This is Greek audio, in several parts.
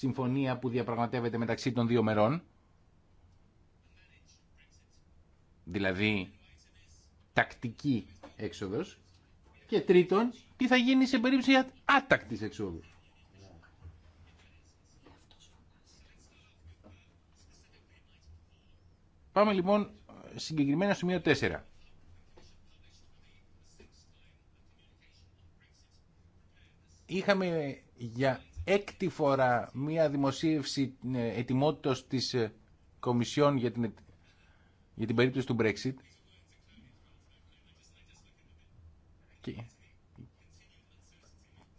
συμφωνία που διαπραγματεύεται μεταξύ των δύο μερών, δηλαδή τακτική έξοδος, και τρίτον, τι θα γίνει σε περίπτωση άτακτης εξόδου. Πάμε λοιπόν συγκεκριμένα στο σημείο 4. Είχαμε για έκτη φορά μία δημοσίευση ε, ετοιμότητος της ε, Κομισιόν για την, για την περίπτωση του Brexit.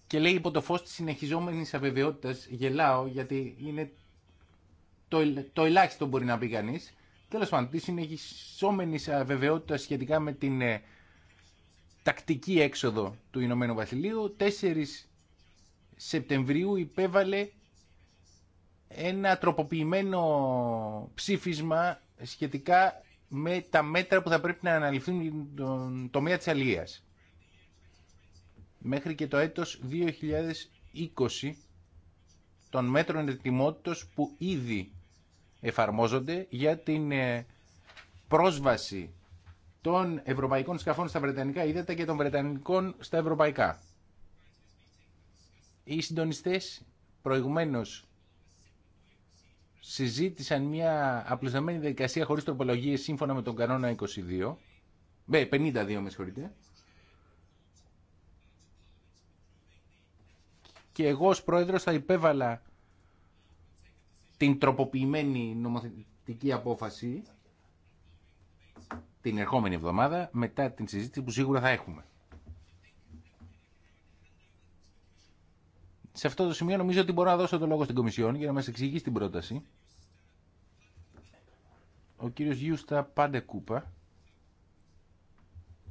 Και, λέει υπό το φως της συνεχιζόμενης αβεβαιότητας γελάω γιατί είναι το, το ελάχιστο μπορεί να πει κανεί. Τέλο πάντων, τη συνεχιζόμενη αβεβαιότητα σχετικά με την ε, τακτική έξοδο του Ηνωμένου Βασιλείου, τέσσερις Σεπτεμβρίου υπέβαλε ένα τροποποιημένο ψήφισμα σχετικά με τα μέτρα που θα πρέπει να αναλυθούν τον τομέα της αλληλείας. Μέχρι και το έτος 2020 των μέτρων ετοιμότητας που ήδη εφαρμόζονται για την ε, πρόσβαση των ευρωπαϊκών σκαφών στα βρετανικά ύδατα και των βρετανικών στα ευρωπαϊκά οι συντονιστές προηγουμένως συζήτησαν μια απλουσταμένη διαδικασία χωρίς τροπολογίες σύμφωνα με τον κανόνα 22, 52 ε, με συγχωρείτε, και εγώ ως πρόεδρος θα υπέβαλα την τροποποιημένη νομοθετική απόφαση την ερχόμενη εβδομάδα μετά την συζήτηση που σίγουρα θα έχουμε. σε αυτό το σημείο νομίζω ότι μπορώ να δώσω το λόγο στην Κομισιόν για να μας εξηγήσει την πρόταση. Ο κύριος Γιούστα Κούπα.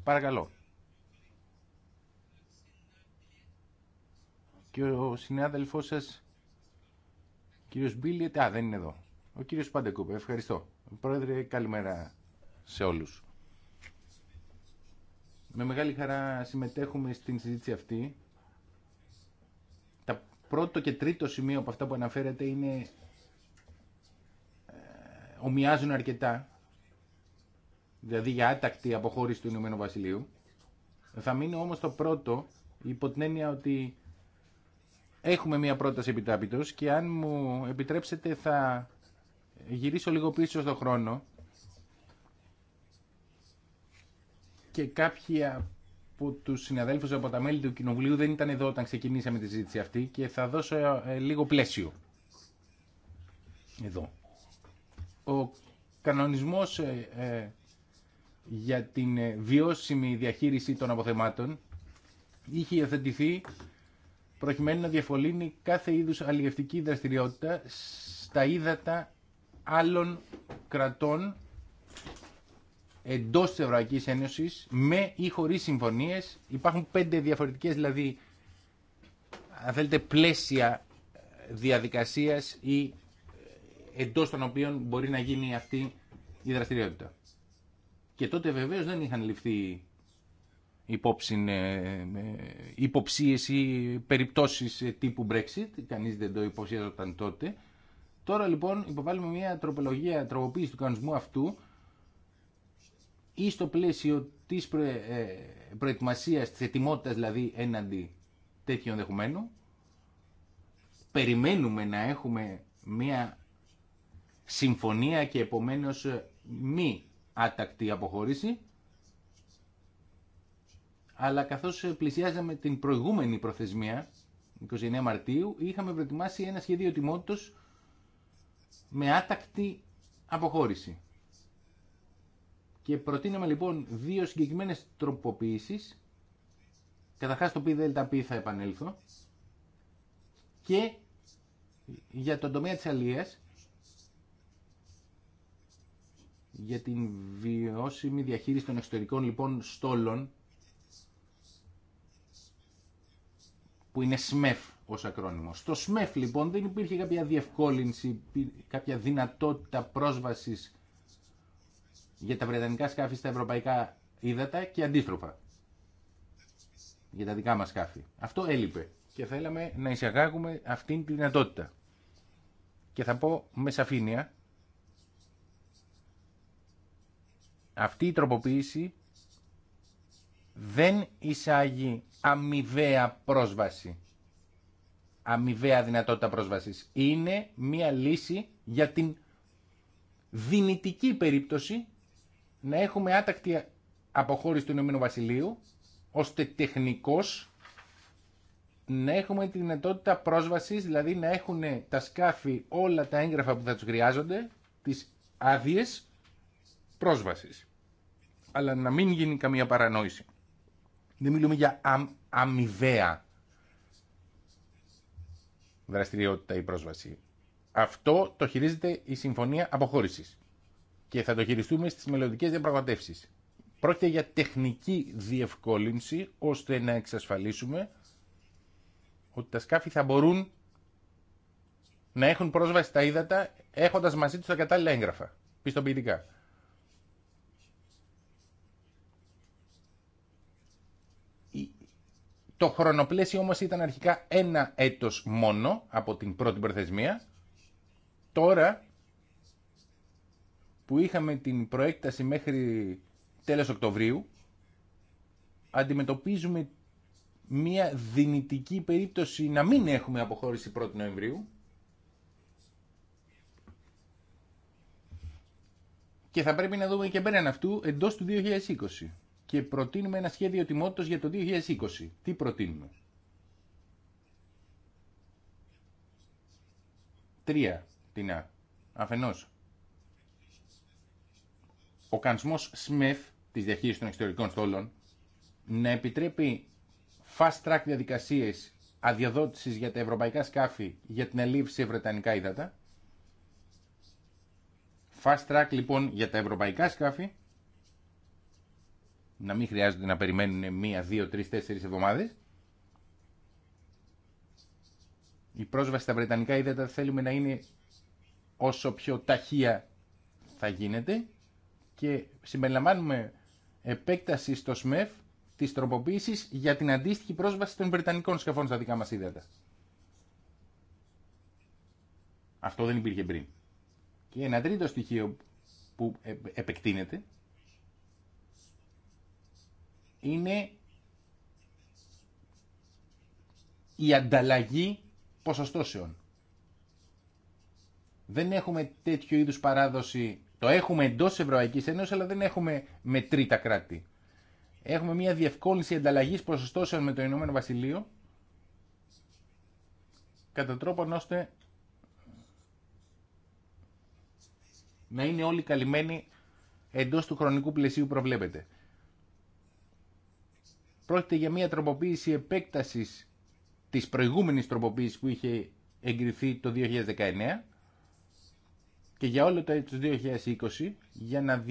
Παρακαλώ. Και ο συνάδελφός σας, κύριος Μπίλιετ, α, δεν είναι εδώ. Ο κύριος Κούπα. ευχαριστώ. Πρόεδρε, καλημέρα σε όλους. Με μεγάλη χαρά συμμετέχουμε στην συζήτηση αυτή πρώτο και τρίτο σημείο από αυτά που αναφέρετε είναι ε, ομοιάζουν αρκετά, δηλαδή για άτακτη αποχώρηση του Ηνωμένου Βασιλείου. Θα μείνω όμως το πρώτο, υπό την έννοια ότι έχουμε μία πρόταση επιτάπητος και αν μου επιτρέψετε θα γυρίσω λίγο πίσω στον χρόνο και κάποια που του συναδέλφου από τα μέλη του Κοινοβουλίου δεν ήταν εδώ όταν ξεκινήσαμε τη συζήτηση αυτή και θα δώσω ε, ε, λίγο πλαίσιο. Εδώ. Ο κανονισμός ε, για την βιώσιμη διαχείριση των αποθεμάτων είχε υιοθετηθεί προκειμένου να διαφολύνει κάθε είδους αλληλευτική δραστηριότητα στα ύδατα άλλων κρατών Εντό τη Ευρωπαϊκή Ένωση με ή χωρίς συμφωνίες. Υπάρχουν πέντε διαφορετικές δηλαδή αν θέλετε πλαίσια διαδικασίας ή ε, εντός των οποίων μπορεί να γίνει αυτή η χωρι συμφωνιε υπαρχουν πεντε διαφορετικες δηλαδη αν θελετε πλαισια διαδικασια η εντος των οποιων μπορει να γινει αυτη η δραστηριοτητα Και τότε βεβαίω δεν είχαν ληφθεί υπόψη, ε, ε, υποψίες ή περιπτώσεις τύπου Brexit, κανείς δεν το υποψιαζόταν τότε. Τώρα λοιπόν υποβάλλουμε μια τροπολογία τροποποίηση του κανονισμού αυτού ή στο πλαίσιο της προετοιμασία, ε, προετοιμασίας, της δηλαδή έναντι τέτοιων ενδεχομένου. Περιμένουμε να έχουμε μια συμφωνία και επομένως ε, μη άτακτη αποχώρηση αλλά καθώς ε, πλησιάζαμε την προηγούμενη προθεσμία 29 Μαρτίου είχαμε προετοιμάσει ένα σχέδιο τιμότητος με άτακτη αποχώρηση. Και προτείναμε λοιπόν δύο συγκεκριμένες τροποποιήσεις. Καταρχά το πι θα επανέλθω. Και για τον τομέα τη για την βιώσιμη διαχείριση των εξωτερικών λοιπόν στόλων, που είναι ΣΜΕΦ ως ακρόνιμο. Στο ΣΜΕΦ λοιπόν δεν υπήρχε κάποια διευκόλυνση, κάποια δυνατότητα πρόσβασης για τα βρετανικά σκάφη στα ευρωπαϊκά ύδατα και αντίστροφα για τα δικά μας σκάφη. Αυτό έλειπε και θέλαμε να εισαγάγουμε αυτήν τη δυνατότητα. Και θα πω με σαφήνεια, αυτή η τροποποίηση δεν εισάγει αμοιβαία πρόσβαση, αμοιβαία δυνατότητα πρόσβασης. Είναι μία λύση για την δυνητική περίπτωση να έχουμε άτακτη αποχώρηση του Ηνωμένου Βασιλείου, ώστε τεχνικώ να έχουμε τη δυνατότητα πρόσβασης, δηλαδή να έχουν τα σκάφη όλα τα έγγραφα που θα του χρειάζονται, τις άδειε πρόσβασης. Αλλά να μην γίνει καμία παρανόηση. Δεν μιλούμε για αμ, αμοιβαία δραστηριότητα ή πρόσβαση. Αυτό το χειρίζεται η Συμφωνία Αποχώρησης και θα το χειριστούμε στις μελλοντικέ διαπραγματεύσεις. Πρόκειται για τεχνική διευκόλυνση ώστε να εξασφαλίσουμε ότι τα σκάφη θα μπορούν να έχουν πρόσβαση στα ύδατα έχοντας μαζί τους τα κατάλληλα έγγραφα, πιστοποιητικά. Το χρονοπλαίσιο όμως ήταν αρχικά ένα έτος μόνο από την πρώτη προθεσμία. Τώρα που είχαμε την προέκταση μέχρι τέλος Οκτωβρίου, αντιμετωπίζουμε μια δυνητική περίπτωση να μην έχουμε αποχώρηση 1η Νοεμβρίου και θα πρέπει να δούμε και πέραν αυτού εντός του 2020 και προτείνουμε ένα σχέδιο τιμότητας για το 2020. Τι προτείνουμε. Τρία τινά Αφενός ο κανσμός ΣΜΕΦ της διαχείρισης των εξωτερικών στόλων να επιτρέπει fast track διαδικασίες αδιαδότησης για τα ευρωπαϊκά σκάφη για την ελήψη σε βρετανικά ύδατα. Fast track λοιπόν για τα ευρωπαϊκά σκάφη να μην χρειάζονται να περιμένουν μία, δύο, τρεις, τέσσερις εβδομάδες. Η πρόσβαση στα βρετανικά ύδατα θέλουμε να είναι όσο πιο ταχεία θα γίνεται και συμπεριλαμβάνουμε επέκταση στο ΣΜΕΦ τη τροποποίηση για την αντίστοιχη πρόσβαση των Βρετανικών σκαφών στα δικά μα ύδατα. Αυτό δεν υπήρχε πριν. Και ένα τρίτο στοιχείο που ε, επεκτείνεται είναι η ανταλλαγή ποσοστώσεων. Δεν έχουμε τέτοιο είδους παράδοση το έχουμε εντό Ευρωπαϊκή Ένωση, αλλά δεν έχουμε με τρίτα κράτη. Έχουμε μια διευκόλυνση ανταλλαγή ποσοστώσεων με το Ηνωμένο Βασιλείο, κατά τρόπον ώστε να είναι όλοι καλυμμένοι εντό του χρονικού πλαισίου προβλέπεται. Πρόκειται για μια τροποποίηση επέκταση της προηγούμενης τροποποίηση που είχε εγκριθεί το 2019 και για όλο το έτος 2020 για να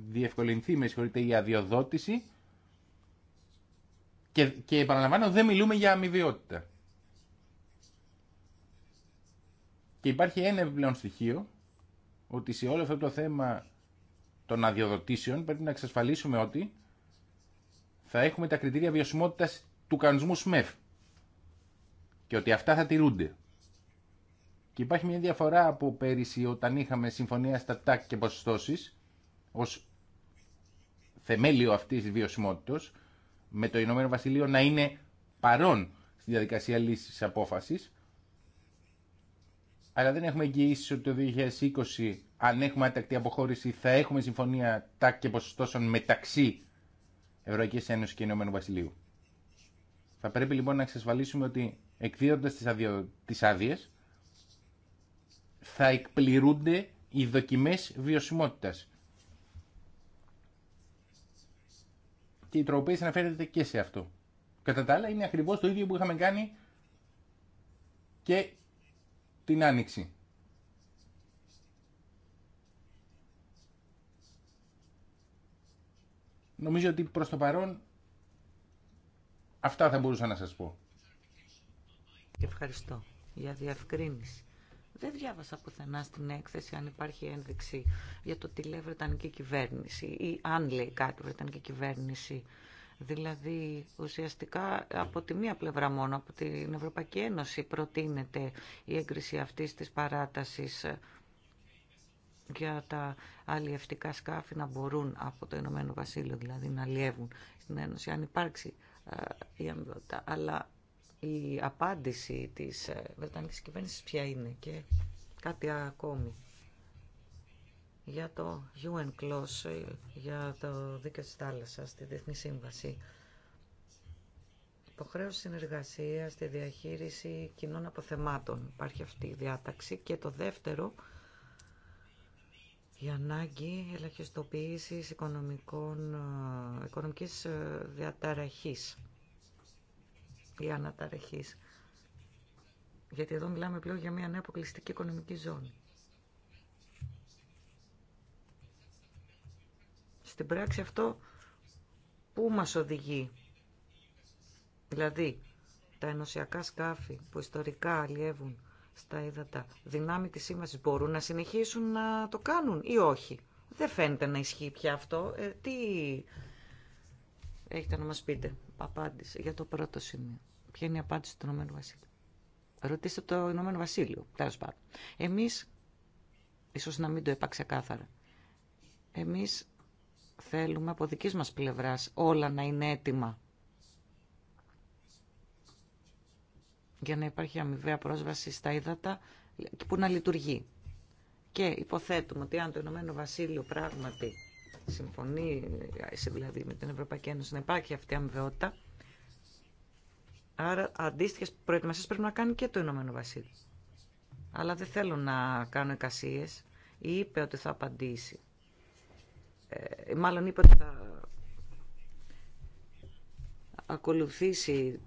διευκολυνθεί με η αδειοδότηση και, και επαναλαμβάνω δεν μιλούμε για αμοιβιότητα. Και υπάρχει ένα επιπλέον στοιχείο ότι σε όλο αυτό το θέμα των αδειοδοτήσεων πρέπει να εξασφαλίσουμε ότι θα έχουμε τα κριτήρια βιωσιμότητας του κανονισμού ΣΜΕΦ και ότι αυτά θα τηρούνται. Και υπάρχει μια διαφορά από πέρυσι όταν είχαμε συμφωνία στα τάκ και ποσοστώσεις ως θεμέλιο αυτής της βιωσιμότητας με το Ηνωμένο Βασιλείο να είναι παρόν στη διαδικασία λύσης απόφασης αλλά δεν έχουμε εγγυήσει ότι το 2020 αν έχουμε άτακτη αποχώρηση θα έχουμε συμφωνία τάκ και ποσοστώσεων μεταξύ Ευρωπαϊκή Ένωση και Ηνωμένου Βασιλείου. Θα πρέπει λοιπόν να εξασφαλίσουμε ότι εκδίδοντα τι άδειε. τις θα εκπληρούνται οι δοκιμές βιωσιμότητας. Και η τροποποίηση αναφέρεται και σε αυτό. Κατά τα άλλα είναι ακριβώς το ίδιο που είχαμε κάνει και την Άνοιξη. Νομίζω ότι προς το παρόν αυτά θα μπορούσα να σας πω. Ευχαριστώ για διευκρίνηση. Δεν διάβασα πουθενά στην έκθεση αν υπάρχει ένδειξη για το τι λέει Βρετανική κυβέρνηση ή αν λέει κάτι Βρετανική κυβέρνηση. Δηλαδή, ουσιαστικά από τη μία πλευρά μόνο, από την Ευρωπαϊκή Ένωση προτείνεται η έγκριση αυτής της παράτασης για τα αλλιευτικά σκάφη να μπορούν από το Ηνωμένο Βασίλειο δηλαδή να αλλιεύουν στην Ένωση αν υπάρξει ε, η αμοιβότητα. Αλλά η απάντηση της ε, Βρετανικής κυβέρνησης ποια είναι και κάτι ακόμη για το UN Clause, ε, για το δίκαιο της θάλασσας, τη Διεθνή Σύμβαση. Υποχρέωση συνεργασία στη διαχείριση κοινών αποθεμάτων. Υπάρχει αυτή η διάταξη. Και το δεύτερο, η ανάγκη ελαχιστοποίησης οικονομικών, ε, οικονομικής διαταραχής ή αναταραχής. Γιατί εδώ μιλάμε πλέον για μια νέα αποκλειστική οικονομική ζώνη. Στην πράξη αυτό πού μας οδηγεί. Δηλαδή, τα ενωσιακά σκάφη που ιστορικά αλλιεύουν στα ύδατα δυνάμει της σύμβασης μπορούν να συνεχίσουν να το κάνουν ή όχι. Δεν φαίνεται να ισχύει πια αυτό. Ε, τι έχετε να μας πείτε απάντηση για το πρώτο σημείο. Ποια είναι η απάντηση του Ηνωμένου Βασίλειου. Ρωτήστε το Ηνωμένο Βασίλειο, τέλο πάντων. Εμεί, ίσω να μην το είπα ξεκάθαρα, εμεί θέλουμε από δική μα πλευρά όλα να είναι έτοιμα για να υπάρχει αμοιβαία πρόσβαση στα ύδατα που να λειτουργεί. Και υποθέτουμε ότι αν το Ηνωμένο Βασίλειο πράγματι συμφωνεί δηλαδή με την Ευρωπαϊκή Ένωση να υπάρχει αυτή η αμοιβαιότητα. Άρα αντίστοιχε προετοιμασίε πρέπει να κάνει και το Ηνωμένο Βασίλειο. Αλλά δεν θέλω να κάνω εικασίε. Είπε ότι θα απαντήσει. Ε, μάλλον είπε ότι θα ακολουθήσει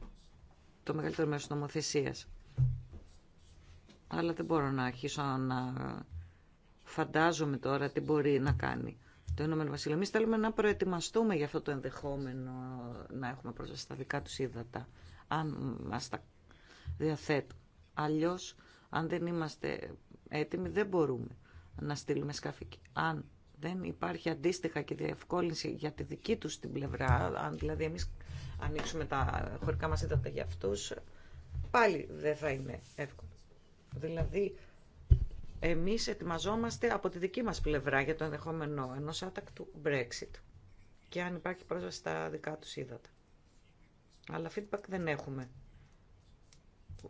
το μεγαλύτερο μέρο της νομοθεσίας. Αλλά δεν μπορώ να αρχίσω να φαντάζομαι τώρα τι μπορεί να κάνει το Ηνωμένο Βασίλειο. Εμεί θέλουμε να προετοιμαστούμε για αυτό το ενδεχόμενο να έχουμε πρόσβαση στα δικά του ύδατα, αν μα τα διαθέτουν. Αλλιώ, αν δεν είμαστε έτοιμοι, δεν μπορούμε να στείλουμε σκάφη. Αν δεν υπάρχει αντίστοιχα και διευκόλυνση για τη δική του την πλευρά, αν δηλαδή εμεί ανοίξουμε τα χωρικά μα ύδατα για αυτού, πάλι δεν θα είναι εύκολο. Δηλαδή, εμείς ετοιμαζόμαστε από τη δική μας πλευρά για το ενδεχόμενο ενός άτακτου Brexit και αν υπάρχει πρόσβαση στα δικά τους ύδατα. Αλλά feedback δεν έχουμε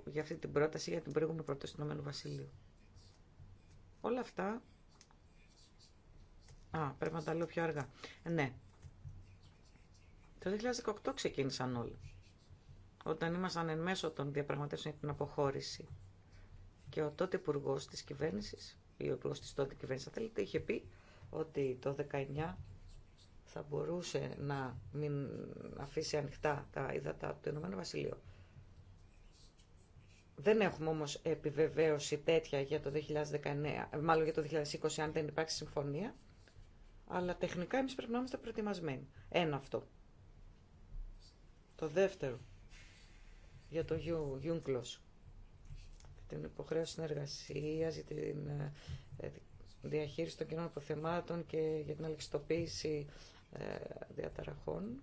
για αυτή την πρόταση, για την προηγούμενη πρόταση του Ηνωμένου Βασιλείου. Όλα αυτά... Α, πρέπει να τα λέω πιο αργά. Ναι. Το 2018 ξεκίνησαν όλοι. Όταν ήμασταν εν μέσω των διαπραγματεύσεων για την αποχώρηση και ο τότε υπουργό τη κυβέρνηση, ή ο υπουργό τη τότε κυβέρνηση, αν θέλετε, είχε πει ότι το 19 θα μπορούσε να μην αφήσει ανοιχτά τα ύδατα του Ηνωμένου Βασιλείου. Δεν έχουμε όμως επιβεβαίωση τέτοια για το 2019, μάλλον για το 2020 αν δεν υπάρξει συμφωνία, αλλά τεχνικά εμείς πρέπει να είμαστε προετοιμασμένοι. Ένα αυτό. Το δεύτερο, για το Γιούγκλος την υποχρέωση συνεργασία, για την ε, ε, διαχείριση των κοινών αποθεμάτων και για την αλεξιτοποίηση ε, διαταραχών.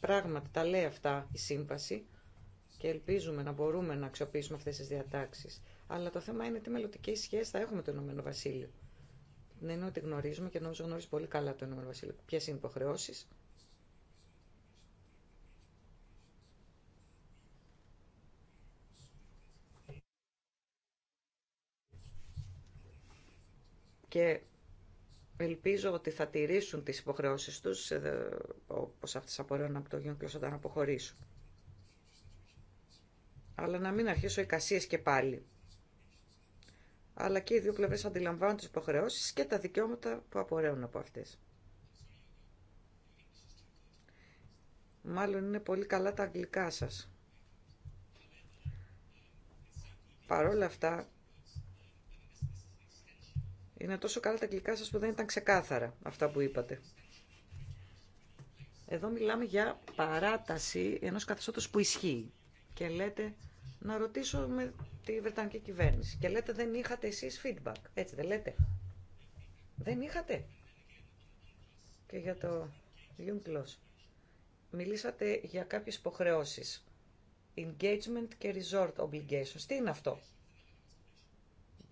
Πράγματι, τα λέει αυτά η σύμβαση και ελπίζουμε να μπορούμε να αξιοποιήσουμε αυτές τις διατάξεις. Αλλά το θέμα είναι τι μελλοντικέ σχέσει θα έχουμε με το Ηνωμένο Βασίλειο. Ναι, είναι ότι γνωρίζουμε και νομίζω γνωρίζει πολύ καλά το Ηνωμένο Βασίλειο. Ποιε είναι οι υποχρεώσει, και ελπίζω ότι θα τηρήσουν τις υποχρεώσεις τους, ε, όπως αυτές απορρέουν από το και όταν αποχωρήσουν. Αλλά να μην αρχίσω εικασίες και πάλι. Αλλά και οι δύο πλευρές αντιλαμβάνουν τις υποχρεώσεις και τα δικαιώματα που απορρέουν από αυτές. Μάλλον είναι πολύ καλά τα αγγλικά σας. Παρόλα αυτά, είναι τόσο καλά τα αγγλικά σας που δεν ήταν ξεκάθαρα αυτά που είπατε. Εδώ μιλάμε για παράταση ενός καθεστώτος που ισχύει. Και λέτε να ρωτήσω με τη Βρετανική κυβέρνηση. Και λέτε δεν είχατε εσείς feedback. Έτσι δεν λέτε. Δεν είχατε. Και για το Young Μιλήσατε για κάποιες υποχρεώσεις. Engagement και resort obligations. Τι είναι αυτό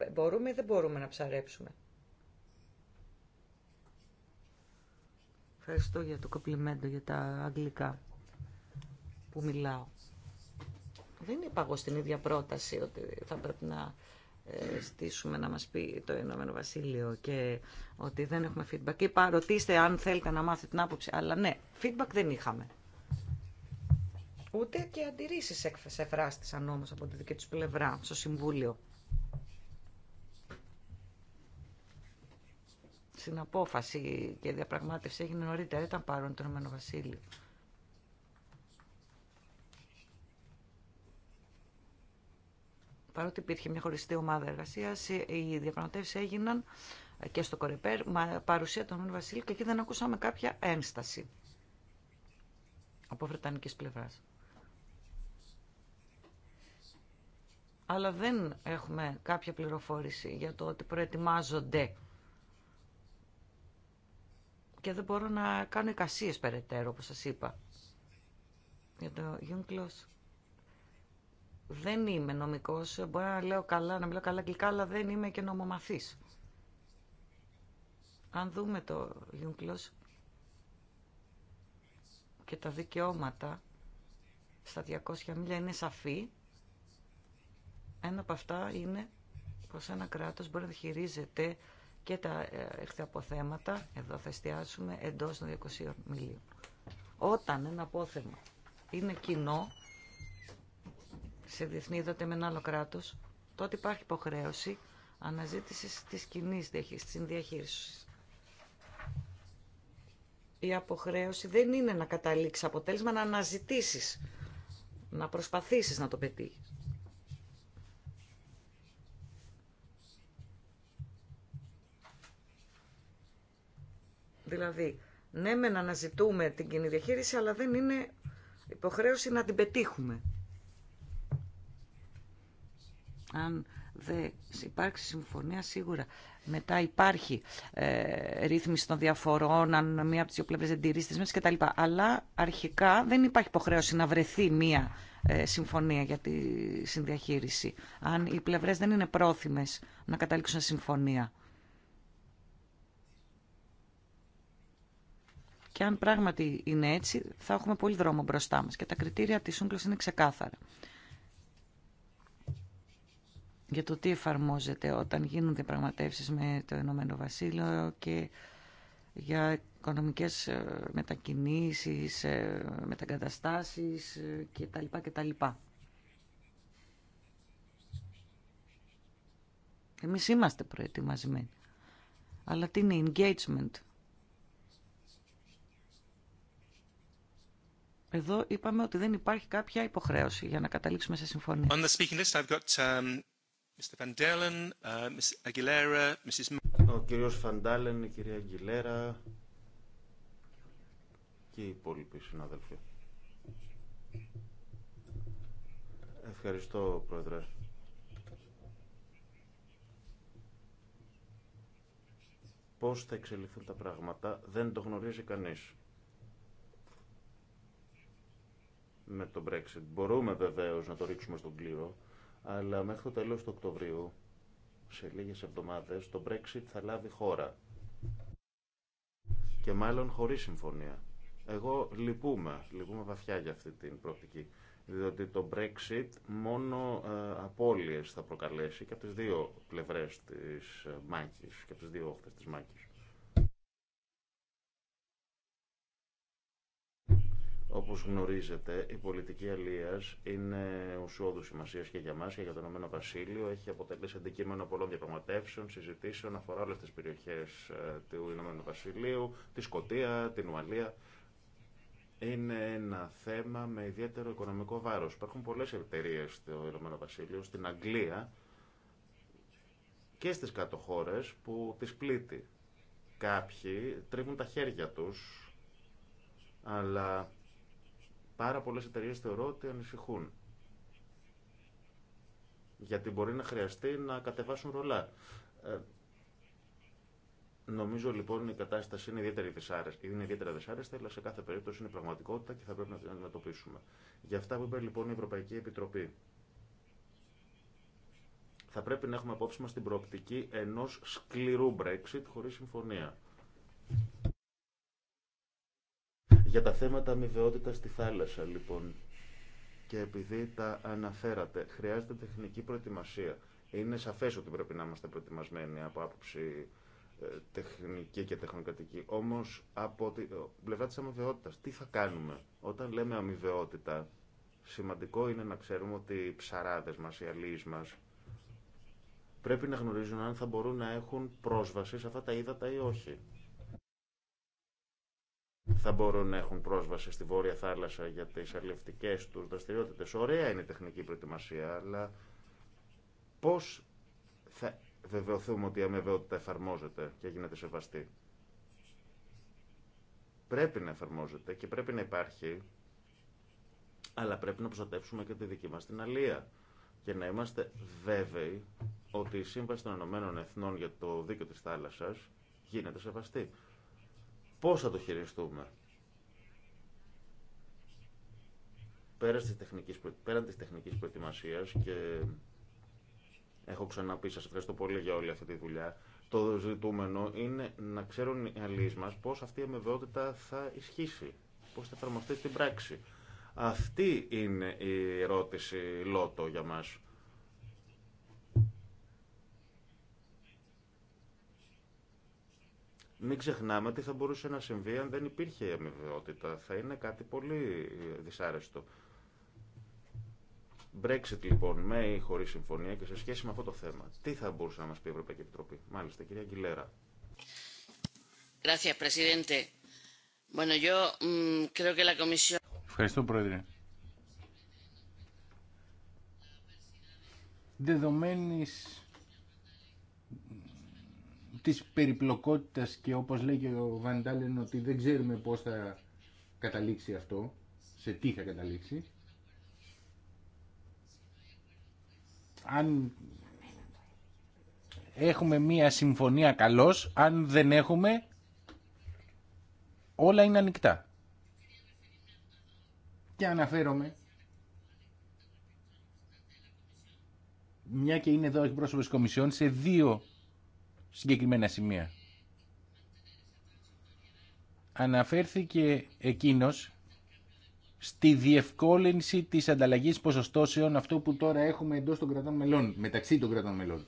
μπορούμε ή δεν μπορούμε να ψαρέψουμε. Ευχαριστώ για το κοπλιμέντο, για τα αγγλικά που μιλάω. Δεν είπα εγώ στην ίδια πρόταση ότι θα πρέπει να ε, στήσουμε να μας πει το Ηνωμένο Βασίλειο και ότι δεν έχουμε feedback. Είπα, ρωτήστε αν θέλετε να μάθετε την άποψη, αλλά ναι, feedback δεν είχαμε. Ούτε και αντιρρήσεις εφράστησαν όμως από τη δική τους πλευρά στο Συμβούλιο. Στην απόφαση και διαπραγμάτευση έγινε νωρίτερα, ήταν παρόν το Ηνωμένο Βασίλειο. Παρότι υπήρχε μια χωριστή ομάδα εργασία, οι διαπραγματεύσει έγιναν και στο Κορεπέρ, παρουσία του Ηνωμένου Βασίλειου και εκεί δεν ακούσαμε κάποια ένσταση από βρετανική πλευρά. Αλλά δεν έχουμε κάποια πληροφόρηση για το ότι προετοιμάζονται και δεν μπορώ να κάνω εικασίες περαιτέρω, όπως σας είπα. Για το Γιούγκλος. Δεν είμαι νομικός, μπορώ να λέω καλά, να μιλάω καλά αγγλικά, αλλά δεν είμαι και νομομαθής. Αν δούμε το Γιούγκλος και τα δικαιώματα στα 200 μίλια είναι σαφή. Ένα από αυτά είναι πως ένα κράτος μπορεί να χειρίζεται και τα εχθεαποθέματα, εδώ θα εστιάσουμε, εντός των 200 μιλίων. Όταν ένα απόθεμα είναι κοινό, σε διεθνή είδατε με ένα άλλο κράτος, τότε υπάρχει υποχρέωση αναζήτησης της κοινή συνδιαχείρισης. Η αποχρέωση δεν είναι να καταλήξει αποτέλεσμα, να αναζητήσεις, να προσπαθήσεις να το πετύχεις. Δηλαδή, ναι με να αναζητούμε την κοινή διαχείριση, αλλά δεν είναι υποχρέωση να την πετύχουμε. Αν δεν υπάρξει συμφωνία, σίγουρα μετά υπάρχει ε, ρύθμιση των διαφορών, αν μία από τις δύο πλευρές δεν τηρεί τις κτλ. Αλλά αρχικά δεν υπάρχει υποχρέωση να βρεθεί μία ε, συμφωνία για τη συνδιαχείριση, αν οι πλευρές δεν είναι πρόθυμες να καταλήξουν συμφωνία. Και αν πράγματι είναι έτσι, θα έχουμε πολύ δρόμο μπροστά μας. Και τα κριτήρια της Ούγκλος είναι ξεκάθαρα. Για το τι εφαρμόζεται όταν γίνουν διαπραγματεύσεις με το Ηνωμένο Βασίλειο και για οικονομικές ε, μετακινήσεις, ε, μεταγκαταστάσεις κτλ. Ε, κτλ. Εμείς είμαστε προετοιμασμένοι. Αλλά τι είναι engagement, Εδώ είπαμε ότι δεν υπάρχει κάποια υποχρέωση για να καταλήξουμε σε συμφωνία. On the speaking list, I've got, um, Mr. Van Dalen, uh, Ms. Aguilera, Mrs. Ο κύριος Φαντάλεν, η κυρία Αγγιλέρα και οι υπόλοιποι συνάδελφοι. Ευχαριστώ, Πρόεδρε. Πώς θα εξελιχθούν τα πράγματα δεν το γνωρίζει κανείς. με το Brexit. Μπορούμε βεβαίως να το ρίξουμε στον κλήρο, αλλά μέχρι το τέλος του Οκτωβρίου, σε λίγες εβδομάδες, το Brexit θα λάβει χώρα. Και μάλλον χωρίς συμφωνία. Εγώ λυπούμαι, λυπούμαι βαθιά για αυτή την προοπτική, διότι το Brexit μόνο ε, απώλειες θα προκαλέσει και από τις δύο πλευρές της ε, μάχης και από τις δύο όχθες της μάχης. Όπως γνωρίζετε, η πολιτική αλίας είναι ουσιώδου σημασία και για μας και για το Ηνωμένο Βασίλειο. Έχει αποτελέσει αντικείμενο πολλών διαπραγματεύσεων, συζητήσεων, αφορά όλες τις περιοχές ε, του Ηνωμένου Βασιλείου, τη Σκοτία, την Ουαλία. Είναι ένα θέμα με ιδιαίτερο οικονομικό βάρος. Υπάρχουν πολλές εταιρείε στο Ηνωμένο Βασίλειο, στην Αγγλία και στις κάτω χώρες που τις πλήττει. Κάποιοι τρίβουν τα χέρια τους, αλλά Πάρα πολλές εταιρείες θεωρώ ότι ανησυχούν. Γιατί μπορεί να χρειαστεί να κατεβάσουν ρολά. Ε, νομίζω λοιπόν η κατάσταση είναι, ιδιαίτερη δυσάρεστη, είναι ιδιαίτερα δυσάρεστη, αλλά σε κάθε περίπτωση είναι πραγματικότητα και θα πρέπει να την αντιμετωπίσουμε. Για αυτά που είπε λοιπόν η Ευρωπαϊκή Επιτροπή, θα πρέπει να έχουμε απόψη μας την προοπτική ενός σκληρού Brexit χωρίς συμφωνία. Για τα θέματα αμοιβαιότητα στη θάλασσα, λοιπόν, και επειδή τα αναφέρατε, χρειάζεται τεχνική προετοιμασία. Είναι σαφέ ότι πρέπει να είμαστε προετοιμασμένοι από άποψη ε, τεχνική και τεχνοκρατική. Όμω, από την ε, πλευρά τη αμοιβαιότητα, τι θα κάνουμε όταν λέμε αμοιβαιότητα. Σημαντικό είναι να ξέρουμε ότι οι ψαράδες μας, οι αλείς μας, πρέπει να γνωρίζουν αν θα μπορούν να έχουν πρόσβαση σε αυτά τα ύδατα ή όχι θα μπορούν να έχουν πρόσβαση στη Βόρεια Θάλασσα για τι αλληλευτικέ του δραστηριότητε. Ωραία είναι η τεχνική προετοιμασία, αλλά πώς θα βεβαιωθούμε ότι η αμοιβαιότητα εφαρμόζεται και γίνεται σεβαστή. Πρέπει να εφαρμόζεται και πρέπει να υπάρχει, αλλά πρέπει να προστατεύσουμε και τη δική μας την αλεία και να είμαστε βέβαιοι ότι η Σύμβαση των Ηνωμένων Εθνών για το Δίκαιο της Θάλασσας γίνεται σεβαστή. Πώς θα το χειριστούμε. Πέραν της τεχνικής, πέραν της τεχνικής προετοιμασίας και έχω ξαναπεί, σας ευχαριστώ πολύ για όλη αυτή τη δουλειά, το ζητούμενο είναι να ξέρουν οι αλλοί μας πώς αυτή η αμεβαιότητα θα ισχύσει, πώς θα εφαρμοστεί στην πράξη. Αυτή είναι η ερώτηση λότο για μας. Μην ξεχνάμε τι θα μπορούσε να συμβεί αν δεν υπήρχε η αμοιβαιότητα. Θα είναι κάτι πολύ δυσάρεστο. Brexit λοιπόν, με ή χωρί συμφωνία και σε σχέση με αυτό το θέμα. Τι θα μπορούσε να μα πει η Ευρωπαϊκή Επιτροπή. Μάλιστα, κυρία Αγγιλέρα. Mm, Ευχαριστώ, Πρόεδρε. Δεδομένης της περιπλοκότητας και όπως λέει και ο Βαντάλεν ότι δεν ξέρουμε πώς θα καταλήξει αυτό, σε τι θα καταλήξει. Αν έχουμε μία συμφωνία καλώς, αν δεν έχουμε, όλα είναι ανοιχτά. Και αναφέρομαι, μια και είναι εδώ εκπρόσωπος Κομισιόν, σε δύο συγκεκριμένα σημεία. Αναφέρθηκε εκείνος στη διευκόλυνση της ανταλλαγής ποσοστώσεων αυτό που τώρα έχουμε εντός των κρατών μελών, μεταξύ των κρατών μελών.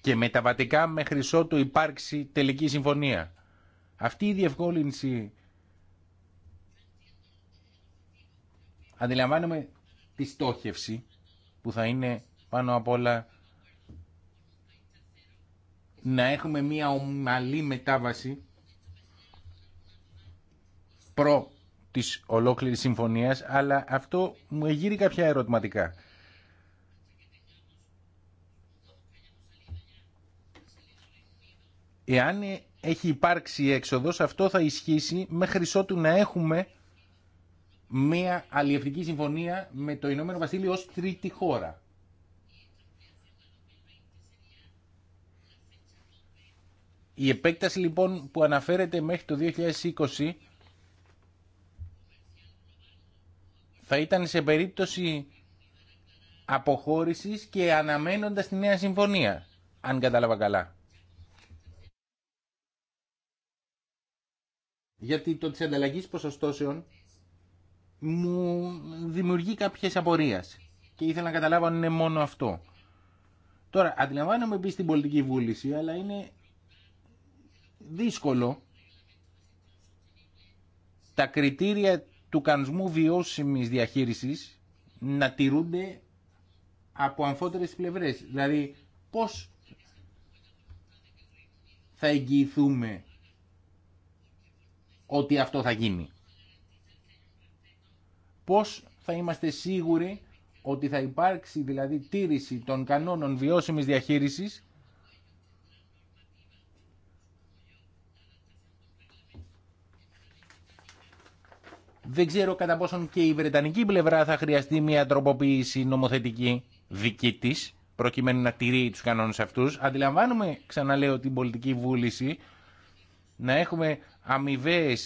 Και μεταβατικά μέχρι ότου υπάρξει τελική συμφωνία. Αυτή η διευκόλυνση αντιλαμβάνομαι τη στόχευση που θα είναι πάνω απ' όλα να έχουμε μια ομαλή μετάβαση προ της ολόκληρης συμφωνίας, αλλά αυτό μου γύρει κάποια ερωτηματικά. Εάν έχει υπάρξει έξοδος, αυτό θα ισχύσει μέχρι ότου να έχουμε μια αλλιευτική συμφωνία με το Ηνωμένο Βασίλειο ως τρίτη χώρα. Η επέκταση λοιπόν που αναφέρεται μέχρι το 2020 θα ήταν σε περίπτωση αποχώρησης και αναμένοντας τη νέα συμφωνία, αν κατάλαβα καλά. Γιατί το της ανταλλαγής ποσοστώσεων μου δημιουργεί κάποιες απορίες και ήθελα να καταλάβω αν είναι μόνο αυτό. Τώρα, αντιλαμβάνομαι επίσης την πολιτική βούληση, αλλά είναι δύσκολο τα κριτήρια του κανσμού βιώσιμης διαχείρισης να τηρούνται από αμφότερες πλευρές. Δηλαδή, πώς θα εγγυηθούμε ότι αυτό θα γίνει. Πώς θα είμαστε σίγουροι ότι θα υπάρξει δηλαδή τήρηση των κανόνων βιώσιμης διαχείρισης Δεν ξέρω κατά πόσον και η Βρετανική πλευρά θα χρειαστεί μια τροποποίηση νομοθετική δική της προκειμένου να τηρεί τους κανόνες αυτούς. Αντιλαμβάνουμε, ξαναλέω, την πολιτική βούληση να έχουμε αμοιβέ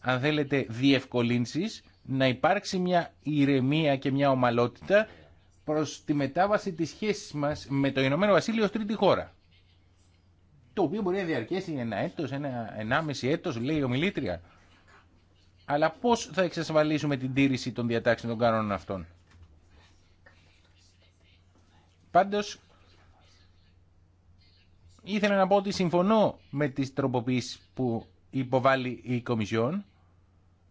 αν θέλετε, διευκολύνσεις να υπάρξει μια ηρεμία και μια ομαλότητα προς τη μετάβαση της σχέσης μας με το Ηνωμένο Βασίλειο ως τρίτη χώρα. Το οποίο μπορεί να διαρκέσει ένα έτος, ένα ενάμεση έτος, λέει ο ομιλήτρια. Αλλά πώς θα εξασφαλίσουμε την τήρηση των διατάξεων των κανόνων αυτών. Πάντως, ήθελα να πω ότι συμφωνώ με τις τροποποίησεις που υποβάλλει η Κομισιόν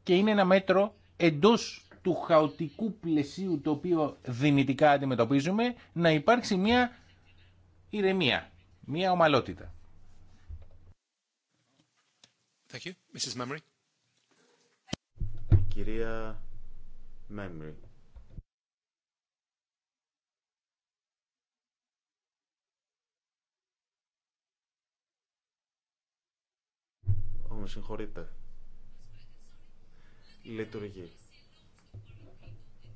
και είναι ένα μέτρο εντός του χαοτικού πλαισίου το οποίο δυνητικά αντιμετωπίζουμε να υπάρξει μια ηρεμία, μια ομαλότητα. Mrs. Memory. Κυρία Memory. Όμως συγχωρείτε λειτουργεί.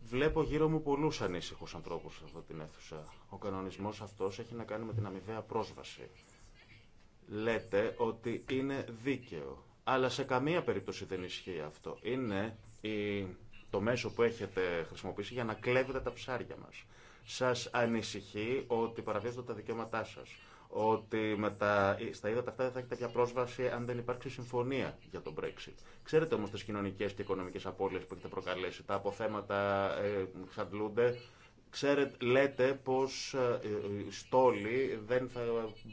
Βλέπω γύρω μου πολλούς ανήσυχους ανθρώπους σε αυτή την αίθουσα. Ο κανονισμός αυτός έχει να κάνει με την αμοιβαία πρόσβαση. Λέτε ότι είναι δίκαιο, αλλά σε καμία περίπτωση δεν ισχύει αυτό. Είναι το μέσο που έχετε χρησιμοποιήσει για να κλέβετε τα ψάρια μας. Σας ανησυχεί ότι παραβιάζονται τα δικαιώματά σας ότι με τα, στα είδατα αυτά δεν θα έχετε πια πρόσβαση αν δεν υπάρξει συμφωνία για τον Brexit. Ξέρετε όμω τι κοινωνικέ και οικονομικέ απώλειε που έχετε προκαλέσει. Τα αποθέματα ε, ξαντλούνται Ξέρετε, λέτε πως ε, οι στόλοι δεν θα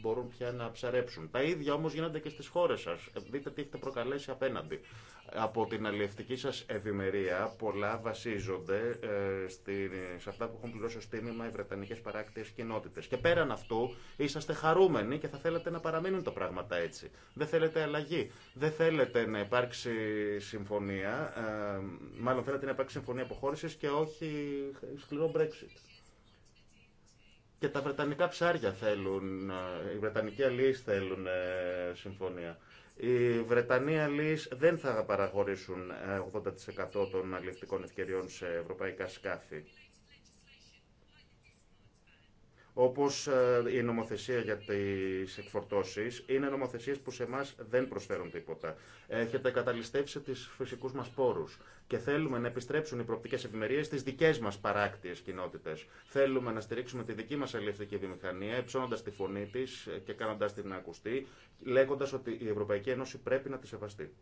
μπορούν πια να ψαρέψουν. Τα ίδια όμως γίνονται και στις χώρες σας. Ε, δείτε τι έχετε προκαλέσει απέναντι. Από την αλληλευτική σας ευημερία πολλά βασίζονται ε, σε αυτά που έχουν πληρώσει ως τίμημα οι βρετανικές παράκτιες κοινότητες. Και πέραν αυτού είσαστε χαρούμενοι και θα θέλετε να παραμείνουν τα πράγματα έτσι. Δεν θέλετε αλλαγή. Δεν θέλετε να υπάρξει συμφωνία, μάλλον θέλετε να υπάρξει συμφωνία αποχώρησης και όχι σκληρό Brexit. Και τα βρετανικά ψάρια θέλουν, ε, οι βρετανικοί αλείς θέλουν ε, συμφωνία. η βρετανία αλείς δεν θα παραχωρήσουν 80% ε, των αλληλευτικών ευκαιριών σε ευρωπαϊκά σκάφη όπως ε, η νομοθεσία για τι εκφορτώσει είναι νομοθεσίε που σε εμά δεν προσφέρουν τίποτα. Έχετε καταλυστεύσει τις φυσικού μα πόρου. και θέλουμε να επιστρέψουν οι προοπτικέ ευημερίε στις δικέ μα παράκτιε κοινότητε. Θέλουμε να στηρίξουμε τη δική μα αλληλευτική βιομηχανία, ψώνοντα τη φωνή τη και κάνοντα την να ακουστεί, λέγοντας ότι η Ευρωπαϊκή Ένωση πρέπει να τη σεβαστεί.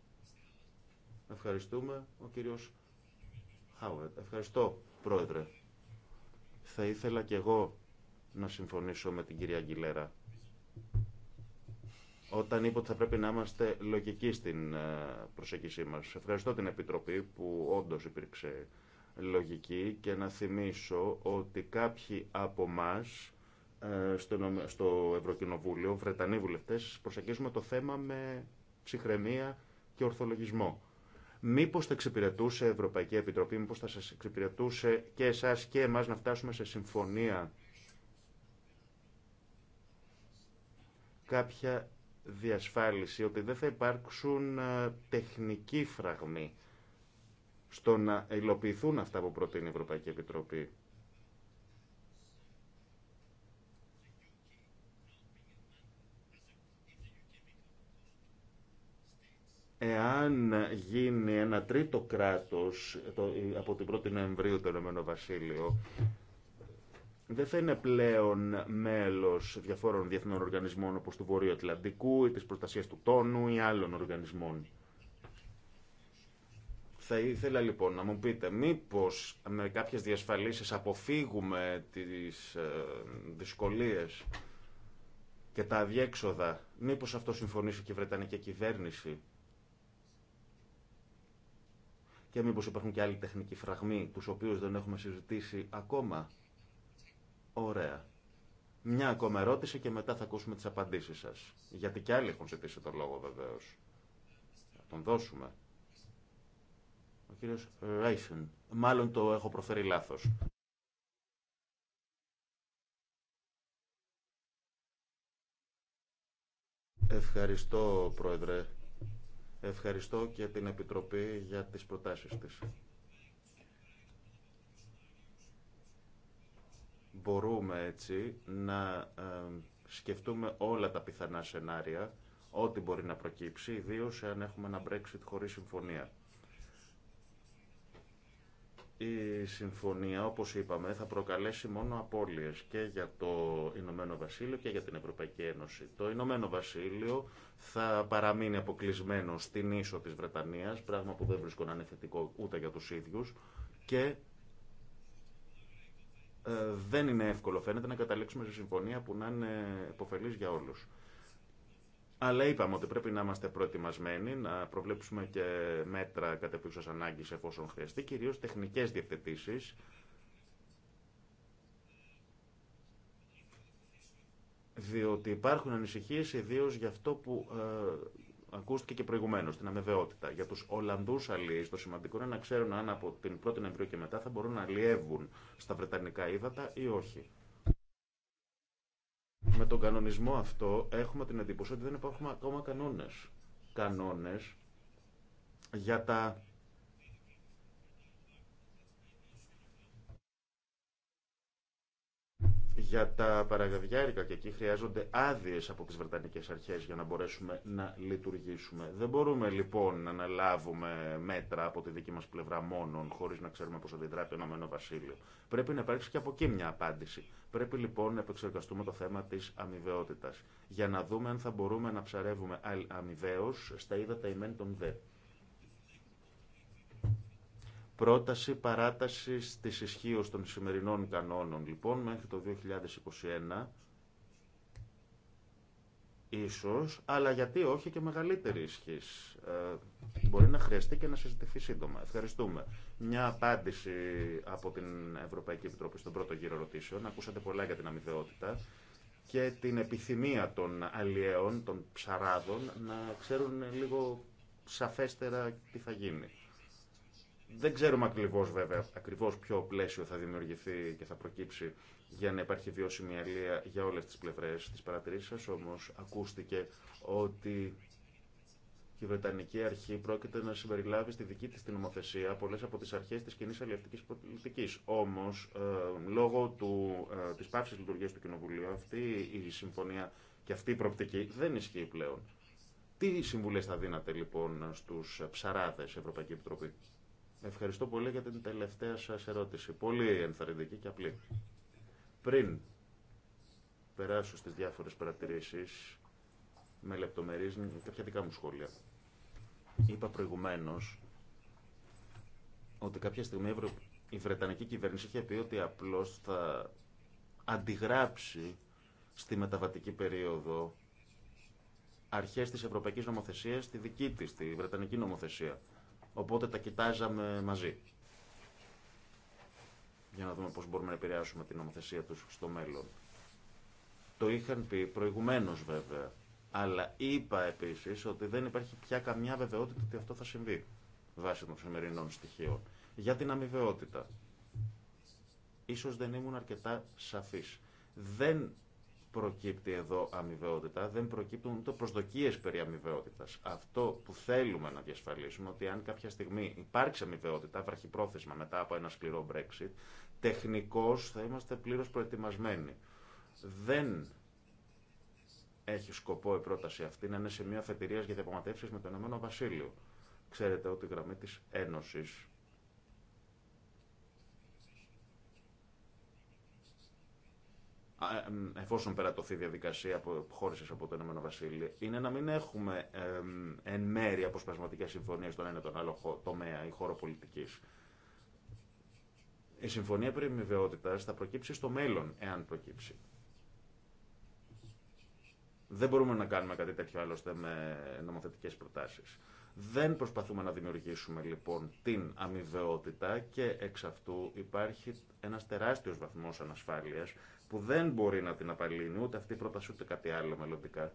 Ευχαριστούμε, ο κύριο Χάουερτ. Ευχαριστώ, Πρόεδρε. Θα ήθελα κι εγώ να συμφωνήσω με την κυρία Αγγιλέρα. Όταν είπε ότι θα πρέπει να είμαστε λογικοί στην ε, προσέγγιση μα. Ευχαριστώ την Επιτροπή που όντω υπήρξε λογική και να θυμίσω ότι κάποιοι από εμά στο Ευρωκοινοβούλιο, Βρετανοί βουλευτές, προσεγγίζουμε το θέμα με ψυχραιμία και ορθολογισμό. Μήπω θα εξυπηρετούσε η Ευρωπαϊκή Επιτροπή, μήπω θα σα εξυπηρετούσε και εσά και εμά να φτάσουμε σε συμφωνία κάποια διασφάλιση ότι δεν θα υπάρξουν ε, τεχνικοί φραγμοί στο να υλοποιηθούν αυτά που προτείνει η Ευρωπαϊκή Επιτροπή. Εάν γίνει ένα τρίτο κράτος από την 1η Νοεμβρίου το Ηνωμένο Βασίλειο, δεν θα είναι πλέον μέλος διαφόρων διεθνών οργανισμών όπως του Βορείου Ατλαντικού ή της προστασίας του τόνου ή άλλων οργανισμών. Θα ήθελα λοιπόν να μου πείτε μήπως με κάποιες διασφαλίσεις αποφύγουμε τις ε, δυσκολίες και τα αδιέξοδα. Μήπως αυτό συμφωνήσει και η Βρετανική κυβέρνηση. Και μήπως υπάρχουν και άλλοι τεχνικοί φραγμοί, τους οποίους δεν έχουμε συζητήσει ακόμα. Ωραία. Μια ακόμα ερώτηση και μετά θα ακούσουμε τις απαντήσεις σας. Γιατί και άλλοι έχουν ζητήσει τον λόγο βεβαίως. Θα τον δώσουμε. Ο κύριος Ρέισεν. Μάλλον το έχω προφέρει λάθος. Ευχαριστώ, Πρόεδρε. Ευχαριστώ και την Επιτροπή για τις προτάσεις της. Μπορούμε έτσι να σκεφτούμε όλα τα πιθανά σενάρια, ό,τι μπορεί να προκύψει, ιδίω αν έχουμε ένα Brexit χωρίς συμφωνία. Η συμφωνία, όπως είπαμε, θα προκαλέσει μόνο απώλειες και για το Ηνωμένο Βασίλειο και για την Ευρωπαϊκή Ένωση. Το Ηνωμένο Βασίλειο θα παραμείνει αποκλεισμένο στην ίσο της Βρετανίας, πράγμα που δεν βρίσκω να είναι θετικό ούτε για τους ίδιους, και ε, δεν είναι εύκολο φαίνεται να καταλήξουμε σε συμφωνία που να είναι υποφελής για όλους. Αλλά είπαμε ότι πρέπει να είμαστε προετοιμασμένοι, να προβλέψουμε και μέτρα κατεπίουσα ανάγκη εφόσον χρειαστεί, κυρίω τεχνικέ διευθετήσει. Διότι υπάρχουν ανησυχίε ιδίω για αυτό που ε, ακούστηκε και προηγουμένω, την αμεβαιότητα. Για του Ολλανδού αλληλεί, το σημαντικό είναι να ξέρουν αν από την 1η Νοεμβρίου και μετά θα μπορούν να αλλιεύουν στα Βρετανικά ύδατα ή όχι. Με τον κανονισμό αυτό έχουμε την εντύπωση ότι δεν υπάρχουν ακόμα κανόνε. Κανόνε για τα για τα παραγαδιάρικα και εκεί χρειάζονται άδειε από τι Βρετανικέ Αρχέ για να μπορέσουμε να λειτουργήσουμε. Δεν μπορούμε λοιπόν να αναλάβουμε μέτρα από τη δική μα πλευρά μόνον, χωρί να ξέρουμε πώ αντιδρά το Ηνωμένο Βασίλειο. Πρέπει να υπάρξει και από εκεί μια απάντηση. Πρέπει λοιπόν να επεξεργαστούμε το θέμα τη αμοιβαιότητα για να δούμε αν θα μπορούμε να ψαρεύουμε αμοιβαίω στα είδα τα ημέν των δε. Πρόταση παράτασης της ισχύω των σημερινών κανόνων, λοιπόν, μέχρι το 2021, ίσως, αλλά γιατί όχι και μεγαλύτερη ισχύ. Ε, μπορεί να χρειαστεί και να συζητηθεί σύντομα. Ευχαριστούμε. Μια απάντηση από την Ευρωπαϊκή Επιτροπή στον πρώτο γύρο ερωτήσεων. Ακούσατε πολλά για την αμοιβαιότητα και την επιθυμία των αλλιέων, των ψαράδων, να ξέρουν λίγο σαφέστερα τι θα γίνει. Δεν ξέρουμε ακριβώ βέβαια ακριβώς ποιο πλαίσιο θα δημιουργηθεί και θα προκύψει για να υπάρχει βιώσιμη αλεία για όλε τι πλευρέ τη παρατηρήση σα. Όμω ακούστηκε ότι η Βρετανική Αρχή πρόκειται να συμπεριλάβει στη δική τη νομοθεσία πολλέ από τι αρχέ τη κοινή αλληλευτική πολιτική. Όμω, ε, λόγω ε, τη πάυση λειτουργία του Κοινοβουλίου, αυτή η συμφωνία και αυτή η προοπτική δεν ισχύει πλέον. Τι συμβουλέ θα δίνατε λοιπόν στου ψαράδε, Ευρωπαϊκή Επιτροπή. Ευχαριστώ πολύ για την τελευταία σας ερώτηση. Πολύ ενθαρρυντική και απλή. Πριν περάσω στις διάφορες παρατηρήσεις με λεπτομερείς κάποια δικά μου σχόλια. Είπα προηγουμένως ότι κάποια στιγμή η Βρετανική κυβέρνηση είχε πει ότι απλώς θα αντιγράψει στη μεταβατική περίοδο αρχές της Ευρωπαϊκής Νομοθεσίας, στη δική της, τη Βρετανική Νομοθεσία. Οπότε τα κοιτάζαμε μαζί. Για να δούμε πώς μπορούμε να επηρεάσουμε την νομοθεσία τους στο μέλλον. Το είχαν πει προηγουμένως βέβαια. Αλλά είπα επίσης ότι δεν υπάρχει πια καμιά βεβαιότητα ότι αυτό θα συμβεί βάσει των σημερινών στοιχείων. Για την αμοιβαιότητα. Ίσως δεν ήμουν αρκετά σαφής. Δεν προκύπτει εδώ αμοιβαιότητα, δεν προκύπτουν ούτε προσδοκίε περί αμοιβαιότητα. Αυτό που θέλουμε να διασφαλίσουμε ότι αν κάποια στιγμή υπάρξει αμοιβαιότητα, βραχυπρόθεσμα μετά από ένα σκληρό Brexit, τεχνικώ θα είμαστε πλήρω προετοιμασμένοι. Δεν έχει σκοπό η πρόταση αυτή να είναι σημείο αφετηρία για διαπραγματεύσει με το Ηνωμένο Βασίλειο. Ξέρετε ότι η γραμμή τη Ένωση εφόσον περατωθεί η διαδικασία χώρισε από το Ηνωμένο Βασίλειο, είναι να μην έχουμε εν μέρη αποσπασματικέ συμφωνίε στον ένα ή τον άλλο τομέα ή χώρο πολιτική. Η συμφωνία περιεμβεβαιότητα περι θα προκύψει στο μέλλον, εάν προκύψει. Δεν μπορούμε να κάνουμε κάτι τέτοιο άλλωστε με νομοθετικέ προτάσει. Δεν προσπαθούμε να δημιουργήσουμε λοιπόν την αμοιβαιότητα και εξ αυτού υπάρχει ένας τεράστιος βαθμός ανασφάλειας που δεν μπορεί να την απαλύνει ούτε αυτή η πρόταση ούτε κάτι άλλο μελλοντικά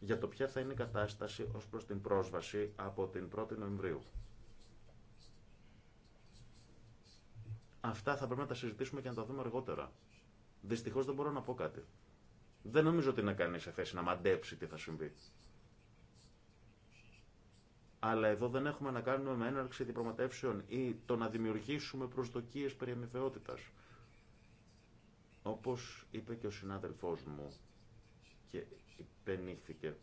για το ποια θα είναι η κατάσταση ως προς την πρόσβαση από την 1η Νοεμβρίου. Αυτά θα πρέπει να τα συζητήσουμε και να τα δούμε αργότερα. Δυστυχώ δεν μπορώ να πω κάτι. Δεν νομίζω ότι είναι κανεί σε θέση να μαντέψει τι θα συμβεί. Αλλά εδώ δεν έχουμε να κάνουμε με έναρξη διπραγματεύσεων ή το να δημιουργήσουμε προσδοκίε περί αμοιβαιότητα. Όπως είπε και ο συνάδελφός μου και υπενήχθηκε,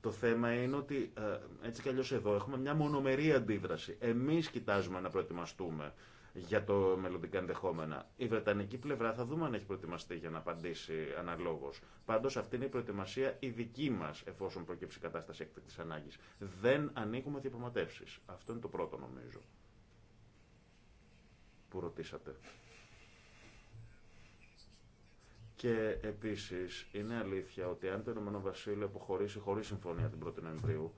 Το θέμα είναι ότι ε, έτσι κι αλλιώς εδώ έχουμε μια μονομερή αντίδραση. Εμείς κοιτάζουμε να προετοιμαστούμε για το μελλοντικά ενδεχόμενα. Η Βρετανική πλευρά θα δούμε αν έχει προετοιμαστεί για να απαντήσει αναλόγω. Πάντω αυτή είναι η προετοιμασία η δική μα εφόσον προκύψει η κατάσταση έκτακτη ανάγκη. Δεν ανοίγουμε διαπραγματεύσει. Αυτό είναι το πρώτο νομίζω που ρωτήσατε. Και επίση είναι αλήθεια ότι αν το Ηνωμένο Βασίλειο αποχωρήσει χωρί συμφωνία την 1η Νοεμβρίου,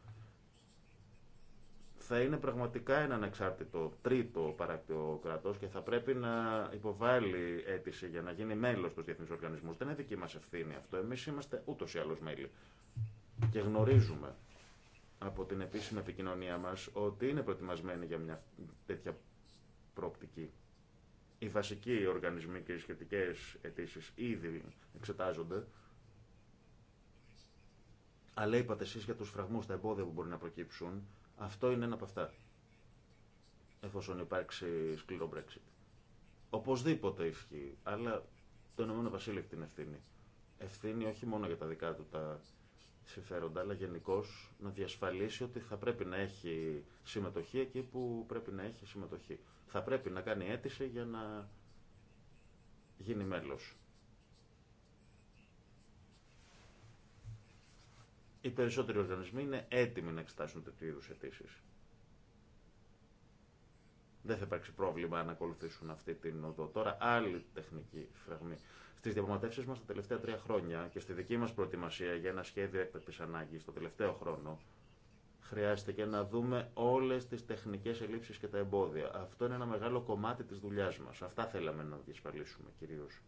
θα είναι πραγματικά ένα ανεξάρτητο τρίτο παράκτιο κράτο και θα πρέπει να υποβάλει αίτηση για να γίνει μέλο του διεθνού οργανισμού. Δεν είναι δική μα ευθύνη αυτό. Εμεί είμαστε ούτω ή άλλω μέλη. Και γνωρίζουμε από την επίσημη επικοινωνία μα ότι είναι προετοιμασμένοι για μια τέτοια προοπτική. Οι βασικοί οργανισμοί και οι σχετικέ αιτήσει ήδη εξετάζονται. Αλλά είπατε εσεί για του φραγμού, τα εμπόδια που μπορεί να προκύψουν. Αυτό είναι ένα από αυτά. Εφόσον υπάρξει σκληρό Brexit. Οπωσδήποτε ισχύει. Αλλά το Ηνωμένο Βασίλειο έχει την ευθύνη. Ευθύνη όχι μόνο για τα δικά του τα συμφέροντα, αλλά γενικώ να διασφαλίσει ότι θα πρέπει να έχει συμμετοχή εκεί που πρέπει να έχει συμμετοχή θα πρέπει να κάνει αίτηση για να γίνει μέλος. Οι περισσότεροι οργανισμοί είναι έτοιμοι να εξετάσουν τέτοιου είδου αιτήσει. Δεν θα υπάρξει πρόβλημα να ακολουθήσουν αυτή την οδό. Τώρα, άλλη τεχνική φραγμή. Στι διαπραγματεύσει μα τα τελευταία τρία χρόνια και στη δική μα προετοιμασία για ένα σχέδιο έκτακτη ανάγκη, το τελευταίο χρόνο, Χρειάστηκε να δούμε όλες τις τεχνικές ελλείψεις και τα εμπόδια. Αυτό είναι ένα μεγάλο κομμάτι της δουλειάς μας. Αυτά θέλαμε να διασφαλίσουμε κυρίως.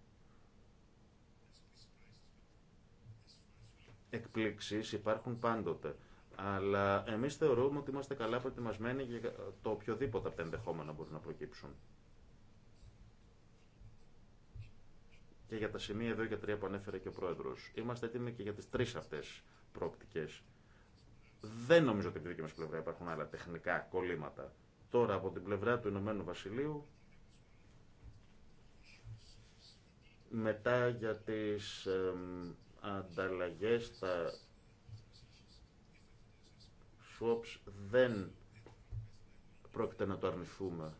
Εκπλήξει υπάρχουν πάντοτε. Αλλά εμείς θεωρούμε ότι είμαστε καλά προετοιμασμένοι για το οποιοδήποτε από τα ενδεχόμενα μπορεί να προκύψουν. Και για τα σημεία εδώ και τρία που ανέφερε και ο Πρόεδρος. Είμαστε έτοιμοι και για τις τρεις αυτές προοπτικές. Δεν νομίζω ότι από τη δική πλευρά υπάρχουν άλλα τεχνικά κολλήματα. Τώρα από την πλευρά του Ηνωμένου Βασιλείου μετά για τις ε, ανταλλαγές, τα swaps δεν πρόκειται να το αρνηθούμε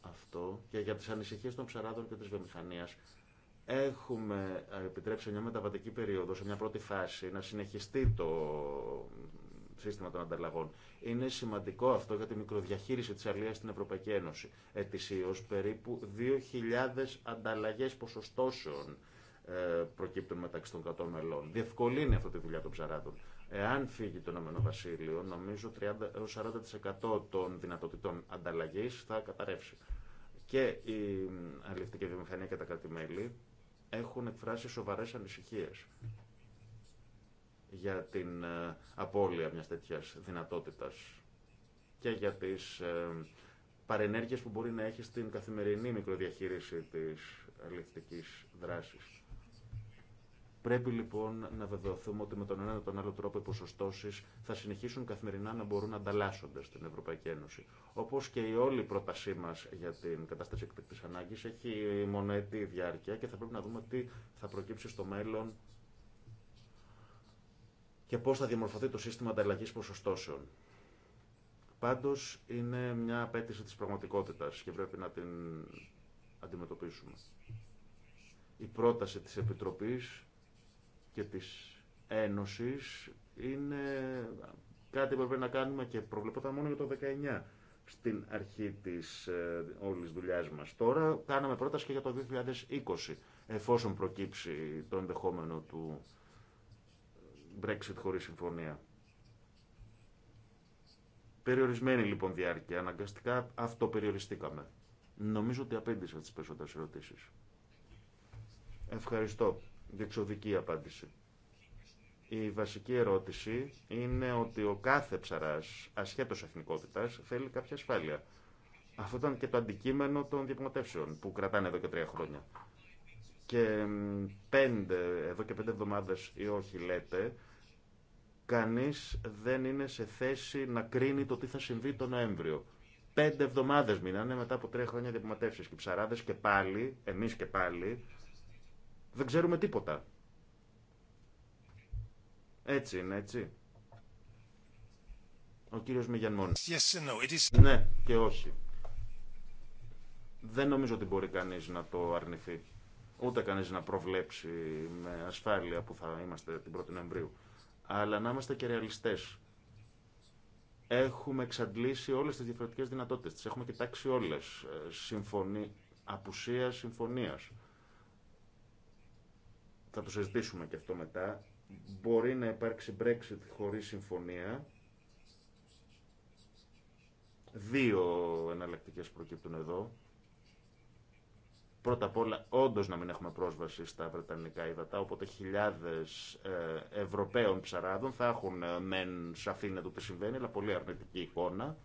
αυτό και για τις ανησυχίες των ψαράδων και της βιομηχανίας έχουμε επιτρέψει μια μεταβατική περίοδο, σε μια πρώτη φάση, να συνεχιστεί το σύστημα των ανταλλαγών. Είναι σημαντικό αυτό για τη μικροδιαχείριση τη αλληλεία στην Ευρωπαϊκή Ένωση. Ετησίω περίπου 2.000 ανταλλαγέ ποσοστώσεων ε, προκύπτουν μεταξύ των κρατών μελών. Διευκολύνει αυτή τη δουλειά των ψαράδων. Εάν φύγει το Ηνωμένο Βασίλειο, νομίζω 30-40% ε, των δυνατοτήτων ανταλλαγή θα καταρρεύσει. Και η αλληλευτική βιομηχανία και τα κρατημέλη έχουν εκφράσει σοβαρέ ανησυχίε για την ε, απώλεια μιας τέτοιας δυνατότητας και για τις ε, παρενέργειες που μπορεί να έχει στην καθημερινή μικροδιαχείριση της αλληλευτικής δράσης. Πρέπει λοιπόν να βεβαιωθούμε ότι με τον ένα ή τον άλλο τρόπο οι ποσοστώσει θα συνεχίσουν καθημερινά να μπορούν να ανταλλάσσονται στην Ευρωπαϊκή Ένωση. Όπω και η όλη πρότασή μα για την κατάσταση εκτακτή ανάγκη έχει μονοετή διάρκεια και θα πρέπει να δούμε τι θα προκύψει στο μέλλον και πώς θα διαμορφωθεί το σύστημα ανταλλαγή ποσοστώσεων. Πάντως είναι μια απέτηση της πραγματικότητας και πρέπει να την αντιμετωπίσουμε. Η πρόταση της Επιτροπής και της Ένωσης είναι κάτι που πρέπει να κάνουμε και προβλεπόταν μόνο για το 19 στην αρχή της ε, όλης δουλειάς μας. Τώρα κάναμε πρόταση και για το 2020 εφόσον προκύψει το ενδεχόμενο του Brexit χωρίς συμφωνία. Περιορισμένη λοιπόν διάρκεια, αναγκαστικά αυτοπεριοριστήκαμε. Νομίζω ότι απέντησα τις περισσότερες ερωτήσεις. Ευχαριστώ. Διεξοδική απάντηση. Η βασική ερώτηση είναι ότι ο κάθε ψαράς, ασχέτως εθνικότητας, θέλει κάποια ασφάλεια. Αυτό ήταν και το αντικείμενο των διαπραγματεύσεων που κρατάνε εδώ και τρία χρόνια. Και πέντε, εδώ και πέντε εβδομάδες ή όχι λέτε, κανείς δεν είναι σε θέση να κρίνει το τι θα συμβεί το Νοέμβριο. Πέντε εβδομάδες μείνανε μετά από τρία χρόνια διαπραγματεύσεις και ψαράδες και πάλι, εμείς και πάλι, δεν ξέρουμε τίποτα. Έτσι είναι, έτσι. Ο κύριος Μηγιανμόν. Ναι και όχι. Δεν νομίζω ότι μπορεί κανείς να το αρνηθεί. Ούτε κανείς να προβλέψει με ασφάλεια που θα είμαστε την 1η Νοεμβρίου αλλά να είμαστε και ρεαλιστέ. Έχουμε εξαντλήσει όλες τις διαφορετικές δυνατότητες, τι έχουμε κοιτάξει όλες. Ε, συμφωνή, απουσία συμφωνίας. Θα το συζητήσουμε και αυτό μετά. Μπορεί να υπάρξει Brexit χωρίς συμφωνία. Δύο εναλλακτικές προκύπτουν εδώ. Πρώτα απ' όλα, όντω να μην έχουμε πρόσβαση στα βρετανικά ύδατα, οπότε χιλιάδε ε, Ευρωπαίων ψαράδων θα έχουν ε, μεν σαφήνεια του τι συμβαίνει, αλλά πολύ αρνητική εικόνα.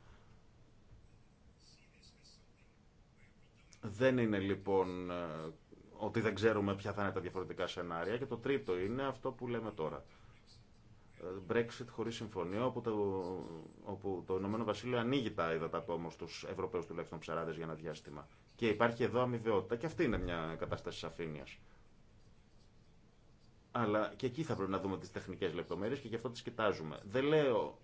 Δεν είναι λοιπόν ε, ότι δεν ξέρουμε ποια θα είναι τα διαφορετικά σενάρια. Και το τρίτο είναι αυτό που λέμε τώρα. Brexit χωρί συμφωνία, όπου το, όπου το Ηνωμένο Βασίλειο ανοίγει τα ύδατα του του Ευρωπαίου τουλάχιστον ψαράδε για ένα διάστημα. Και υπάρχει εδώ αμοιβαιότητα και αυτή είναι μια κατάσταση σαφήνειας. Αλλά και εκεί θα πρέπει να δούμε τις τεχνικές λεπτομέρειες και γι' αυτό τις κοιτάζουμε. Δεν λέω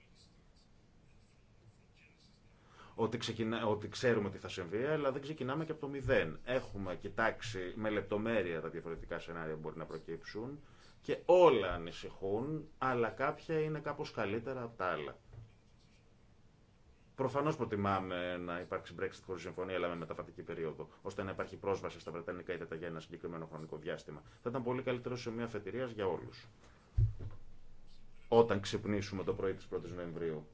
ότι, ξεκινά, ότι ξέρουμε τι θα συμβεί, αλλά δεν ξεκινάμε και από το μηδέν. Έχουμε κοιτάξει με λεπτομέρεια τα διαφορετικά σενάρια που μπορεί να προκύψουν και όλα ανησυχούν, αλλά κάποια είναι κάπως καλύτερα από τα άλλα. Προφανώ προτιμάμε να υπάρξει Brexit χωρί συμφωνία, αλλά με μεταβατική περίοδο, ώστε να υπάρχει πρόσβαση στα Βρετανικά τα για ένα συγκεκριμένο χρονικό διάστημα. Θα ήταν πολύ καλύτερο σε μια αφετηρία για όλου. Όταν ξυπνήσουμε το πρωί τη 1η Νοεμβρίου.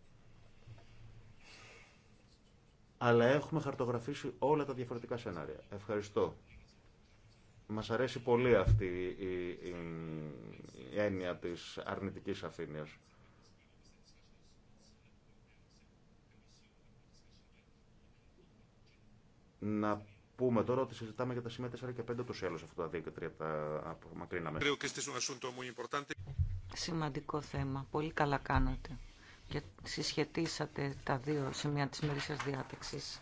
Αλλά έχουμε χαρτογραφήσει όλα τα διαφορετικά σενάρια. Ευχαριστώ. Μα αρέσει πολύ αυτή η, η, η έννοια τη αρνητική αφήνεια. Να πούμε τώρα ότι συζητάμε για τα σημεία 4 και 5 του σέλος αυτό αυτά τα 2 και 3 τα απομακρύναμε. Σημαντικό θέμα. Πολύ καλά κάνατε. Και συσχετίσατε τα δύο σημεία της μερίσιας διάταξης.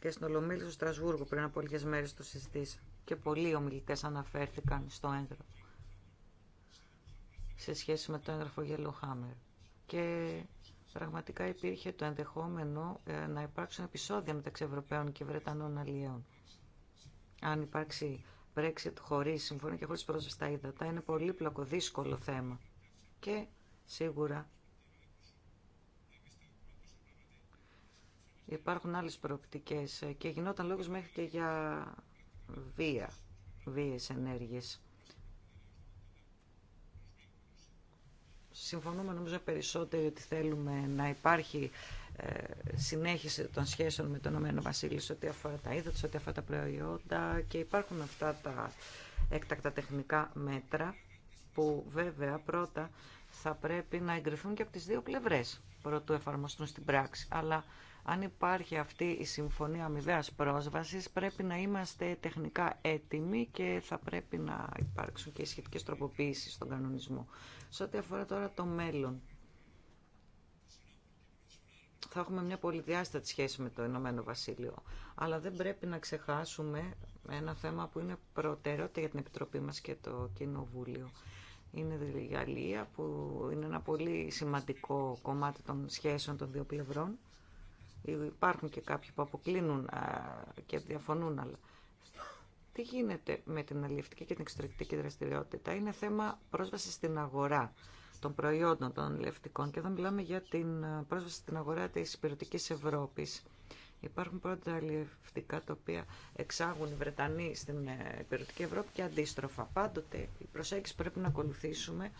Και στην Ολομέλη στο Στρασβούργου πριν από λίγες μέρες το συζητήσαμε. Και πολλοί ομιλητές αναφέρθηκαν στο έγγραφο σε σχέση με το έγγραφο Hammer. Και πραγματικά υπήρχε το ενδεχόμενο ε, να υπάρξουν επεισόδια μεταξύ Ευρωπαίων και Βρετανών αλλιέων. Αν υπάρξει Brexit χωρίς συμφωνία και χωρίς πρόσβαση στα ύδατα, είναι πολύ δύσκολο θέμα. Και σίγουρα υπάρχουν άλλες προοπτικές ε, και γινόταν λόγος μέχρι και για βία, βίες ενέργειες. συμφωνούμε νομίζω περισσότερο ότι θέλουμε να υπάρχει ε, συνέχιση των σχέσεων με τον Ομένο Βασίλειο σε ό,τι αφορά τα είδα, σε ό,τι αφορά τα προϊόντα και υπάρχουν αυτά τα έκτακτα τεχνικά μέτρα που βέβαια πρώτα θα πρέπει να εγκριθούν και από τις δύο πλευρές πρωτού εφαρμοστούν στην πράξη. Αλλά αν υπάρχει αυτή η συμφωνία αμοιβαίας πρόσβασης, πρέπει να είμαστε τεχνικά έτοιμοι και θα πρέπει να υπάρξουν και οι σχετικές τροποποίησεις στον κανονισμό. Σε ό,τι αφορά τώρα το μέλλον, θα έχουμε μια πολυδιάστατη σχέση με το Ηνωμένο Βασίλειο. Αλλά δεν πρέπει να ξεχάσουμε ένα θέμα που είναι προτεραιότητα για την Επιτροπή μας και το Κοινοβούλιο. Είναι η Γαλλία που είναι ένα πολύ σημαντικό κομμάτι των σχέσεων των δύο πλευρών Υπάρχουν και κάποιοι που αποκλίνουν και διαφωνούν, αλλά τι γίνεται με την αλληλευτική και την εξωτερική δραστηριότητα. Είναι θέμα πρόσβαση στην αγορά των προϊόντων των αλληλευτικών και εδώ μιλάμε για την πρόσβαση στην αγορά της υπηρετικής Ευρώπης. Υπάρχουν πρώτα αλληλευτικά τα οποία εξάγουν οι Βρετανοί στην ε, υπηρετική Ευρώπη και αντίστροφα. Πάντοτε η προσέγγιση πρέπει να ακολουθήσουμε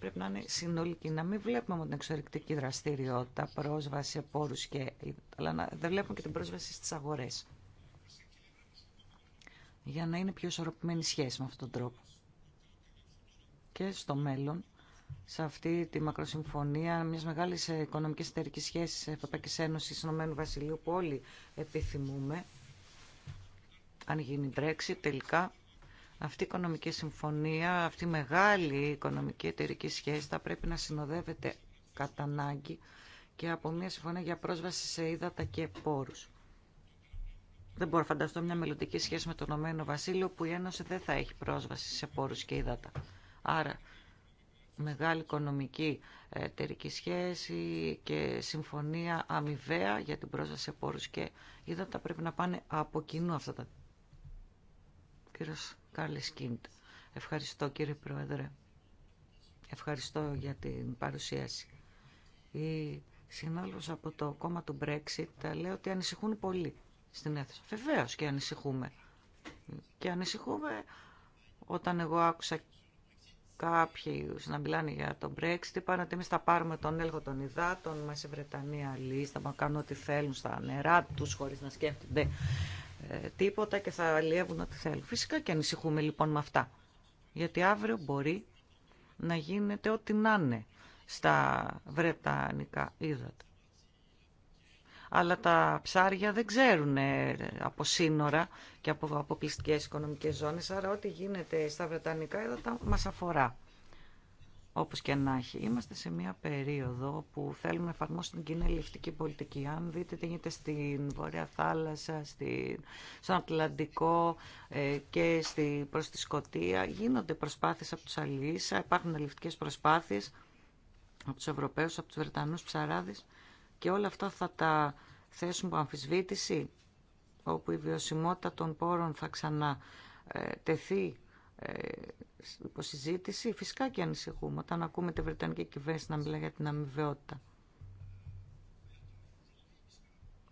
πρέπει να είναι συνολική, να μην βλέπουμε μόνο την εξωτερική δραστηριότητα, πρόσβαση σε πόρου, και, αλλά να, δεν βλέπουμε και την πρόσβαση στις αγορές. Για να είναι πιο ισορροπημένη σχέση με αυτόν τον τρόπο. Και στο μέλλον, σε αυτή τη μακροσυμφωνία μιας μεγάλης οικονομικής εταιρικής σχέσης Ευρωπαϊκή Ένωση Ηνωμένου Βασιλείου που όλοι επιθυμούμε, αν γίνει Brexit τελικά, αυτή η οικονομική συμφωνία, αυτή η μεγάλη οικονομική εταιρική σχέση θα πρέπει να συνοδεύεται κατά ανάγκη και από μια συμφωνία για πρόσβαση σε ύδατα και πόρους. Δεν μπορώ να φανταστώ μια μελλοντική σχέση με τον Ηνωμένο Βασίλειο που η Ένωση δεν θα έχει πρόσβαση σε πόρους και ύδατα. Άρα μεγάλη οικονομική εταιρική σχέση και συμφωνία αμοιβαία για την πρόσβαση σε πόρους και ύδατα πρέπει να πάνε από κοινού αυτά τα κύριος Ευχαριστώ κύριε Πρόεδρε. Ευχαριστώ για την παρουσίαση. Η συνάδελφος από το κόμμα του Brexit λέει ότι ανησυχούν πολύ στην αίθουσα. Βεβαίω και ανησυχούμε. Και ανησυχούμε όταν εγώ άκουσα κάποιοι να μιλάνε για τον Brexit, είπαν ότι εμεί θα πάρουμε τον έλεγχο των υδάτων μα η Βρετανία λύση, θα κάνουν ό,τι θέλουν στα νερά τους χωρίς να σκέφτονται τίποτα και θα αλλιεύουν ό,τι θέλουν. Φυσικά και ανησυχούμε λοιπόν με αυτά. Γιατί αύριο μπορεί να γίνεται ό,τι να είναι στα βρετανικά είδατε, Αλλά τα ψάρια δεν ξέρουν ε, από σύνορα και από αποκλειστικέ οικονομικές ζώνες, άρα ό,τι γίνεται στα βρετανικά ύδατα μας αφορά. Όπως και να έχει, είμαστε σε μια περίοδο που θέλουμε να εφαρμόσουμε την κοινή ελευθερική πολιτική. Αν δείτε τι γίνεται στην Βόρεια Θάλασσα, στη στον Ατλαντικό ε, και στη, προς τη Σκοτία, γίνονται προσπάθειες από τους Αλίσσα, υπάρχουν ελευτικές προσπάθειες από τους Ευρωπαίους, από τους Βρετανούς ψαράδες και όλα αυτά θα τα θέσουν από αμφισβήτηση, όπου η βιωσιμότητα των πόρων θα ξανατεθεί ε, υποσυζήτηση. Φυσικά και ανησυχούμε όταν ακούμε τη Βρετανική κυβέρνηση να μιλάει για την αμοιβαιότητα.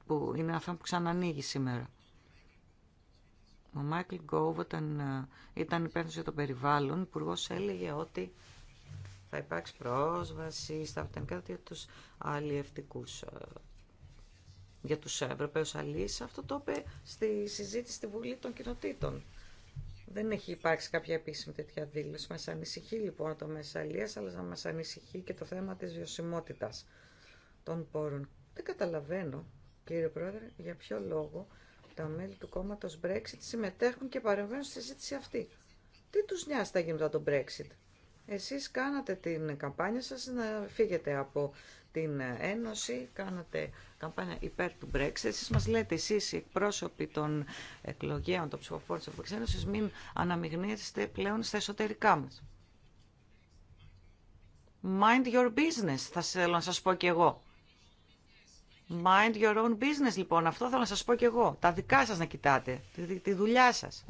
Που είναι αυτό που ξανανοίγει σήμερα. Ο Μάικλ Γκόβ όταν ε, ήταν υπεύθυνο για το περιβάλλον, υπουργό έλεγε ότι θα υπάρξει πρόσβαση στα Βρετανικά για τους αλλιευτικούς ε, για τους Ευρωπαίους αλλιείς. Αυτό το είπε στη συζήτηση στη Βουλή των Κοινοτήτων. Δεν έχει υπάρξει κάποια επίσημη τέτοια δήλωση. Μα ανησυχεί λοιπόν το Μεσαλία, αλλά μας ανησυχεί και το θέμα της βιωσιμότητα των πόρων. Δεν καταλαβαίνω, κύριε Πρόεδρε, για ποιο λόγο τα μέλη του κόμματο Brexit συμμετέχουν και παρεμβαίνουν στη συζήτηση αυτή. Τι τους νοιάζει τα γίνοντα τον Brexit. Εσείς κάνατε την καμπάνια σα να φύγετε από την Ένωση, κάνατε καμπάνια υπέρ του Brexit. Εσείς μας λέτε, εσείς οι εκπρόσωποι των εκλογέων, των ψηφοφόρων της Ευρωπαϊκής Ένωσης, μην αναμειγνύεστε πλέον στα εσωτερικά μας. Mind your business, θα θέλω να σας πω κι εγώ. Mind your own business, λοιπόν. Αυτό θέλω να σας πω κι εγώ. Τα δικά σας να κοιτάτε, τη, δουλειά σας.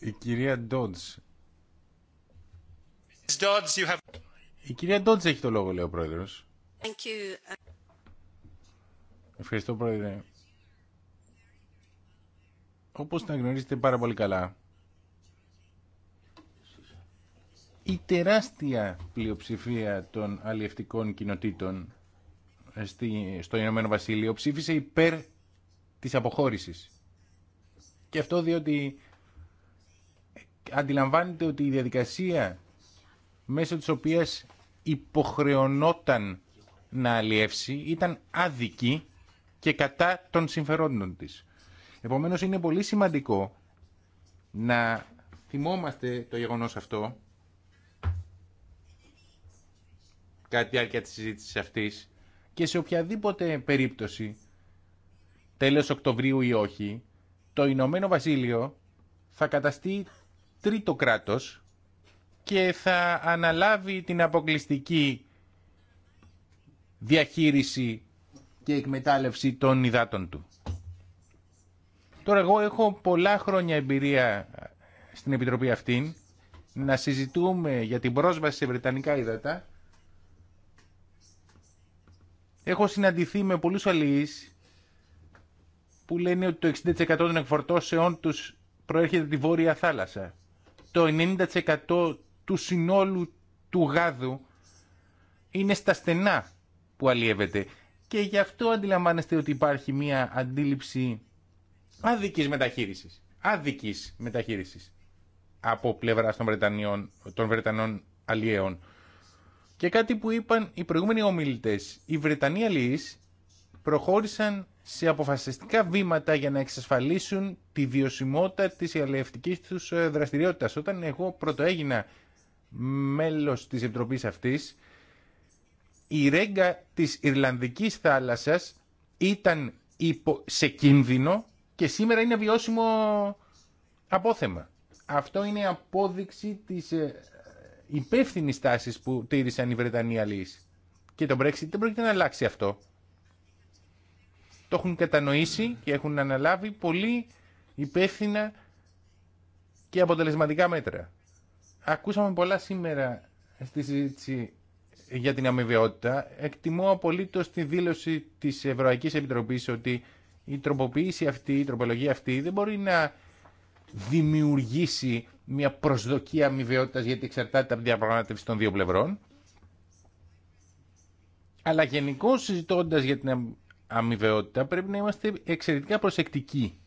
Η κυρία Dodds, η κυρία Ντότζ έχει το λόγο, λέει ο Πρόεδρο. Uh, Ευχαριστώ, πρόεδρε. Όπως τα γνωρίζετε πάρα πολύ καλά, η τεράστια πλειοψηφία των αλλιευτικών κοινοτήτων στο Ηνωμένο Βασίλειο ψήφισε υπέρ της αποχώρησης. Και αυτό διότι αντιλαμβάνεται ότι η διαδικασία μέσω της οποίας υποχρεωνόταν να αλλιεύσει ήταν άδικη και κατά των συμφερόντων της. Επομένως είναι πολύ σημαντικό να θυμόμαστε το γεγονός αυτό κατά τη διάρκεια της συζήτησης αυτής και σε οποιαδήποτε περίπτωση τέλος Οκτωβρίου ή όχι το Ηνωμένο Βασίλειο θα καταστεί τρίτο κράτος και θα αναλάβει την αποκλειστική διαχείριση και εκμετάλλευση των υδάτων του. Τώρα εγώ έχω πολλά χρόνια εμπειρία στην Επιτροπή αυτήν να συζητούμε για την πρόσβαση σε βρετανικά υδατά. Έχω συναντηθεί με πολλούς αλληλείς που λένε ότι το 60% των εκφορτώσεών τους προέρχεται από τη Βόρεια Θάλασσα. Το 90% του συνόλου του γάδου είναι στα στενά που αλλιεύεται. Και γι' αυτό αντιλαμβάνεστε ότι υπάρχει μια αντίληψη άδικης μεταχείρισης. Άδικης μεταχείρισης από πλευρά των, Βρετανιών, των Βρετανών αλλιέων. Και κάτι που είπαν οι προηγούμενοι ομιλητές. Οι Βρετανοί αλλιείς προχώρησαν σε αποφασιστικά βήματα για να εξασφαλίσουν τη βιωσιμότητα της αλλιευτικής τους ε, δραστηριότητας. Όταν εγώ πρώτο έγινα μέλος της Επιτροπής αυτής, η ρέγγα της Ιρλανδικής θάλασσας ήταν υπο... σε κίνδυνο και σήμερα είναι βιώσιμο απόθεμα. Αυτό είναι απόδειξη της ε, υπεύθυνης τάσης που τήρησαν οι Βρετανοί αλληλείς. Και το Brexit δεν πρόκειται να αλλάξει αυτό. Το έχουν κατανοήσει και έχουν αναλάβει πολύ υπεύθυνα και αποτελεσματικά μέτρα. Ακούσαμε πολλά σήμερα στη συζήτηση για την αμοιβαιότητα. Εκτιμώ απολύτω τη δήλωση τη Ευρωπαϊκή Επιτροπή ότι η τροποποίηση αυτή, η τροπολογία αυτή δεν μπορεί να δημιουργήσει μια προσδοκία αμοιβαιότητα γιατί εξαρτάται από τη διαπραγμάτευση των δύο πλευρών. Αλλά γενικώ συζητώντα για την αμοιβαιότητα πρέπει να είμαστε εξαιρετικά προσεκτικοί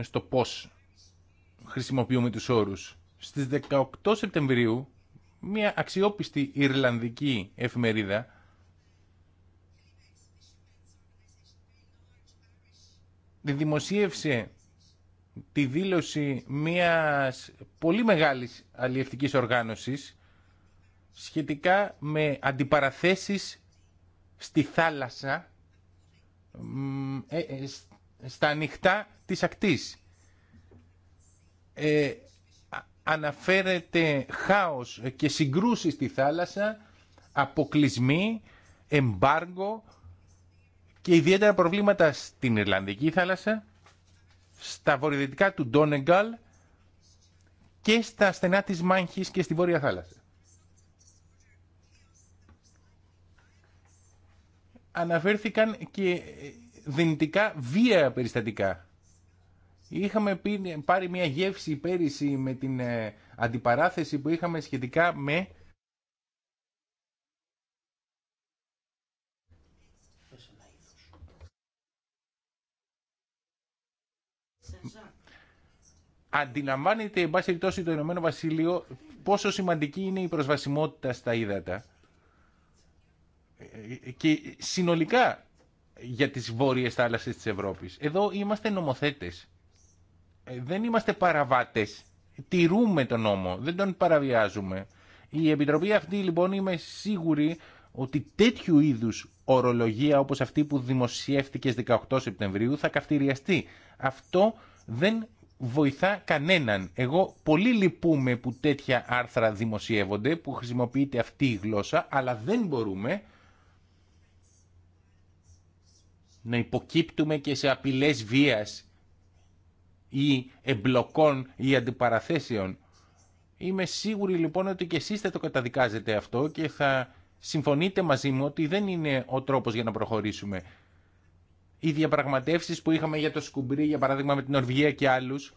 στο πώς χρησιμοποιούμε τους όρους. Στις 18 Σεπτεμβρίου μια αξιόπιστη Ιρλανδική εφημερίδα δημοσίευσε τη δήλωση μιας πολύ μεγάλης αλλιευτικής οργάνωσης σχετικά με αντιπαραθέσεις στη θάλασσα ε, ε, στα ανοιχτά της ακτής. Ε, αναφέρεται χάος και συγκρούσεις στη θάλασσα, αποκλεισμοί, εμπάργκο και ιδιαίτερα προβλήματα στην Ιρλανδική θάλασσα, στα βορειοδυτικά του Ντόνεγκαλ και στα στενά της Μάνχης και στη Βόρεια θάλασσα. Αναφέρθηκαν και δυνητικά βία περιστατικά Είχαμε πει, πάρει μια γεύση πέρυσι με την ε, αντιπαράθεση που είχαμε σχετικά με αντιλαμβάνεται, εν πάση το Ηνωμένο Βασίλειο πόσο σημαντική είναι η προσβασιμότητα στα ύδατα ε, ε, και συνολικά για τις βόρειες θάλασσες της Ευρώπης. Εδώ είμαστε νομοθέτες. Ε, δεν είμαστε παραβάτες. Τηρούμε τον νόμο, δεν τον παραβιάζουμε. Η Επιτροπή αυτή λοιπόν είμαι σίγουρη ότι τέτοιου είδους ορολογία όπως αυτή που δημοσιεύτηκε στις 18 Σεπτεμβρίου θα καυτηριαστεί. Αυτό δεν βοηθά κανέναν. Εγώ πολύ λυπούμε που τέτοια άρθρα δημοσιεύονται, που χρησιμοποιείται αυτή η γλώσσα, αλλά δεν μπορούμε να υποκύπτουμε και σε απειλές βίας ή εμπλοκών ή αντιπαραθέσεων. Είμαι σίγουρη λοιπόν ότι και εσείς θα το καταδικάζετε αυτό και θα συμφωνείτε μαζί μου ότι δεν είναι ο τρόπος για να προχωρήσουμε. Οι διαπραγματεύσεις που είχαμε για το Σκουμπρί, για παράδειγμα με την Ορβηγία και άλλους,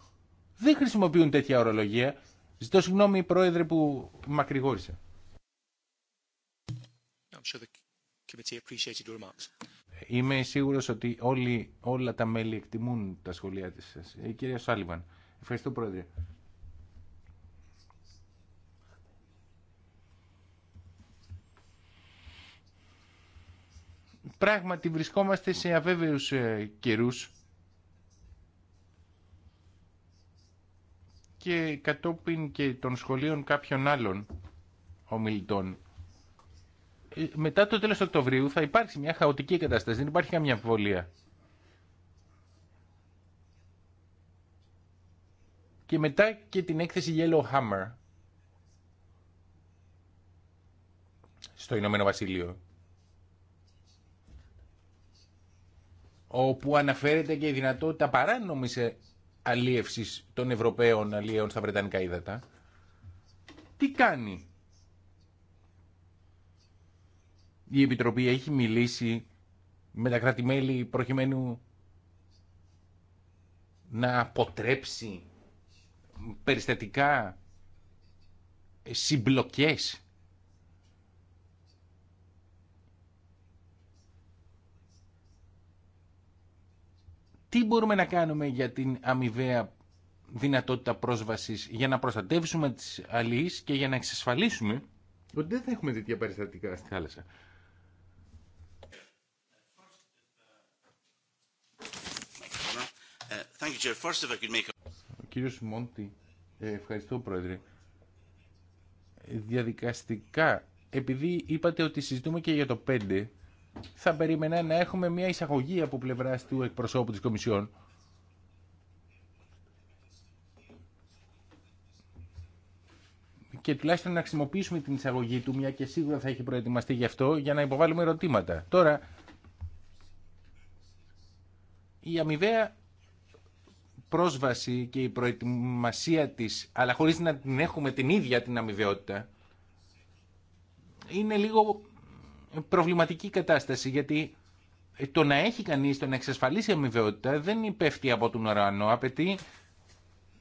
δεν χρησιμοποιούν τέτοια ορολογία. Ζητώ συγγνώμη, Πρόεδρε, που μακρηγόρησα. Είμαι σίγουρος ότι όλοι, όλα τα μέλη εκτιμούν τα σχολεία της σας. Η ε, κυρία Σάλιβαν. Ευχαριστώ πρόεδρε. Πράγματι βρισκόμαστε σε αβέβαιους ε, καιρούς και κατόπιν και των σχολείων κάποιων άλλων ομιλητών μετά το τέλος Οκτωβρίου θα υπάρξει μια χαοτική κατάσταση, δεν υπάρχει καμία αμφιβολία. Και μετά και την έκθεση Yellow Hammer στο Ηνωμένο Βασίλειο. όπου αναφέρεται και η δυνατότητα παράνομης αλίευσης των Ευρωπαίων αλίεων στα Βρετανικά ύδατα. Τι κάνει η Επιτροπή έχει μιλήσει με τα κράτη-μέλη προκειμένου να αποτρέψει περιστατικά συμπλοκές Τι μπορούμε να κάνουμε για την αμοιβαία δυνατότητα πρόσβασης για να προστατεύσουμε τις αλληλείς και για να εξασφαλίσουμε ότι δεν θα έχουμε τέτοια περιστατικά στη θάλασσα. Thank you, ευχαριστώ Πρόεδρε. Διαδικαστικά, επειδή είπατε ότι συζητούμε και για το 5, θα περίμενα να έχουμε μια εισαγωγή από πλευρά του εκπροσώπου της Κομισιόν. Και τουλάχιστον να χρησιμοποιήσουμε την εισαγωγή του, μια και σίγουρα θα έχει προετοιμαστεί γι' αυτό, για να υποβάλουμε ερωτήματα. Τώρα, η αμοιβαία πρόσβαση και η προετοιμασία της, αλλά χωρίς να την έχουμε την ίδια την αμοιβαιότητα, είναι λίγο προβληματική κατάσταση, γιατί ε, το να έχει κανείς, το να εξασφαλίσει αμοιβαιότητα δεν υπέφτει από τον ουρανό, απαιτεί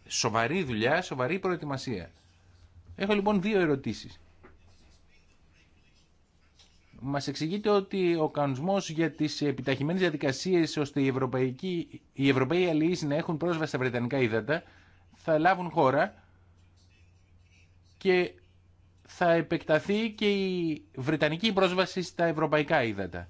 σοβαρή δουλειά, σοβαρή προετοιμασία. Έχω λοιπόν δύο ερωτήσεις μας εξηγείται ότι ο κανονισμός για τις επιταχυμένες διαδικασίες ώστε οι, ευρωπαϊκοί, οι Ευρωπαίοι αλληλείς να έχουν πρόσβαση στα Βρετανικά ύδατα θα λάβουν χώρα και θα επεκταθεί και η Βρετανική πρόσβαση στα Ευρωπαϊκά ύδατα.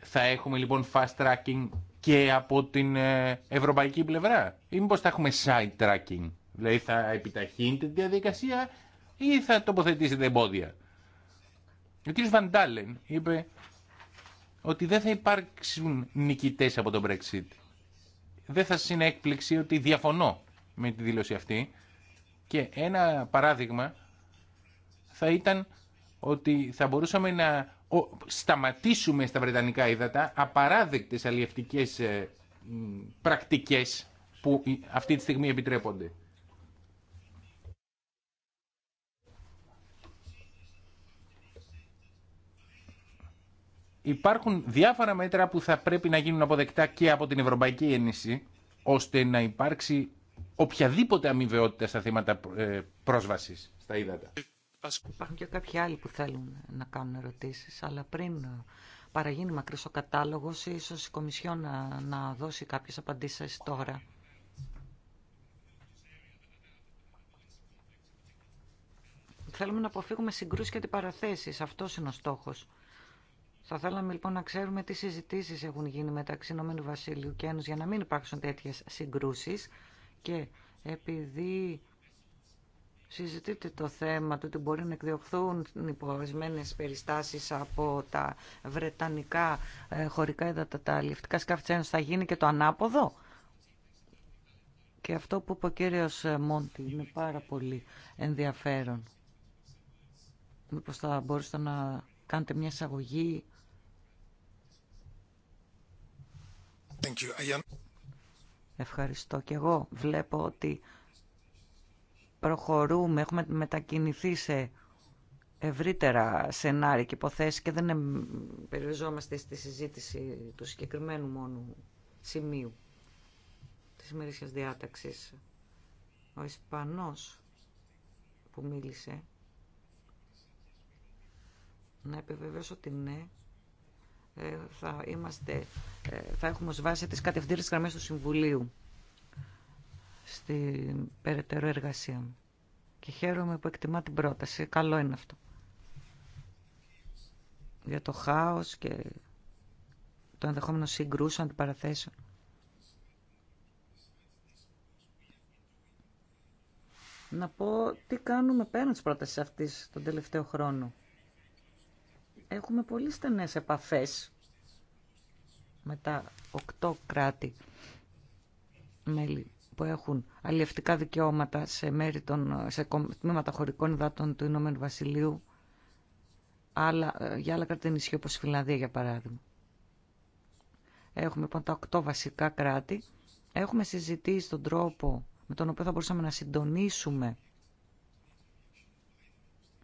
Θα έχουμε λοιπόν fast tracking και από την ε, ευρωπαϊκή πλευρά ή μήπως θα έχουμε side tracking. Δηλαδή θα επιταχύνεται τη διαδικασία ή θα τοποθετήσετε εμπόδια. Ο κ. Βαντάλεν είπε ότι δεν θα υπάρξουν νικητές από τον Brexit. Δεν θα σας είναι έκπληξη ότι διαφωνώ με τη δήλωση αυτή και ένα παράδειγμα θα ήταν ότι θα μπορούσαμε να σταματήσουμε στα Βρετανικά ύδατα απαράδεκτες αλλιευτικές ε, πρακτικές που αυτή τη στιγμή επιτρέπονται. υπάρχουν διάφορα μέτρα που θα πρέπει να γίνουν αποδεκτά και από την Ευρωπαϊκή Ένωση, ώστε να υπάρξει οποιαδήποτε αμοιβαιότητα στα θέματα ε, πρόσβασης στα ύδατα. Υπάρχουν και κάποιοι άλλοι που θέλουν να κάνουν ερωτήσει, αλλά πριν παραγίνει μακρύ ο κατάλογο, ίσως η Κομισιόν να, να δώσει κάποιες απαντήσει τώρα. Θέλουμε να αποφύγουμε συγκρούσεις και αντιπαραθέσει. Αυτό είναι ο στόχο. Θα θέλαμε λοιπόν να ξέρουμε τι συζητήσεις έχουν γίνει μεταξύ Ηνωμένου Βασίλειου και Ένωση για να μην υπάρξουν τέτοιε συγκρούσει. και επειδή συζητείτε το θέμα του ότι μπορεί να εκδιωχθούν υποορισμένε περιστάσεις από τα βρετανικά ε, χωρικά έδατα, τα ληφτικά σκάφη της θα γίνει και το ανάποδο. Και αυτό που είπε ο κύριος Μόντι είναι πάρα πολύ ενδιαφέρον. Μήπως θα μπορούσατε να κάνετε μια εισαγωγή Ευχαριστώ και εγώ. Βλέπω ότι προχωρούμε, έχουμε μετακινηθεί σε ευρύτερα σενάρια και υποθέσεις και δεν περιοριζόμαστε στη συζήτηση του συγκεκριμένου μόνο σημείου της ημερήσιας διάταξης. Ο Ισπανός που μίλησε να επιβεβαιώσω ότι ναι, ε, θα, είμαστε, ε, θα έχουμε ως βάση τις κατευθύνσεις γραμμές του Συμβουλίου στην περαιτέρω εργασία μου. Και χαίρομαι που εκτιμά την πρόταση. Καλό είναι αυτό. Για το χάος και το ενδεχόμενο συγκρούσεων, αντιπαραθέσεων. Να πω τι κάνουμε πέραν της πρότασης αυτής τον τελευταίο χρόνο. Έχουμε πολύ στενές επαφές με τα οκτώ κράτη μέλη που έχουν αλλιευτικά δικαιώματα σε, μέρη των, σε τμήματα χωρικών υδάτων του Ηνωμένου Βασιλείου άλλα, για άλλα κράτη νησιού όπως η Φιλανδία για παράδειγμα. Έχουμε λοιπόν τα οκτώ βασικά κράτη. Έχουμε συζητήσει τον τρόπο με τον οποίο θα μπορούσαμε να συντονίσουμε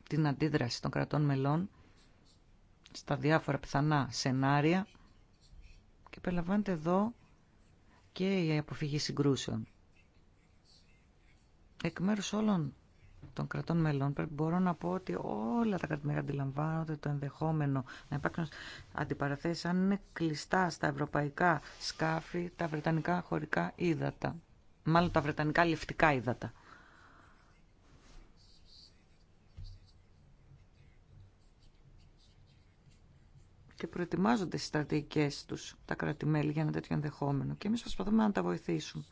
την αντίδραση των κρατών μελών στα διάφορα πιθανά σενάρια και περιλαμβάνεται εδώ και η αποφυγή συγκρούσεων. Εκ μέρους όλων των κρατών μελών μπορώ να πω ότι όλα τα κρατημέρια αντιλαμβάνονται το ενδεχόμενο να υπάρχουν αντιπαραθέσεις αν είναι κλειστά στα ευρωπαϊκά σκάφη τα βρετανικά χωρικά ύδατα, μάλλον τα βρετανικά λευτικά ύδατα. και προετοιμάζονται στις στρατηγικέ του τα κράτη-μέλη για ένα τέτοιο ενδεχόμενο και εμεί προσπαθούμε να τα βοηθήσουμε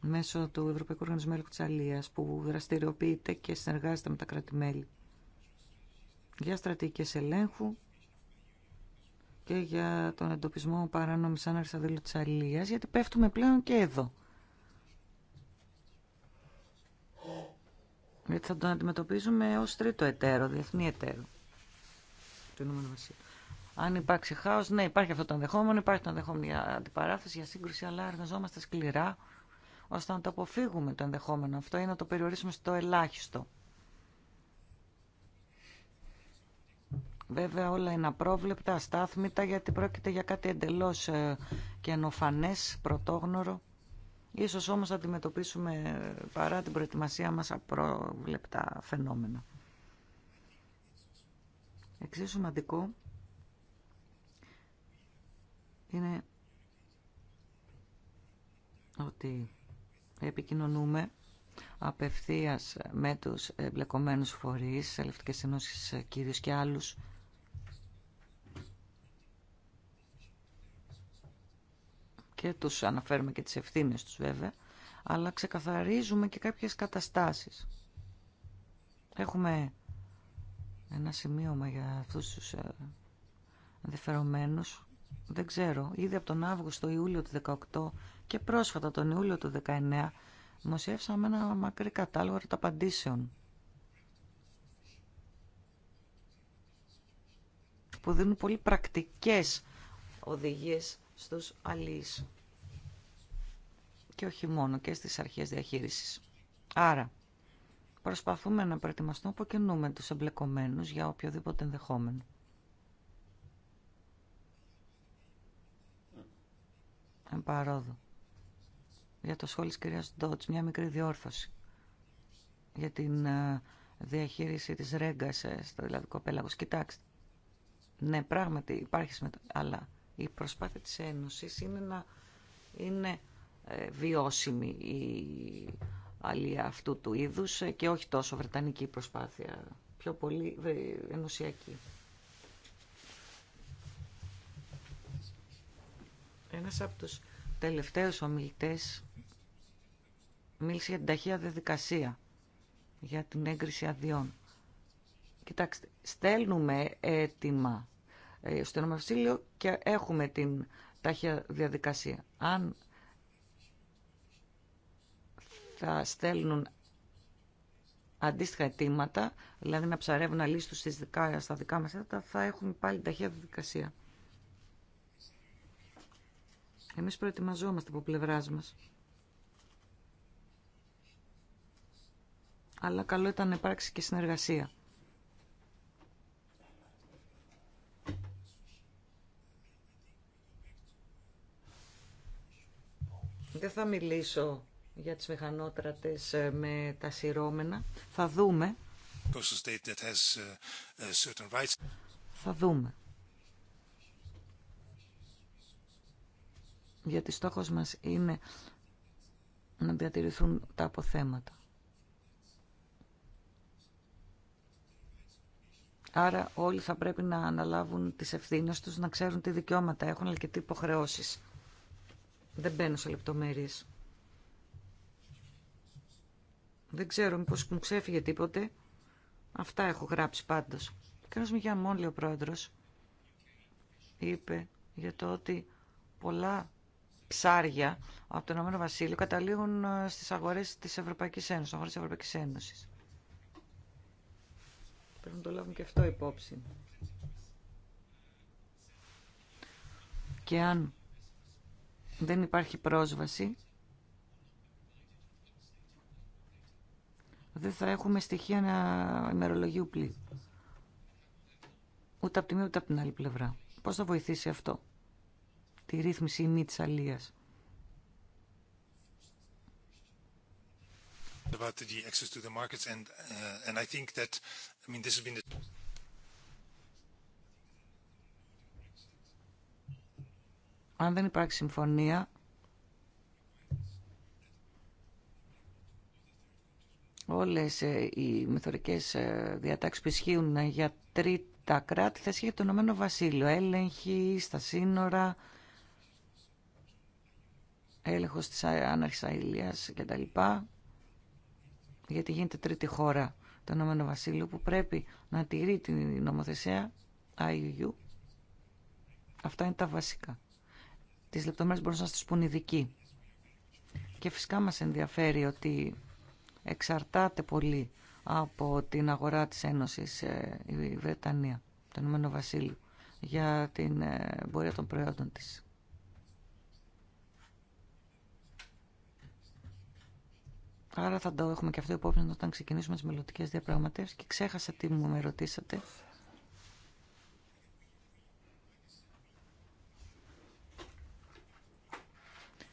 μέσω του Ευρωπαϊκού Οργανισμού Έλεγχου της που δραστηριοποιείται και συνεργάζεται με τα κράτη-μέλη για στρατηγικέ ελέγχου και για τον εντοπισμό παράνομη άναρξη αδέλου της Αλίας γιατί πέφτουμε πλέον και εδώ. Γιατί θα τον αντιμετωπίζουμε ως τρίτο εταίρο, διεθνή εταίρο του Ηνωμένου Βασίλειου. Αν υπάρξει χάος, ναι, υπάρχει αυτό το ενδεχόμενο, υπάρχει το ενδεχόμενο για αντιπαράθεση, για σύγκρουση, αλλά εργαζόμαστε σκληρά ώστε να το αποφύγουμε το ενδεχόμενο αυτό ή να το περιορίσουμε στο ελάχιστο. Βέβαια όλα είναι απρόβλεπτα, αστάθμητα, γιατί πρόκειται για κάτι εντελώς ε, καινοφανές, πρωτόγνωρο. Ίσως όμως θα αντιμετωπίσουμε ε, παρά την προετοιμασία μας απρόβλεπτα φαινόμενα. Εξίσου σημαντικό είναι ότι επικοινωνούμε απευθείας με τους εμπλεκομένους φορείς, ελευτικές ενώσεις κύριους και άλλους και τους αναφέρουμε και τις ευθύνες τους βέβαια, αλλά ξεκαθαρίζουμε και κάποιες καταστάσεις. Έχουμε ένα σημείωμα για αυτούς τους ε, ενδιαφερομένους δεν ξέρω, ήδη από τον Αύγουστο-Ιούλιο του 2018 και πρόσφατα τον Ιούλιο του 2019 δημοσιεύσαμε ένα μακρύ κατάλογο απαντήσεων που δίνουν πολύ πρακτικές οδηγίες στους αλλοίς και όχι μόνο και στις αρχές διαχείρισης. Άρα, προσπαθούμε να προετοιμαστούμε από κοινού με τους εμπλεκομένους για οποιοδήποτε ενδεχόμενο. παρόδου. Για το σχόλιο της κυρίας Ντότς, μια μικρή διόρθωση για την ε, διαχείριση της ρέγκας ε, στο Ελλαδικό Πέλαγος. Κοιτάξτε, ναι, πράγματι υπάρχει αλλά η προσπάθεια της Ένωσης είναι να είναι ε, βιώσιμη η αλία αυτού του είδους και όχι τόσο βρετανική προσπάθεια, πιο πολύ ενωσιακή. Ένας από τους τελευταίους ομιλητές μίλησε για την ταχεία διαδικασία, για την έγκριση αδειών. Κοιτάξτε, στέλνουμε έτοιμα ε, στο νομοσύλιο και έχουμε την ταχεία διαδικασία. Αν θα στέλνουν αντίστοιχα αιτήματα, δηλαδή να ψαρεύουν αλίστους στα δικά μας έτατα, θα έχουμε πάλι ταχεία διαδικασία. Εμείς προετοιμαζόμαστε από πλευράς μας. Αλλά καλό ήταν να υπάρξει και συνεργασία. Δεν θα μιλήσω για τις μηχανότρατες ε, με τα σειρώμενα. Θα δούμε. Ε, ε, θα δούμε. γιατί στόχος μας είναι να διατηρηθούν τα αποθέματα. Άρα όλοι θα πρέπει να αναλάβουν τις ευθύνες τους, να ξέρουν τι δικαιώματα έχουν, αλλά και τι υποχρεώσεις. Δεν μπαίνω σε λεπτομέρειες. Δεν ξέρω μήπως μου ξέφυγε τίποτε. Αυτά έχω γράψει πάντως. Ο κ. Μιγιαμόν, λέει ο πρόεδρος, είπε για το ότι πολλά ψάρια από το Ηνωμένο Βασίλειο καταλήγουν ε, στις αγορές της Ευρωπαϊκής Ένωσης, αγορές της Ευρωπαϊκής Ένωσης. Πρέπει να το λάβουμε και αυτό υπόψη. Και αν δεν υπάρχει πρόσβαση, δεν θα έχουμε στοιχεία ημερολογίου πλοίου. Ούτε από τη μία ούτε από την άλλη πλευρά. Πώς θα βοηθήσει αυτό τη ρύθμιση μη της αλίας. Αν δεν υπάρχει συμφωνία, όλες ε, οι μεθορικές ε, διατάξεις που ισχύουν ε, για τρίτα κράτη θα ισχύει το Ηνωμένο Βασίλειο. Έλεγχοι στα σύνορα, έλεγχος της άναρχης αηλίας και τα λοιπά, γιατί γίνεται τρίτη χώρα το Ηνωμένο Βασίλειο που πρέπει να τηρεί την νομοθεσία IUU. Αυτά είναι τα βασικά. Τις λεπτομέρειες μπορούν να σας πούν ειδικοί. Και φυσικά μας ενδιαφέρει ότι εξαρτάται πολύ από την αγορά της Ένωσης ε, η Βρετανία, το Ηνωμένο Βασίλειο, για την ε, πορεία των προϊόντων της. Άρα θα το έχουμε και αυτό υπόψη όταν ξεκινήσουμε τις μελλοντικές διαπραγματεύσεις και ξέχασα τι μου με ρωτήσατε.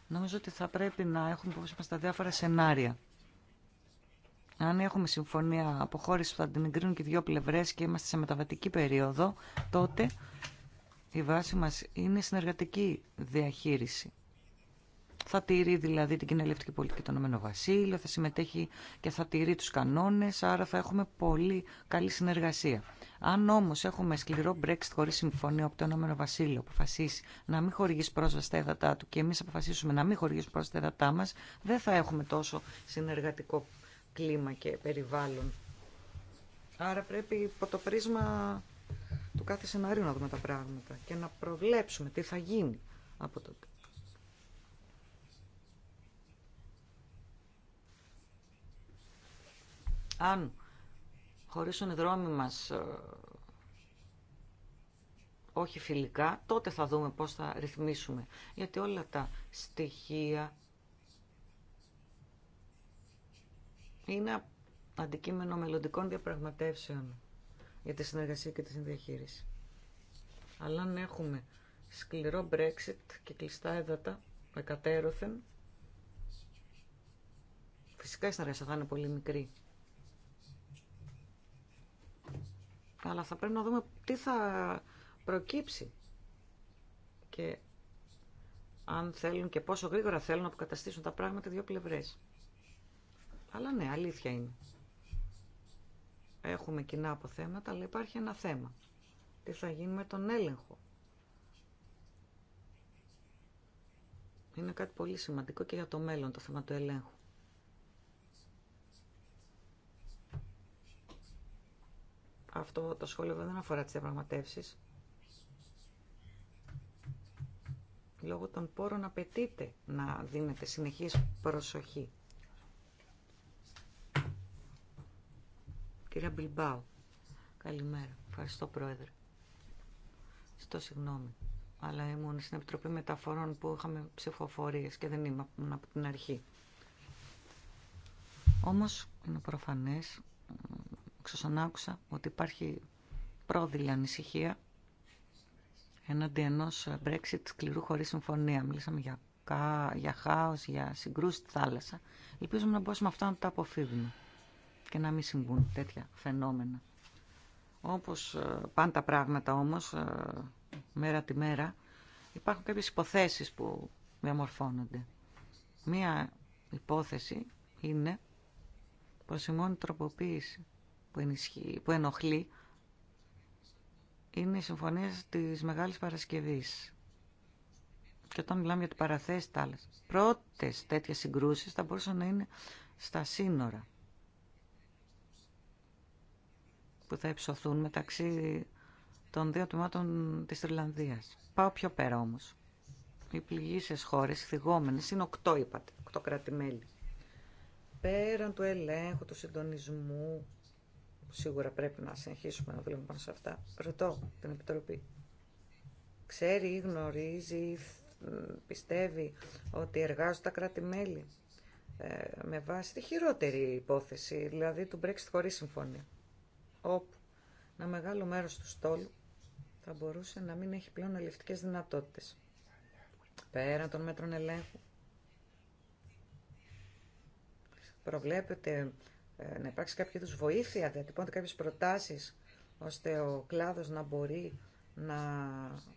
Νομίζω ότι θα πρέπει να έχουμε υπόψη μας τα διάφορα σενάρια. Αν έχουμε συμφωνία αποχώρηση που θα την εγκρίνουν και οι δύο πλευρές και είμαστε σε μεταβατική περίοδο, τότε η βάση μας είναι συνεργατική διαχείριση. Θα τηρεί δηλαδή την κοινελευτική πολιτική των Ηνωμένων θα συμμετέχει και θα τηρεί τους κανόνες, άρα θα έχουμε πολύ καλή συνεργασία. Αν όμως έχουμε σκληρό Brexit χωρίς συμφωνία από το Ηνωμένο Βασίλειο αποφασίσει να μην χορηγήσει πρόσβαση στα έδατά του και εμείς αποφασίσουμε να μην χορηγήσουμε πρόσβαση στα έδατά μας, δεν θα έχουμε τόσο συνεργατικό κλίμα και περιβάλλον. Άρα πρέπει υπό το πρίσμα του κάθε σενάριου να δούμε τα πράγματα και να προβλέψουμε τι θα γίνει από τότε. Αν χωρίσουν οι δρόμοι μας ε, όχι φιλικά, τότε θα δούμε πώς θα ρυθμίσουμε. Γιατί όλα τα στοιχεία είναι αντικείμενο μελλοντικών διαπραγματεύσεων για τη συνεργασία και τη συνδιαχείριση. Αλλά αν έχουμε σκληρό Brexit και κλειστά έδατα με κατέρωθεν, φυσικά η συνεργασία θα είναι πολύ μικρή. αλλά θα πρέπει να δούμε τι θα προκύψει και αν θέλουν και πόσο γρήγορα θέλουν να αποκαταστήσουν τα πράγματα δύο πλευρές. Αλλά ναι, αλήθεια είναι. Έχουμε κοινά αποθέματα, αλλά υπάρχει ένα θέμα. Τι θα γίνει με τον έλεγχο. Είναι κάτι πολύ σημαντικό και για το μέλλον το θέμα του ελέγχου. Αυτό το σχόλιο δεν αφορά τις διαπραγματεύσεις. Λόγω των πόρων απαιτείται να δίνετε συνεχής προσοχή. Κυρία Μπιλμπάου, καλημέρα. Ευχαριστώ, Πρόεδρε. Στο συγγνώμη, αλλά ήμουν στην Επιτροπή Μεταφορών που είχαμε ψηφοφορίες και δεν ήμουν από την αρχή. Όμως είναι προφανές να άκουσα ότι υπάρχει πρόδειλη ανησυχία έναντι ενό Brexit σκληρού χωρί συμφωνία. Μιλήσαμε για, κα, για χάο, για συγκρούσει στη θάλασσα. Ελπίζουμε να μπορέσουμε αυτά να τα αποφύγουμε και να μην συμβούν τέτοια φαινόμενα. Όπω ε, πάντα πράγματα όμω, ε, μέρα τη μέρα, υπάρχουν κάποιε υποθέσει που διαμορφώνονται. Μία υπόθεση είναι μόνη τροποποίηση που, που ενοχλεί είναι οι συμφωνίες της Μεγάλης Παρασκευής. Και όταν μιλάμε για την παραθέση πρώτες τέτοιες συγκρούσεις θα μπορούσαν να είναι στα σύνορα που θα υψωθούν μεταξύ των δύο τμήματων της Τριλανδίας. Πάω πιο πέρα όμως. Οι πληγήσεις χώρες, οι θυγόμενες, είναι οκτώ είπατε, οκτώ κράτη-μέλη. Πέραν του ελέγχου, του συντονισμού, Σίγουρα πρέπει να συνεχίσουμε να δουλεύουμε πάνω σε αυτά. Ρωτώ την Επιτροπή. Ξέρει ή γνωρίζει ή πιστεύει ότι εργάζονται τα κράτη-μέλη ε, με βάση τη χειρότερη υπόθεση, δηλαδή του Brexit χωρίς συμφωνία, όπου ένα μεγάλο μέρος του στόλου θα μπορούσε να μην έχει πλέον αλληλευτικές δυνατότητες. Πέραν των μέτρων ελέγχου. Προβλέπεται ε, να υπάρξει κάποια είδου βοήθεια, διατυπώνεται κάποιες προτάσεις ώστε ο κλάδος να μπορεί να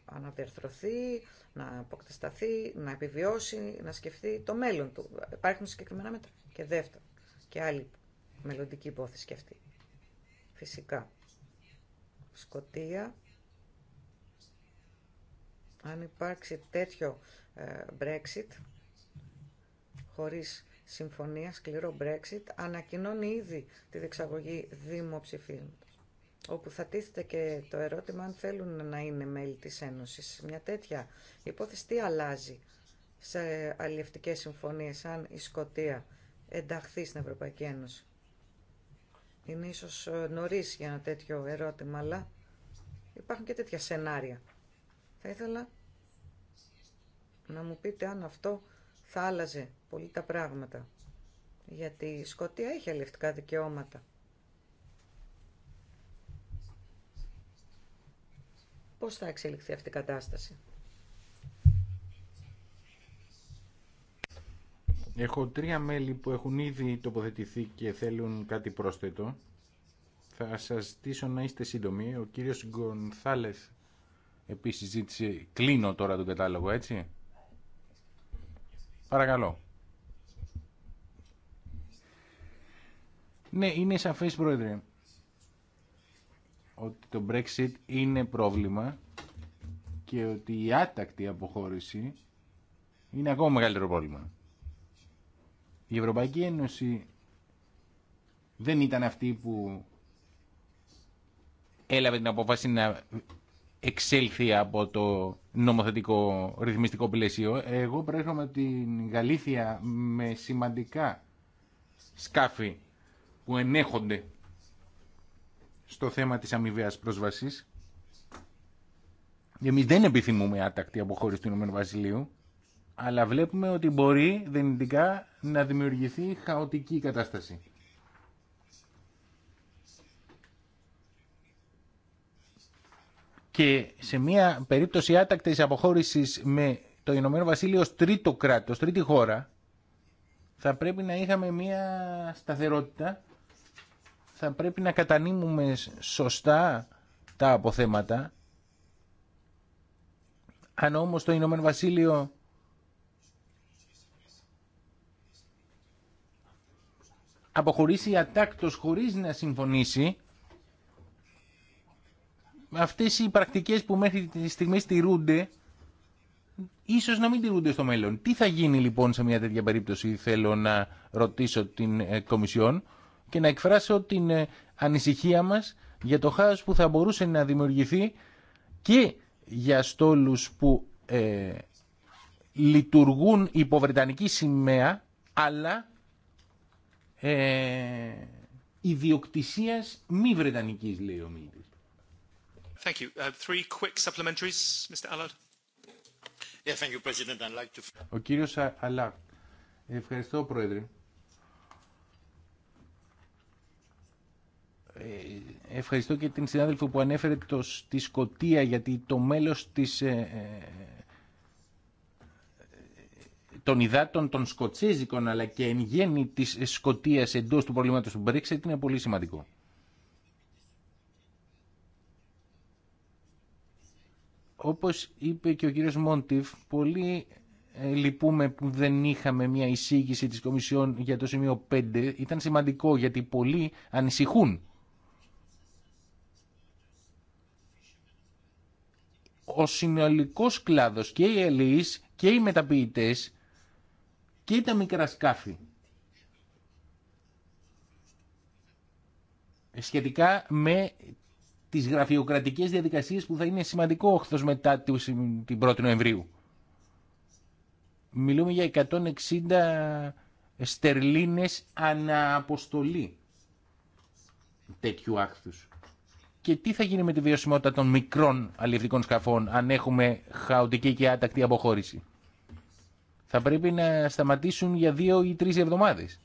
αναδιαρθρωθεί, να αποκτασταθεί, να επιβιώσει, να σκεφτεί το μέλλον του. Υπάρχουν συγκεκριμένα μέτρα. Και δεύτερο, και άλλη μελλοντική υπόθεση και αυτή. Φυσικά. Σκοτία, αν υπάρξει τέτοιο ε, Brexit, χωρίς συμφωνία, σκληρό Brexit, ανακοινώνει ήδη τη διεξαγωγή δημοψηφίων. όπου θα τίθεται και το ερώτημα αν θέλουν να είναι μέλη της Ένωσης. Μια τέτοια υπόθεση τι αλλάζει σε αλληλευτικές συμφωνίες, αν η Σκοτία ενταχθεί στην Ευρωπαϊκή Ένωση. Είναι ίσως ε, νωρίς για ένα τέτοιο ερώτημα, αλλά υπάρχουν και τέτοια σενάρια. Θα ήθελα να μου πείτε αν αυτό θα άλλαζε πολύ τα πράγματα. Γιατί η Σκωτία έχει αλληλευτικά δικαιώματα. Πώς θα εξελιχθεί αυτή η κατάσταση. Έχω τρία μέλη που έχουν ήδη τοποθετηθεί και θέλουν κάτι πρόσθετο. Θα σας ζητήσω να είστε σύντομοι. Ο κύριος Γκονθάλες επίσης ζήτησε... Κλείνω τώρα τον κατάλογο, έτσι. Παρακαλώ. Ναι, είναι σαφές πρόεδρε ότι το Brexit είναι πρόβλημα και ότι η άτακτη αποχώρηση είναι ακόμα μεγαλύτερο πρόβλημα. Η Ευρωπαϊκή Ένωση δεν ήταν αυτή που έλαβε την απόφαση να εξέλθει από το νομοθετικό ρυθμιστικό πλαίσιο. Εγώ προέρχομαι από την γαλήθεια με σημαντικά σκάφη που ενέχονται στο θέμα της αμοιβαία πρόσβασης. Εμείς δεν επιθυμούμε άτακτη αποχώρηση του Ηνωμένου Βασιλείου, αλλά βλέπουμε ότι μπορεί δυνητικά να δημιουργηθεί χαοτική κατάσταση. και σε μια περίπτωση άτακτης αποχώρησης με το Ηνωμένο Βασίλειο ως τρίτο κράτος, τρίτη χώρα, θα πρέπει να είχαμε μια σταθερότητα, θα πρέπει να κατανείμουμε σωστά τα αποθέματα. Αν όμως το Ηνωμένο Βασίλειο αποχωρήσει ατάκτος χωρίς να συμφωνήσει, αυτές οι πρακτικές που μέχρι τη στιγμή στηρούνται, ίσως να μην τηρούνται στο μέλλον. Τι θα γίνει λοιπόν σε μια τέτοια περίπτωση, θέλω να ρωτήσω την ε, Κομισιόν και να εκφράσω την ε, ανησυχία μας για το χάος που θα μπορούσε να δημιουργηθεί και για στόλους που ε, λειτουργούν υπό Βρετανική σημαία, αλλά ε, ιδιοκτησίας μη Βρετανικής, λέει ο ο κύριος Αλάκ. Ευχαριστώ, Πρόεδρε. Ε, ευχαριστώ και την συνάδελφο που ανέφερε το, στη Σκοτία γιατί το μέλος της, ε, ε, ε, των υδάτων των σκοτσέζικων αλλά και εν γέννη της Σκοτίας εντός του προβλήματος του Brexit είναι πολύ σημαντικό. Όπως είπε και ο κύριος Μόντιφ, πολύ ε, λυπούμε που δεν είχαμε μια εισήγηση της Κομισιόν για το σημείο 5. Ήταν σημαντικό γιατί πολλοί ανησυχούν. Ο συνολικός κλάδος και οι ελείς και οι μεταποιητές και τα μικρά σκάφη ε, σχετικά με τις γραφειοκρατικές διαδικασίες που θα είναι σημαντικό όχθο μετά την 1η Νοεμβρίου. Μιλούμε για 160 στερλίνες αναποστολή τέτοιου άκθους. Και τι θα γίνει με τη βιωσιμότητα των μικρών αλληλευτικών σκαφών αν έχουμε χαοτική και άτακτη αποχώρηση. Θα πρέπει να σταματήσουν για δύο ή τρεις εβδομάδες.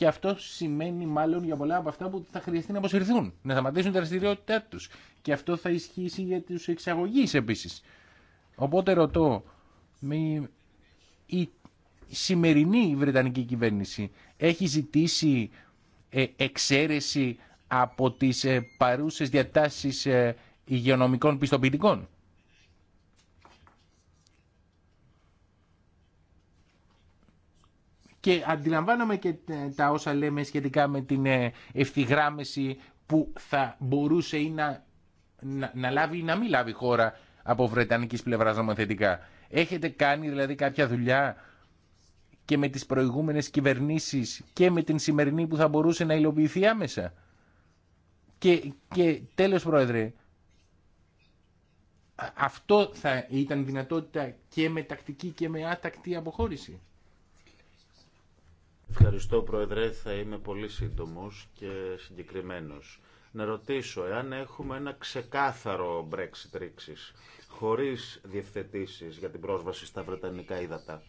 Και αυτό σημαίνει μάλλον για πολλά από αυτά που θα χρειαστεί να αποσυρθούν, να σταματήσουν τη δραστηριότητά του. Και αυτό θα ισχύσει για του εξαγωγεί επίση. Οπότε ρωτώ, η σημερινή Βρετανική κυβέρνηση έχει ζητήσει ε, εξαίρεση από τις ε, παρούσες διατάσεις ε, υγειονομικών πιστοποιητικών. και αντιλαμβάνομαι και τα όσα λέμε σχετικά με την ε, ευθυγράμμιση που θα μπορούσε ή να, να, λάβει ή να μην λάβει χώρα από βρετανική πλευρά νομοθετικά. Έχετε κάνει δηλαδή κάποια δουλειά και με τις προηγούμενες κυβερνήσεις και με την σημερινή που θα μπορούσε να υλοποιηθεί άμεσα. Και, και τέλος πρόεδρε, αυτό θα ήταν δυνατότητα και με τακτική και με άτακτη αποχώρηση. Ευχαριστώ, Πρόεδρε. Θα είμαι πολύ σύντομο και συγκεκριμένο. Να ρωτήσω, εάν έχουμε ένα ξεκάθαρο Brexit ρήξη, χωρίς διευθετήσεις για την πρόσβαση στα Βρετανικά ύδατα,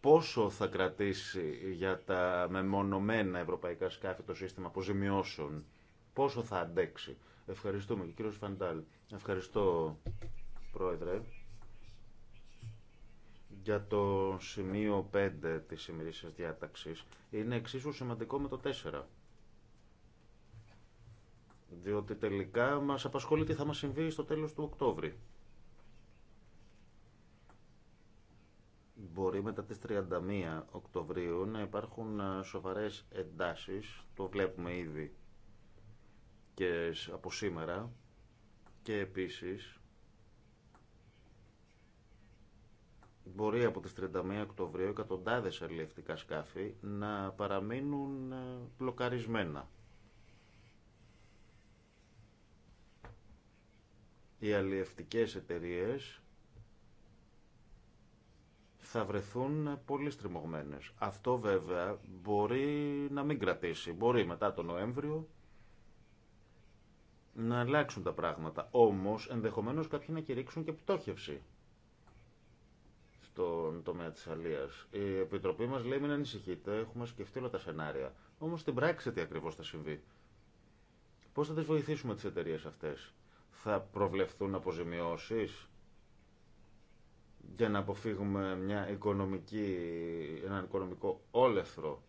πόσο θα κρατήσει για τα μεμονωμένα ευρωπαϊκά σκάφη το σύστημα αποζημιώσεων, πόσο θα αντέξει. Ευχαριστούμε. Και κύριος Φαντάλ, ευχαριστώ πρόεδρε για το σημείο 5 της σημερινής διάταξης είναι εξίσου σημαντικό με το 4. Διότι τελικά μας απασχολεί τι θα μας συμβεί στο τέλος του Οκτώβρη. Μπορεί μετά τις 31 Οκτωβρίου να υπάρχουν ε, σοβαρές εντάσεις, το βλέπουμε ήδη και από σήμερα, και επίσης μπορεί από τις 31 Οκτωβρίου εκατοντάδες αλληλευτικά σκάφη να παραμείνουν ε, πλοκαρισμένα. Οι αλληλευτικές εταιρείες θα βρεθούν πολύ στριμωγμένες. Αυτό βέβαια μπορεί να μην κρατήσει. Μπορεί μετά τον Νοέμβριο να αλλάξουν τα πράγματα. Όμως ενδεχομένως κάποιοι να κηρύξουν και πτώχευση στον τομέα τη Αλία. Η Επιτροπή μα λέει μην ανησυχείτε, έχουμε σκεφτεί όλα τα σενάρια. Όμω στην πράξη τι ακριβώ θα συμβεί. Πώ θα τι βοηθήσουμε τι εταιρείε αυτέ Θα προβλεφθούν αποζημιώσει για να αποφύγουμε μια οικονομική, ένα οικονομικό όλεθρο.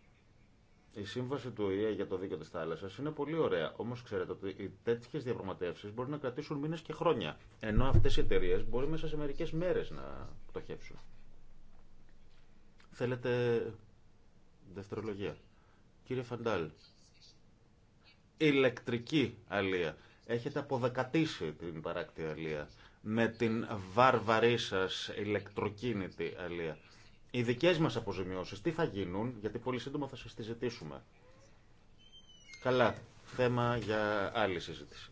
Η σύμβαση του ΟΗΕ για το δίκαιο τη θάλασσα είναι πολύ ωραία, Όμω ξέρετε ότι οι τέτοιε διαπραγματεύσει μπορεί να κρατήσουν μήνε και χρόνια, ενώ αυτέ οι εταιρείε μπορεί μέσα σε μερικέ μέρε να πτωχεύσουν. Θέλετε δευτερολογία. Κύριε Φαντάλ, ηλεκτρική αλεία. Έχετε αποδεκατήσει την παράκτη αλεία με την βάρβαρή σας ηλεκτροκίνητη αλεία. Οι δικές μας αποζημιώσεις τι θα γίνουν, γιατί πολύ σύντομα θα σας τη ζητήσουμε. Καλά, θέμα για άλλη συζήτηση.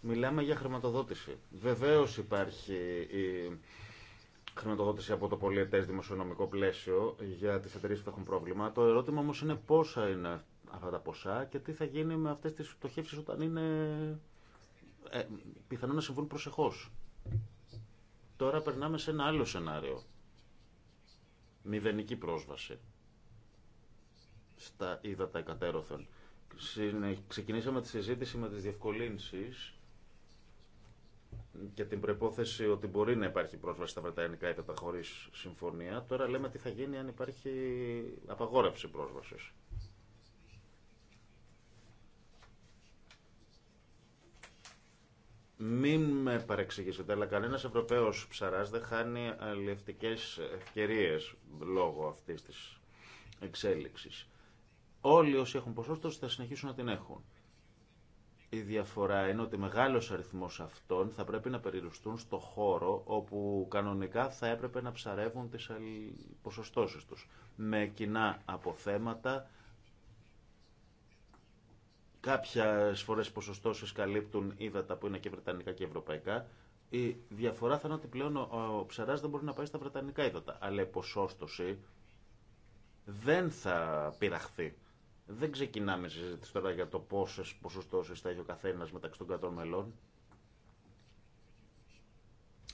Μιλάμε για χρηματοδότηση. Βεβαίως υπάρχει η χρηματοδότηση από το πολιετές δημοσιονομικό πλαίσιο για τις εταιρείε που έχουν πρόβλημα. Το ερώτημα όμως είναι πόσα είναι αυτά τα ποσά και τι θα γίνει με αυτές τις πτωχεύσεις όταν είναι ε, πιθανό να συμβούν προσεχώς. Τώρα περνάμε σε ένα άλλο σενάριο. Μηδενική πρόσβαση στα ύδατα εκατέρωθεν. Ξεκινήσαμε τη συζήτηση με τις διευκολύνσεις για την προπόθεση ότι μπορεί να υπάρχει πρόσβαση στα Βρετανικά Η χωρί συμφωνία. Τώρα λέμε τι θα γίνει αν υπάρχει απαγόρευση πρόσβαση. Μην με παρεξηγήσετε, αλλά κανένας Ευρωπαίος ψαράς δεν χάνει αλληλευτικές ευκαιρίες λόγω αυτής της εξέλιξης. Όλοι όσοι έχουν ποσόστοση θα συνεχίσουν να την έχουν. Η διαφορά είναι ότι μεγάλος αριθμός αυτών θα πρέπει να περιοριστούν στο χώρο όπου κανονικά θα έπρεπε να ψαρεύουν τις ποσοστώσεις τους με κοινά αποθέματα κάποιες φορές ποσοστώσεις καλύπτουν ύδατα που είναι και βρετανικά και ευρωπαϊκά η διαφορά θα είναι ότι πλέον ο ψαράς δεν μπορεί να πάει στα βρετανικά ύδατα αλλά η ποσόστοση δεν θα πειραχθεί δεν ξεκινάμε συζήτηση τώρα για το πόσε ποσοστώσει θα έχει ο καθένα μεταξύ των κρατών μελών.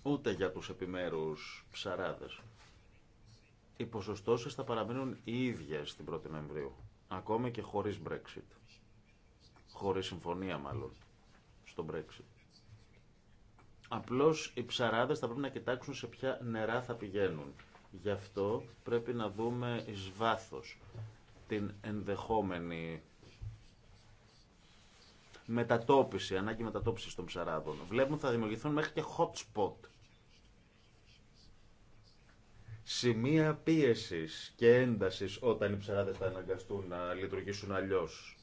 Ούτε για του επιμέρου ψαράδε. Οι ποσοστώσει θα παραμείνουν οι ίδιε την 1η Νοεμβρίου. Ακόμα και χωρί Brexit. Χωρί συμφωνία, μάλλον, στο Brexit. Απλώ οι ψαράδε θα πρέπει να κοιτάξουν σε ποια νερά θα πηγαίνουν. Γι' αυτό πρέπει να δούμε ει βάθο την ενδεχόμενη μετατόπιση, ανάγκη μετατόπιση των ψαράδων. Βλέπουμε θα δημιουργηθούν μέχρι και hot spot. Σημεία πίεσης και έντασης όταν οι ψαράδες θα αναγκαστούν να λειτουργήσουν αλλιώς.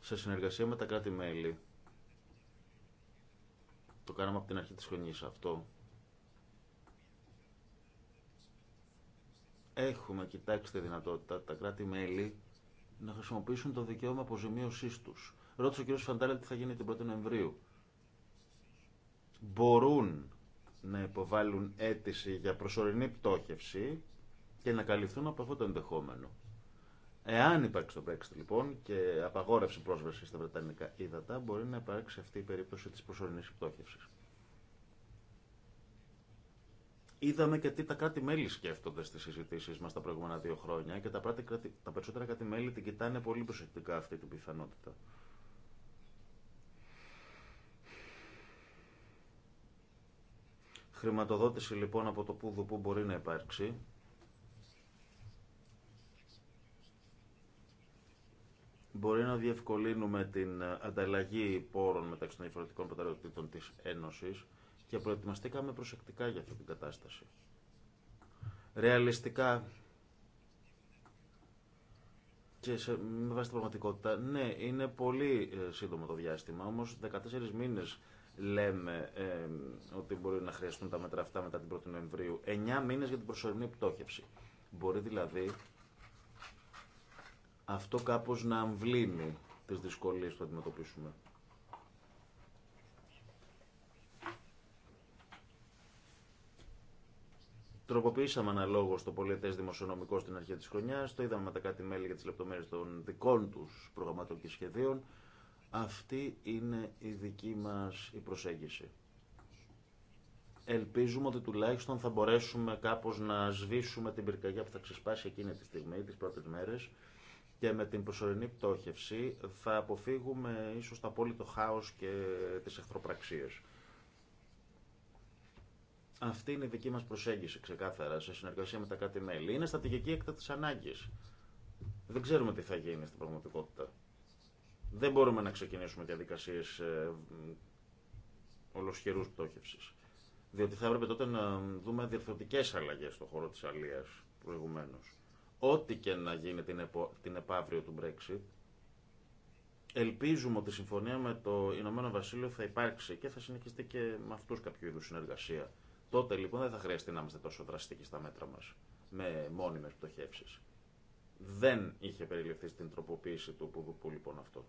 Σε συνεργασία με τα κράτη-μέλη. Το κάναμε από την αρχή της χρονίας αυτό. έχουμε κοιτάξει τη δυνατότητα τα κράτη-μέλη να χρησιμοποιήσουν το δικαίωμα αποζημίωσή του. Ρώτησε ο κ. Φαντάλε τι θα γίνει την 1η Νοεμβρίου. Μπορούν να υποβάλουν αίτηση για προσωρινή πτώχευση και να καλυφθούν από αυτό το ενδεχόμενο. Εάν υπάρξει το Brexit λοιπόν και απαγόρευση πρόσβαση στα βρετανικά ύδατα, μπορεί να υπάρξει αυτή η περίπτωση τη προσωρινή πτώχευση. Είδαμε και τι τα κράτη-μέλη σκέφτονται στι συζητήσει μα τα προηγούμενα δύο χρόνια και τα, τα περισσότερα κράτη-μέλη την κοιτάνε πολύ προσεκτικά αυτή την πιθανότητα. Χρηματοδότηση λοιπόν από το πού που μπορεί να υπάρξει. Μπορεί να διευκολύνουμε την ε, ανταλλαγή πόρων μεταξύ των διαφορετικών προτεραιοτήτων της Ένωσης και προετοιμαστήκαμε προσεκτικά για αυτή την κατάσταση. Ρεαλιστικά και σε, με βάση την πραγματικότητα, ναι, είναι πολύ ε, σύντομο το διάστημα, όμως 14 μήνες λέμε ότι μπορεί να χρειαστούν τα μέτρα αυτά μετά την 1η Νοεμβρίου. 9 μήνες για την προσωρινή πτώχευση. Μπορεί δηλαδή αυτό κάπως να αμβλύνει τις δυσκολίες που αντιμετωπίσουμε. Τροποποιήσαμε αναλόγω το πολιτέ δημοσιονομικό στην αρχή τη χρονιά. Το είδαμε με τα κάτι μέλη για τι λεπτομέρειε των δικών του προγραμματών και σχεδίων. Αυτή είναι η δική μα η προσέγγιση. Ελπίζουμε ότι τουλάχιστον θα μπορέσουμε κάπω να σβήσουμε την πυρκαγιά που θα ξεσπάσει εκείνη τη στιγμή, τι πρώτε μέρε, και με την προσωρινή πτώχευση θα αποφύγουμε ίσω το απόλυτο χάος και τις εχθροπραξίε. Αυτή είναι η δική μα προσέγγιση ξεκάθαρα σε συνεργασία με τα κάτι μέλη. Είναι στατηγική τη ανάγκη. Δεν ξέρουμε τι θα γίνει στην πραγματικότητα. Δεν μπορούμε να ξεκινήσουμε διαδικασίε ε, ολοσχερούς Διότι θα έπρεπε τότε να δούμε διορθωτικές αλλαγέ στον χώρο τη αλίας προηγουμένω. Ό,τι και να γίνει την, επο, την επαύριο του Brexit, ελπίζουμε ότι η συμφωνία με το Ηνωμένο Βασίλειο θα υπάρξει και θα συνεχιστεί και με αυτού κάποιο είδου συνεργασία Τότε λοιπόν δεν θα χρειαστεί να είμαστε τόσο δραστικοί στα μέτρα μας με μόνιμες πτωχεύσεις. Δεν είχε περιληφθεί στην τροποποίηση του Πουδουπού λοιπόν αυτό.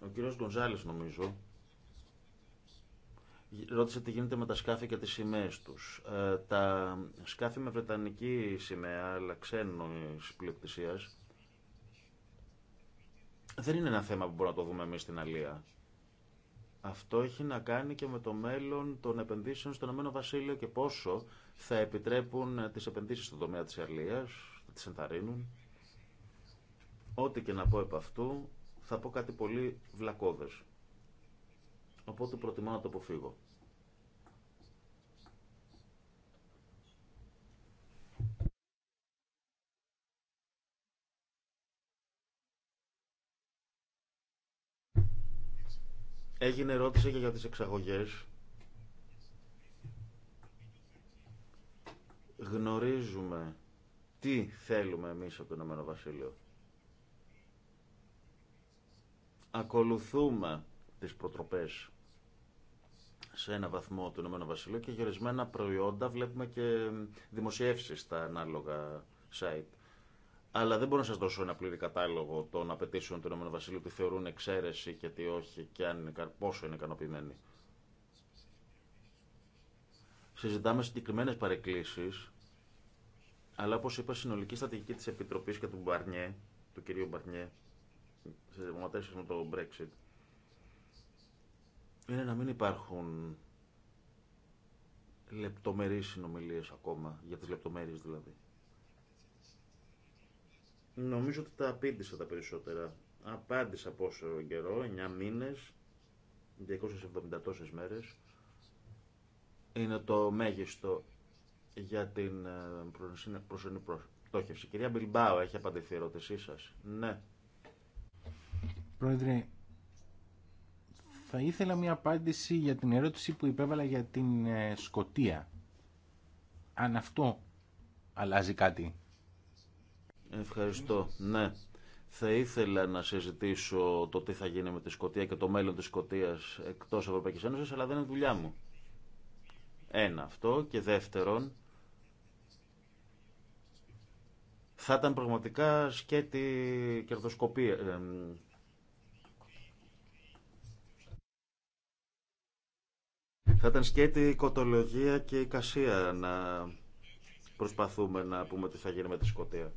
Ο κύριος Γκονζάλης νομίζω ρώτησε τι γίνεται με τα σκάφη και τις σημαίες τους. Ε, τα σκάφη με βρετανική σημαία αλλά ξένοις πλειοκτησίας δεν είναι ένα θέμα που μπορούμε να το δούμε εμείς στην Αλία. Αυτό έχει να κάνει και με το μέλλον των επενδύσεων στον Ηνωμένο Βασίλειο και πόσο θα επιτρέπουν ε, τις επενδύσεις στον τομέα της Αλίας, θα τις ενθαρρύνουν. Ό,τι και να πω επ' αυτού, θα πω κάτι πολύ βλακώδες. Οπότε προτιμώ να το αποφύγω. Έγινε ερώτηση και για τις εξαγωγές. Γνωρίζουμε τι θέλουμε εμείς από το Ηνωμένο Βασίλειο. Ακολουθούμε τις προτροπές σε ένα βαθμό του Ηνωμένου Βασιλείου και γερισμένα προϊόντα βλέπουμε και δημοσιεύσεις στα ανάλογα site αλλά δεν μπορώ να σα δώσω ένα πλήρη κατάλογο των απαιτήσεων του ΕΒ τι θεωρούν εξαίρεση και τι όχι και αν είναι, πόσο είναι ικανοποιημένοι. Συζητάμε συγκεκριμένε παρεκκλήσει, αλλά όπως είπα, συνολική στρατηγική της Επιτροπής και του Μπαρνιέ, του κυρίου Μπαρνιέ, σε δημοκρατήσεις με το Brexit, είναι να μην υπάρχουν λεπτομερείς συνομιλίες ακόμα, για τις λεπτομέρειες δηλαδή. Νομίζω ότι τα απήντησα τα περισσότερα. Απάντησα πόσο καιρό, 9 μήνες, 270 τόσες μέρες. Είναι το μέγιστο για την ε, προσωρινή πτώχευση. Κυρία Μπιλμπάου, έχει απαντηθεί η ερώτησή σας. Ναι. Πρόεδρε, θα ήθελα μια απάντηση για την ερώτηση που υπέβαλα για την ε, Σκοτία. Αν αυτό αλλάζει κάτι. Ευχαριστώ. Ναι. Θα ήθελα να συζητήσω το τι θα γίνει με τη Σκωτία και το μέλλον της Σκωτίας εκτός Ευρωπαϊκής Ένωσης, αλλά δεν είναι δουλειά μου. Ένα αυτό και δεύτερον, θα ήταν πραγματικά σκέτη κερδοσκοπία. Ε, θα ήταν σκέτη κοτολογία και εικασία να προσπαθούμε να πούμε τι θα γίνει με τη Σκωτία.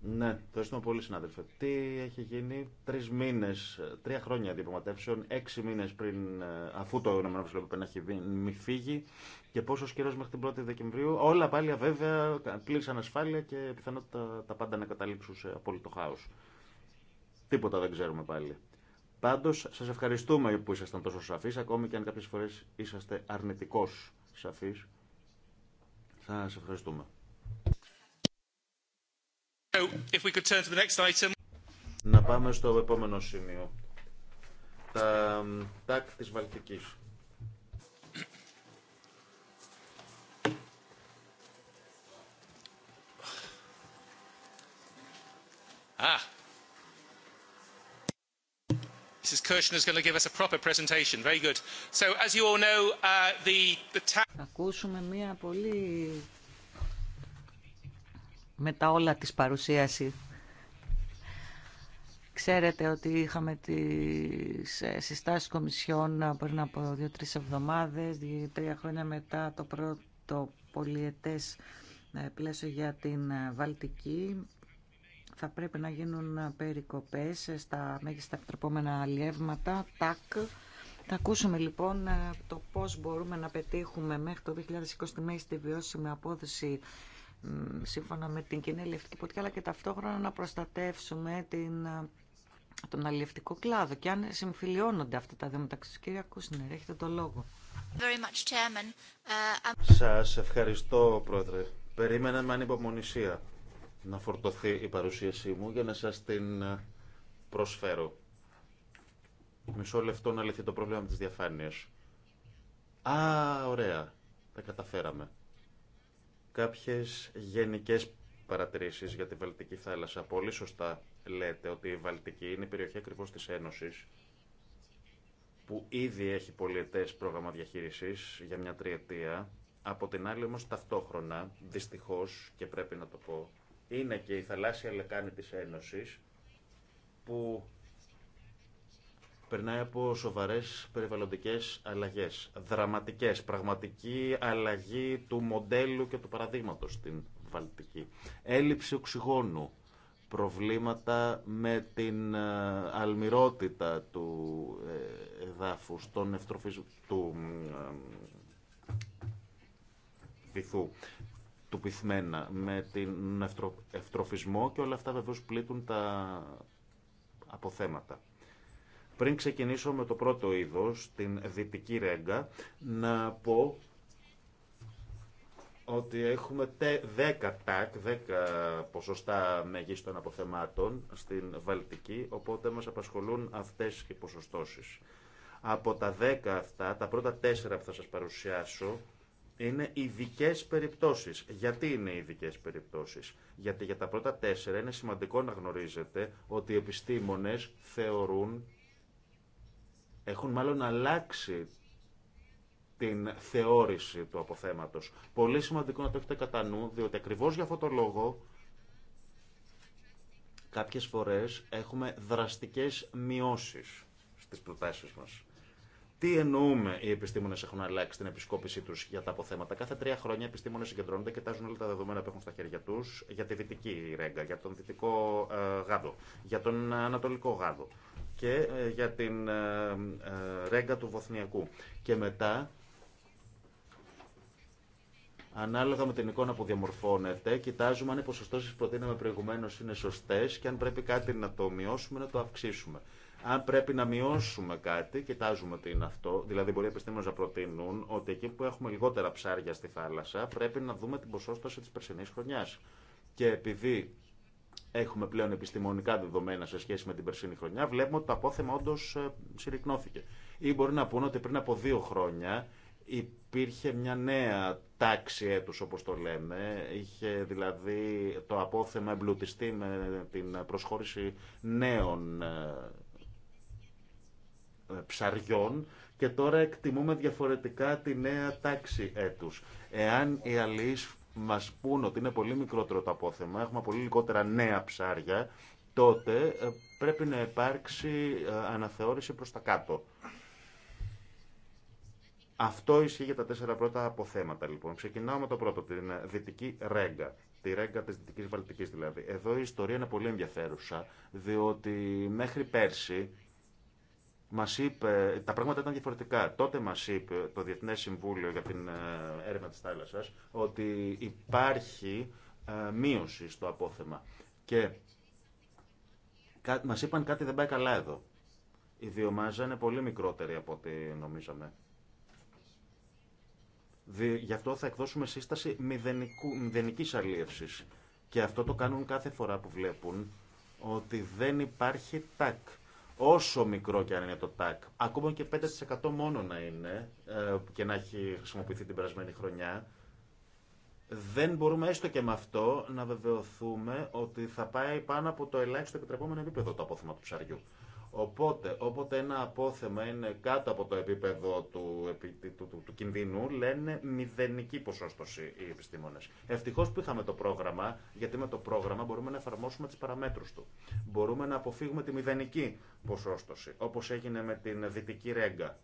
Ναι, ευχαριστούμε πολύ συνάδελφε. Τι έχει γίνει τρει μήνε, τρία χρόνια διαπραγματεύσεων, έξι μήνε πριν, ε, αφού το Ηνωμένο να έχει μη φύγει και πόσο καιρό μέχρι την 1η Δεκεμβρίου. Όλα πάλι βέβαια πλήρη ανασφάλεια και πιθανότητα τα πάντα να καταλήξουν σε απόλυτο χάο. Τίποτα δεν ξέρουμε πάλι. Πάντω, σα ευχαριστούμε που ήσασταν τόσο σαφεί, ακόμη και αν κάποιε φορέ είσαστε αρνητικό σαφεί. Σα ευχαριστούμε if we could turn to the next item. Να πάμε στο επόμενο σημείο. Τα τάκ της Βαλτικής. Ah. Mrs. Kirchner is going to give us a proper presentation. Very good. So, as you all know, uh, the, the... Ακούσουμε μια πολύ μετά όλα της παρουσίαση. Ξέρετε ότι είχαμε τις ε, συστάσεις κομισιών ε, πριν από δύο-τρεις εβδομάδες, τρία χρόνια μετά το πρώτο πολιετές ε, πλαίσιο για την Βαλτική. Θα πρέπει να γίνουν περικοπές στα μέγιστα επιτρεπόμενα αλλιεύματα, ΤΑΚ. Θα ακούσουμε λοιπόν το πώς μπορούμε να πετύχουμε μέχρι το 2020 τη μέγιστη βιώσιμη απόδοση σύμφωνα με την κοινή αλληλευτική πολιτική, αλλά και ταυτόχρονα να προστατεύσουμε την, ε, τον αλληλευτικό κλάδο. Και αν συμφιλιώνονται αυτά τα δύο μεταξύ του, κύριε Κούσνερ, έχετε το λόγο. Ε, Σα ευχαριστώ, Πρόεδρε. Περίμενα με ανυπομονησία να φορτωθεί η παρουσίασή μου για να σας την ε, προσφέρω. Μισό λεπτό να λυθεί το πρόβλημα με τις διαφάνειες. Α, ωραία. Τα καταφέραμε κάποιες γενικές παρατηρήσεις για τη Βαλτική θάλασσα. Πολύ σωστά λέτε ότι η Βαλτική είναι η περιοχή ακριβώς της Ένωσης που ήδη έχει πολιετές πρόγραμμα διαχείρισης για μια τριετία. Από την άλλη όμως ταυτόχρονα, δυστυχώς και πρέπει να το πω, είναι και η θαλάσσια λεκάνη της Ένωσης που περνάει από σοβαρές περιβαλλοντικές αλλαγές, δραματικές, πραγματική αλλαγή του μοντέλου και του παραδείγματος στην Βαλτική. Έλλειψη οξυγόνου, προβλήματα με την ε, αλμυρότητα του ε, εδάφου, των του πυθού, ε, του πυθμένα, με την ευτροφισμό και όλα αυτά βεβαίως πλήττουν τα αποθέματα. Πριν ξεκινήσω με το πρώτο είδος, την δυτική ρέγγα, να πω ότι έχουμε 10 τάκ, 10 ποσοστά μεγίστων αποθεμάτων στην Βαλτική, οπότε μας απασχολούν αυτές οι ποσοστώσεις. Από τα 10 αυτά, τα πρώτα 4 που θα σας παρουσιάσω, είναι ειδικέ περιπτώσει. Γιατί είναι ειδικέ περιπτώσει, Γιατί για τα πρώτα 4 είναι σημαντικό να γνωρίζετε ότι οι επιστήμονε θεωρούν έχουν μάλλον αλλάξει την θεώρηση του αποθέματος. Πολύ σημαντικό να το έχετε κατά νου, διότι ακριβώς για αυτό το λόγο κάποιες φορές έχουμε δραστικές μειώσεις στις προτάσεις μας. Τι εννοούμε οι επιστήμονε έχουν αλλάξει την επισκόπησή του για τα αποθέματα. Κάθε τρία χρόνια οι επιστήμονε συγκεντρώνονται και κοιτάζουν όλα τα δεδομένα που έχουν στα χέρια του για τη δυτική ρέγγα, για τον δυτικό ε, γάδο, για τον ανατολικό γάδο και ε, για την ε, ε, ρέγκα του Βοθνιακού. Και μετά Ανάλογα με την εικόνα που διαμορφώνεται, κοιτάζουμε αν οι ποσοστώσεις που προτείναμε προηγουμένω είναι σωστές και αν πρέπει κάτι να το μειώσουμε, να το αυξήσουμε. Αν πρέπει να μειώσουμε κάτι, κοιτάζουμε τι είναι αυτό. Δηλαδή, μπορεί οι επιστήμονε να προτείνουν ότι εκεί που έχουμε λιγότερα ψάρια στη θάλασσα, πρέπει να δούμε την ποσόσταση τη περσινή χρονιά. Και επειδή έχουμε πλέον επιστημονικά δεδομένα σε σχέση με την περσίνη χρονιά, βλέπουμε ότι το απόθεμα όντω ε, συρρυκνώθηκε. Ή μπορεί να πούνε ότι πριν από δύο χρόνια υπήρχε μια νέα τάξη έτους όπως το λέμε, είχε δηλαδή το απόθεμα εμπλουτιστεί με την προσχώρηση νέων ε, ε, ψαριών και τώρα εκτιμούμε διαφορετικά τη νέα τάξη έτους. Εάν οι αλείς μας πούν ότι είναι πολύ μικρότερο το απόθεμα, έχουμε πολύ λιγότερα νέα ψάρια, τότε ε, πρέπει να υπάρξει ε, αναθεώρηση προς τα κάτω. Αυτό ισχύει για τα τέσσερα πρώτα αποθέματα λοιπόν. Ξεκινάω με το πρώτο, την ε, δυτική ρέγγα. Τη ρέγγα της δυτικής βαλτικής δηλαδή. Εδώ η ιστορία είναι πολύ ενδιαφέρουσα, διότι μέχρι πέρσι Μα είπε, τα πράγματα ήταν διαφορετικά. Τότε μα είπε το Διεθνέ Συμβούλιο για την ε, έρευνα τη θάλασσα, ότι υπάρχει ε, μείωση στο απόθεμα. Και μα είπαν κάτι δεν πάει καλά εδώ. Η βιομάζα είναι πολύ μικρότερη από ό,τι νομίζαμε. Γι' αυτό θα εκδώσουμε σύσταση μηδενικού, μηδενικής αλίευσης. Και αυτό το κάνουν κάθε φορά που βλέπουν ότι δεν υπάρχει τάκ όσο μικρό και αν είναι το ΤΑΚ, ακόμα και 5% μόνο να είναι ε, και να έχει χρησιμοποιηθεί την περασμένη χρονιά, δεν μπορούμε έστω και με αυτό να βεβαιωθούμε ότι θα πάει πάνω από το ελάχιστο επιτρεπόμενο επίπεδο το απόθυμα του ψαριού. Οπότε, όποτε ένα απόθεμα είναι κάτω από το επίπεδο του, του, του, του κινδύνου, λένε μηδενική ποσόστοση οι επιστήμονες. Ευτυχώ που είχαμε το πρόγραμμα, γιατί με το πρόγραμμα μπορούμε να εφαρμόσουμε τις παραμέτρους του. Μπορούμε να αποφύγουμε τη μηδενική ποσόστοση, όπως έγινε με την δυτική ρέγγα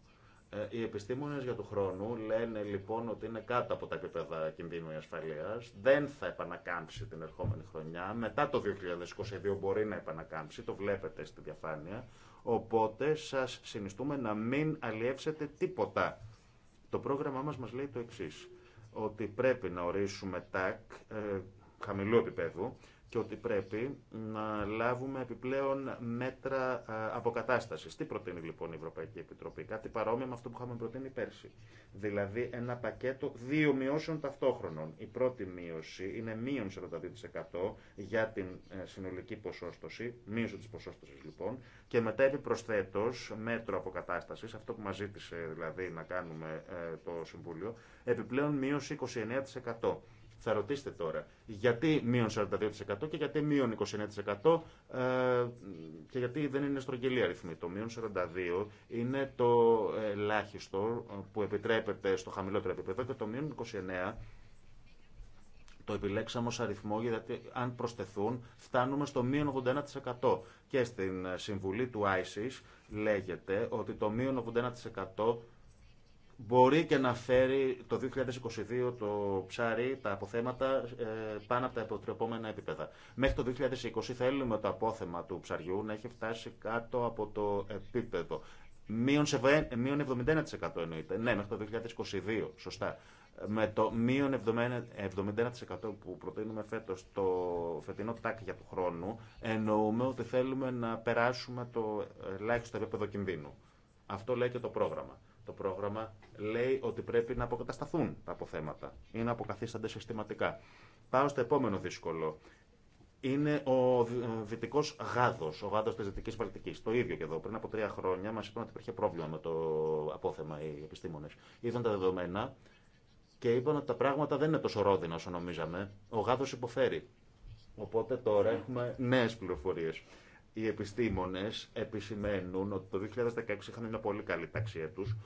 ε, οι επιστήμονε για του χρόνου λένε λοιπόν ότι είναι κάτω από τα επίπεδα κινδύνου η ασφαλεία. Δεν θα επανακάμψει την ερχόμενη χρονιά. Μετά το 2022 μπορεί να επανακάμψει, το βλέπετε στη διαφάνεια. Οπότε σα συνιστούμε να μην αλλιεύσετε τίποτα. Το πρόγραμμά μα μα λέει το εξή. Ότι πρέπει να ορίσουμε τάκ ε, χαμηλού επίπεδου και ότι πρέπει να λάβουμε επιπλέον μέτρα ε, αποκατάσταση. Τι προτείνει λοιπόν η Ευρωπαϊκή Επιτροπή, κάτι παρόμοιο με αυτό που είχαμε προτείνει πέρσι. Δηλαδή ένα πακέτο δύο μειώσεων ταυτόχρονων. Η πρώτη μείωση είναι μείον 42% για την ε, συνολική ποσόστοση, μείωση τη ποσόστοση λοιπόν, και μετά επιπροσθέτω μέτρο αποκατάσταση, αυτό που μα ζήτησε δηλαδή να κάνουμε ε, το Συμβούλιο, επιπλέον μείωση 29%. Θα ρωτήσετε τώρα γιατί μείον 42% και γιατί μείον 29% ε, και γιατί δεν είναι στρογγυλή αριθμή. Το μείον 42% είναι το ελάχιστο ε, που επιτρέπεται στο χαμηλότερο επίπεδο και το μείον 29% το επιλέξαμε ως αριθμό γιατί αν προσθεθούν φτάνουμε στο μείον 81%. Και στην ε, συμβουλή του ISIS λέγεται ότι το μείον 81% μπορεί και να φέρει το 2022 το ψάρι, τα αποθέματα, ε, πάνω από τα επιτρεπόμενα επίπεδα. Μέχρι το 2020 θέλουμε το απόθεμα του ψαριού να έχει φτάσει κάτω από το επίπεδο. Μείον, 71% εννοείται. Ναι, μέχρι το 2022, σωστά. Με το μείον 71% που προτείνουμε φέτος το φετινό τάκ για του χρόνου, εννοούμε ότι θέλουμε να περάσουμε το ελάχιστο επίπεδο κινδύνου. Αυτό λέει και το πρόγραμμα το πρόγραμμα λέει ότι πρέπει να αποκατασταθούν τα αποθέματα ή να αποκαθίστανται συστηματικά. Πάω στο επόμενο δύσκολο. Είναι ο ε, δυτικό γάδο, ο γάδο τη Δυτική Βαλτική. Το ίδιο και εδώ. Πριν από τρία χρόνια μα είπαν ότι υπήρχε πρόβλημα με το απόθεμα οι επιστήμονε. Είδαν τα δεδομένα και είπαν ότι τα πράγματα δεν είναι τόσο ρόδινα όσο νομίζαμε. Ο γάδο υποφέρει. Οπότε τώρα έχουμε νέε πληροφορίε οι επιστήμονες επισημαίνουν ότι το 2016 είχαν μια πολύ καλή ταξία τους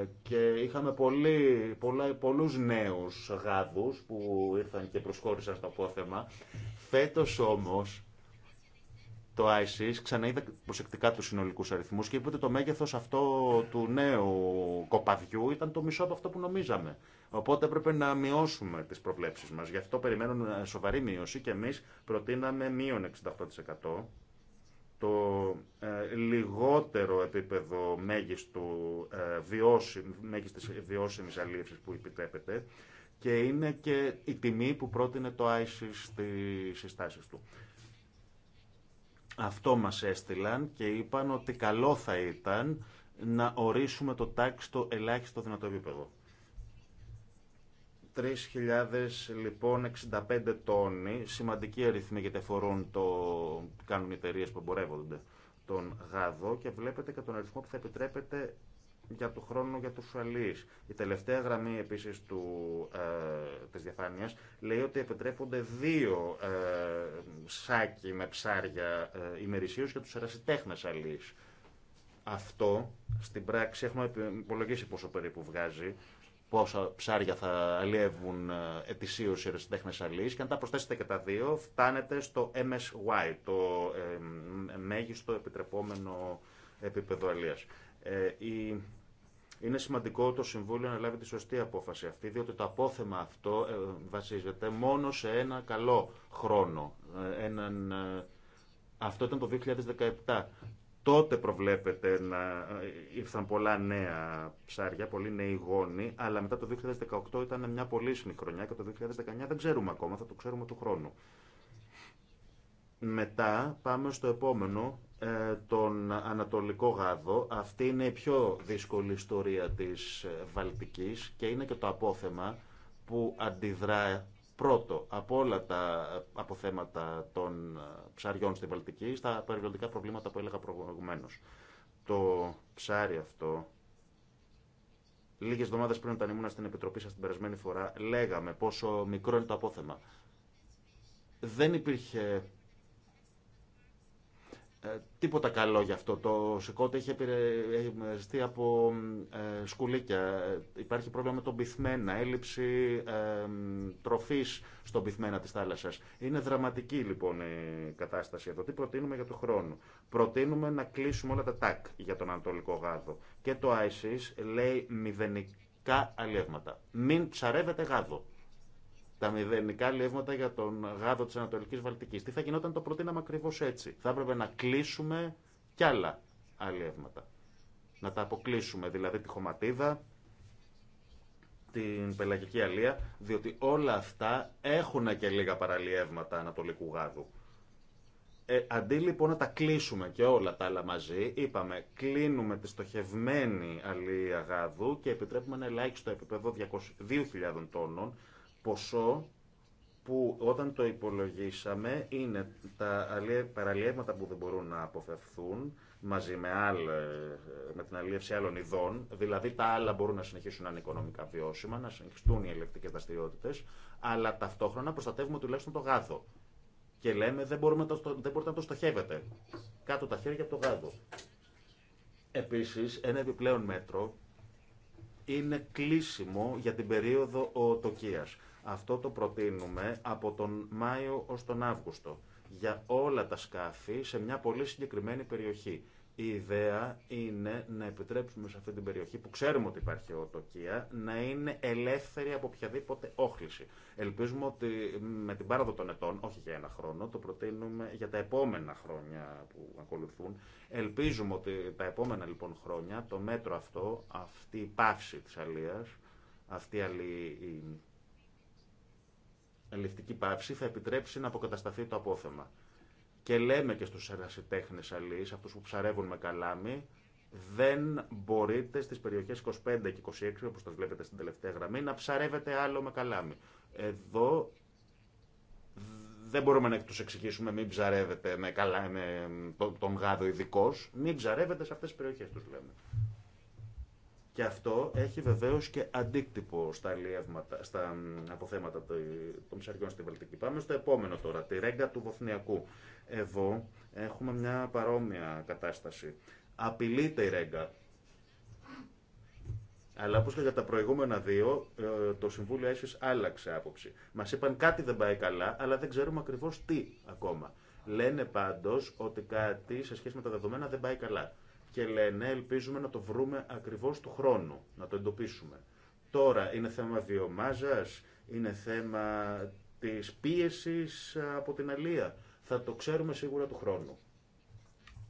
ε, και είχαμε πολύ, πολλά, πολλούς νέους γάδους που ήρθαν και προσχώρησαν στο απόθεμα. Φέτος όμως το ISIS e ξαναείδε προσεκτικά του συνολικούς αριθμούς και είπε ότι το μέγεθος αυτό του νέου κοπαδιού ήταν το μισό από αυτό που νομίζαμε. Οπότε έπρεπε να μειώσουμε τις προβλέψεις μας. Γι' αυτό περιμένουν σοβαρή μείωση και εμείς προτείναμε μείον 68% το ε, λιγότερο επίπεδο μέγιστου ε, βιώσιμη, μέγιστης βιώσιμης που επιτρέπεται και είναι και η τιμή που πρότεινε το ISIS στις συστάσεις του. Αυτό μας έστειλαν και είπαν ότι καλό θα ήταν να ορίσουμε το τάξη στο ελάχιστο δυνατό επίπεδο. 3.065 λοιπόν, τόνοι, σημαντική αριθμή γιατί αφορούν το κάνουν οι εταιρείε που εμπορεύονται τον γάδο και βλέπετε και τον αριθμό που θα επιτρέπεται για το χρόνο για τους αλείς. Η τελευταία γραμμή επίσης του, ε, της διαφάνειας λέει ότι επιτρέπονται δύο ε, σάκι με ψάρια ε, ημερησίως για τους ερασιτέχνες αλείς. Αυτό στην πράξη έχουμε υπολογίσει πόσο περίπου βγάζει πόσα ψάρια θα αλλιεύουν ετησίω οι ερασιτέχνες αλείς και αν τα προσθέσετε και τα δύο φτάνετε στο MSY, το μέγιστο επιτρεπόμενο επίπεδο αλλία. Ε, Είναι σημαντικό το Συμβούλιο να λάβει τη σωστή απόφαση αυτή, διότι το απόθεμα αυτό ε, βασίζεται μόνο σε ένα καλό χρόνο. Ε, έναν... Ε, αυτό ήταν το 2017 τότε προβλέπεται να ήρθαν πολλά νέα ψάρια, πολλοί νέοι γόνοι, αλλά μετά το 2018 ήταν μια πολύσυνη χρονιά και το 2019 δεν ξέρουμε ακόμα, θα το ξέρουμε του χρόνου. Μετά πάμε στο επόμενο, ε, τον Ανατολικό Γάδο. Αυτή είναι η πιο δύσκολη ιστορία της ε, Βαλτικής και είναι και το απόθεμα που αντιδρά Πρώτο, από όλα τα αποθέματα των ε, ψαριών στην Βαλτική, στα περιβαλλοντικά προβλήματα που έλεγα προηγουμένω. Το ψάρι αυτό, λίγε εβδομάδε πριν όταν ήμουν στην Επιτροπή σας την περασμένη φορά, λέγαμε πόσο μικρό είναι το απόθεμα. Δεν υπήρχε ε, τίποτα καλό γι' αυτό. Το σηκώτη είχε επηρεαστεί από ε, σκουλίκια. Ε, υπάρχει πρόβλημα με τον πυθμένα, έλλειψη ε, τροφής στον πυθμένα της θάλασσας. Είναι δραματική λοιπόν η κατάσταση εδώ. Τι προτείνουμε για το χρόνο. Προτείνουμε να κλείσουμε όλα τα τάκ για τον Ανατολικό Γάδο. Και το ISIS λέει μηδενικά αλλιεύματα. Μην ψαρεύετε γάδο τα μηδενικά λεύματα για τον γάδο τη Ανατολική Βαλτική. Τι θα γινόταν το προτείναμε ακριβώ έτσι. Θα έπρεπε να κλείσουμε κι άλλα αλλιεύματα. Να τα αποκλείσουμε, δηλαδή τη χωματίδα, την πελαγική Αλία, διότι όλα αυτά έχουν και λίγα παραλιεύματα ανατολικού γάδου. Ε, αντί λοιπόν να τα κλείσουμε και όλα τα άλλα μαζί, είπαμε κλείνουμε τη στοχευμένη αλία γάδου και επιτρέπουμε ένα ελάχιστο επίπεδο 2.000 τόνων, ποσό που όταν το υπολογίσαμε είναι τα παραλιεύματα που δεν μπορούν να αποφευθούν μαζί με, την αλλιεύση άλλων ειδών, δηλαδή τα άλλα μπορούν να συνεχίσουν να είναι οικονομικά βιώσιμα, να συνεχιστούν οι ελεκτικές δραστηριότητε, αλλά ταυτόχρονα προστατεύουμε τουλάχιστον το γάδο. Και λέμε δεν, το, δεν μπορείτε να το στοχεύετε. Κάτω τα χέρια από το γάδο. Επίσης, ένα επιπλέον μέτρο είναι κλείσιμο για την περίοδο οτοκίας. Αυτό το προτείνουμε από τον Μάιο ως τον Αύγουστο για όλα τα σκάφη σε μια πολύ συγκεκριμένη περιοχή. Η ιδέα είναι να επιτρέψουμε σε αυτή την περιοχή που ξέρουμε ότι υπάρχει οτοκία να είναι ελεύθερη από οποιαδήποτε όχληση. Ελπίζουμε ότι με την πάραδο των ετών, όχι για ένα χρόνο, το προτείνουμε για τα επόμενα χρόνια που ακολουθούν. Ελπίζουμε ότι τα επόμενα λοιπόν χρόνια το μέτρο αυτό, αυτή η πάυση της αλίας, αυτή η αλληλευτική πάυση θα επιτρέψει να αποκατασταθεί το απόθεμα. Και λέμε και στους ερασιτέχνες αλληλείς, αυτούς που ψαρεύουν με καλάμι, δεν μπορείτε στις περιοχές 25 και 26, όπως τα βλέπετε στην τελευταία γραμμή, να ψαρεύετε άλλο με καλάμι. Εδώ δεν μπορούμε να τους εξηγήσουμε μην ψαρεύετε με, καλά, με τον γάδο ειδικό, μην ψαρεύετε σε αυτές τις περιοχές τους λέμε. Και αυτό έχει βεβαίω και αντίκτυπο στα, λιεύματα, στα αποθέματα των ψαριών στη Βαλτική. Πάμε στο επόμενο τώρα, τη ρέγγα του Βοθνιακού. Εδώ έχουμε μια παρόμοια κατάσταση. Απειλείται η ρέγγα. Αλλά όπω και για τα προηγούμενα δύο, ε, το Συμβούλιο Έσχη άλλαξε άποψη. Μα είπαν κάτι δεν πάει καλά, αλλά δεν ξέρουμε ακριβώ τι ακόμα. Λένε πάντω ότι κάτι σε σχέση με τα δεδομένα δεν πάει καλά και λένε ελπίζουμε να το βρούμε ακριβώς του χρόνου, να το εντοπίσουμε. Τώρα είναι θέμα βιομάζας, είναι θέμα της πίεσης από την αλία. Θα το ξέρουμε σίγουρα του χρόνου.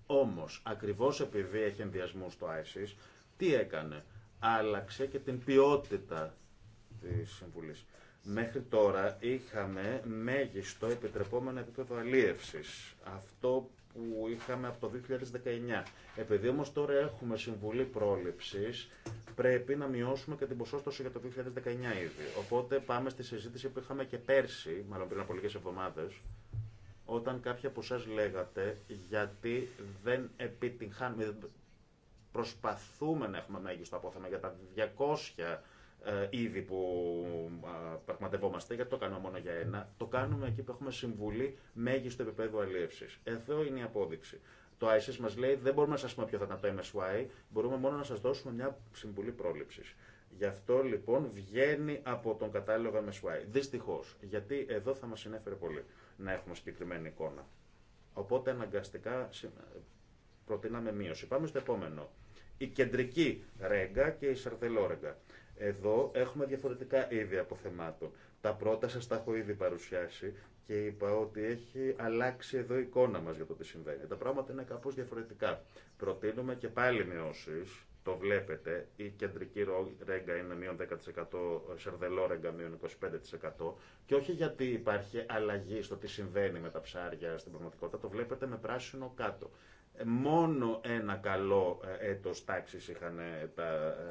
Όμως, ακριβώς επειδή έχει ενδιασμού στο ISIS, τι έκανε. Άλλαξε και την ποιότητα της Συμβουλής. Μέχρι τώρα είχαμε μέγιστο επιτρεπόμενο επίπεδο αλίευσης. Αυτό που είχαμε από το 2019. Επειδή όμως τώρα έχουμε συμβουλή πρόληψης, πρέπει να μειώσουμε και την ποσόστοση για το 2019 ήδη. Οπότε πάμε στη συζήτηση που είχαμε και πέρσι, μάλλον πριν από λίγες εβδομάδες, όταν κάποιοι από εσά λέγατε γιατί δεν επιτυγχάνουμε, προσπαθούμε να έχουμε μέγιστο απόθεμα για τα 200 είδη που πραγματευόμαστε, γιατί το κάνουμε μόνο για ένα, το κάνουμε εκεί που έχουμε συμβουλή μέγιστο επίπεδο αλλίευση. Εδώ είναι η απόδειξη. Το ISIS μα λέει δεν μπορούμε να σα πούμε ποιο θα ήταν το MSY, μπορούμε μόνο να σα δώσουμε μια συμβουλή πρόληψη. Γι' αυτό λοιπόν βγαίνει από τον κατάλογο MSY. Δυστυχώ. Γιατί εδώ θα μα συνέφερε πολύ να έχουμε συγκεκριμένη εικόνα. Οπότε αναγκαστικά προτείναμε μείωση. Πάμε στο επόμενο. Η κεντρική ρέγγα και η σαρδελόρεγγα. Εδώ έχουμε διαφορετικά είδη αποθεμάτων. Τα πρώτα σας τα έχω ήδη παρουσιάσει και είπα ότι έχει αλλάξει εδώ η εικόνα μας για το τι συμβαίνει. Τα πράγματα είναι κάπως διαφορετικά. Προτείνουμε και πάλι μειώσεις, το βλέπετε, η κεντρική ρέγγα είναι μείον 10%, σερδελό ρέγγα μείον 25% και όχι γιατί υπάρχει αλλαγή στο τι συμβαίνει με τα ψάρια στην πραγματικότητα, το βλέπετε με πράσινο κάτω. Ε, μόνο ένα καλό ε, έτος τάξης είχαν τα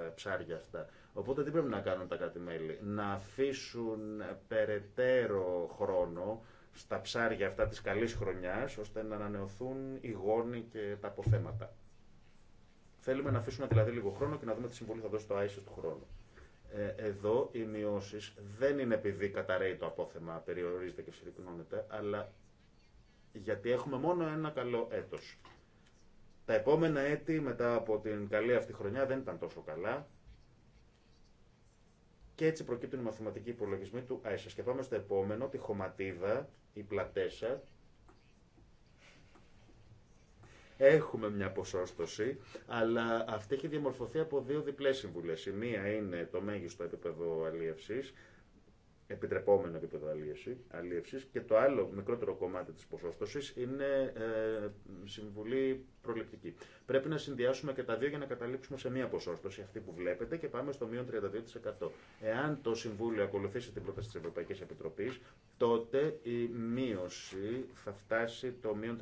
ε, ψάρια αυτά Οπότε τι πρέπει να κάνουν τα κράτη-μέλη. Να αφήσουν περαιτέρω χρόνο στα ψάρια αυτά της καλής χρονιάς, ώστε να ανανεωθούν οι γόνοι και τα αποθέματα. Θέλουμε να αφήσουμε δηλαδή λίγο χρόνο και να δούμε τι συμβολή θα δώσει το ISIS του χρόνου. Ε, εδώ οι μειώσει δεν είναι επειδή καταραίει το απόθεμα, περιορίζεται και συρρυκνώνεται, αλλά γιατί έχουμε μόνο ένα καλό έτος. Τα επόμενα έτη μετά από την καλή αυτή χρονιά δεν ήταν τόσο καλά και έτσι προκύπτουν οι μαθηματικοί υπολογισμοί του ΆΕΣΑ. Και πάμε στο επόμενο, τη χωματίδα, η πλατέσα. Έχουμε μια ποσόστοση, αλλά αυτή έχει διαμορφωθεί από δύο διπλές συμβουλές. Η μία είναι το μέγιστο επίπεδο αλίευσης, επιτρεπόμενο επίπεδο αλίευση. Και το άλλο μικρότερο κομμάτι τη ποσόστοση είναι ε, συμβουλή προληπτική. Πρέπει να συνδυάσουμε και τα δύο για να καταλήξουμε σε μία ποσόστοση, αυτή που βλέπετε, και πάμε στο μείον 32%. Εάν το Συμβούλιο ακολουθήσει την πρόταση τη Ευρωπαϊκή Επιτροπή, τότε η μείωση θα φτάσει το μείον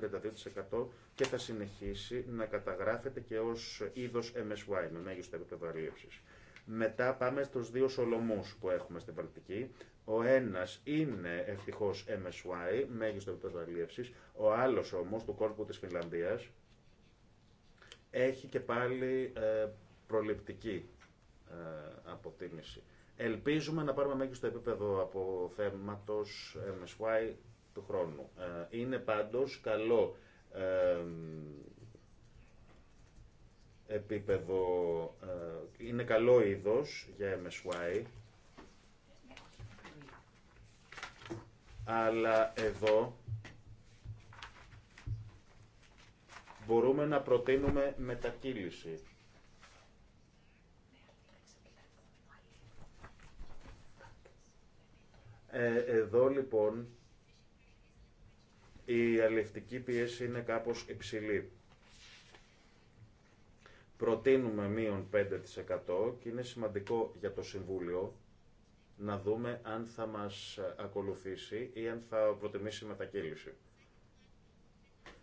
32% και θα συνεχίσει να καταγράφεται και ω είδο MSY, με μέγιστο επίπεδο αλίευση. Μετά πάμε στους δύο σολομούς που έχουμε στην Βαλτική. Ο ένας είναι ευτυχώ MSY, μέγιστο επίπεδο αλίευσης, ο άλλος όμως του κόλπου της Φινλανδίας έχει και πάλι ε, προληπτική ε, αποτίμηση. Ελπίζουμε να πάρουμε μέγιστο επίπεδο από θέματο MSY του χρόνου. Ε, είναι πάντως καλό επίπεδο, είναι καλό είδος για MSY αλλά εδώ μπορούμε να προτείνουμε μετακύληση. Ε, εδώ λοιπόν η αλληλευτική πίεση είναι κάπως υψηλή. Προτείνουμε μείον 5% και είναι σημαντικό για το Συμβούλιο να δούμε αν θα μας ακολουθήσει ή αν θα προτιμήσει μετακύληση.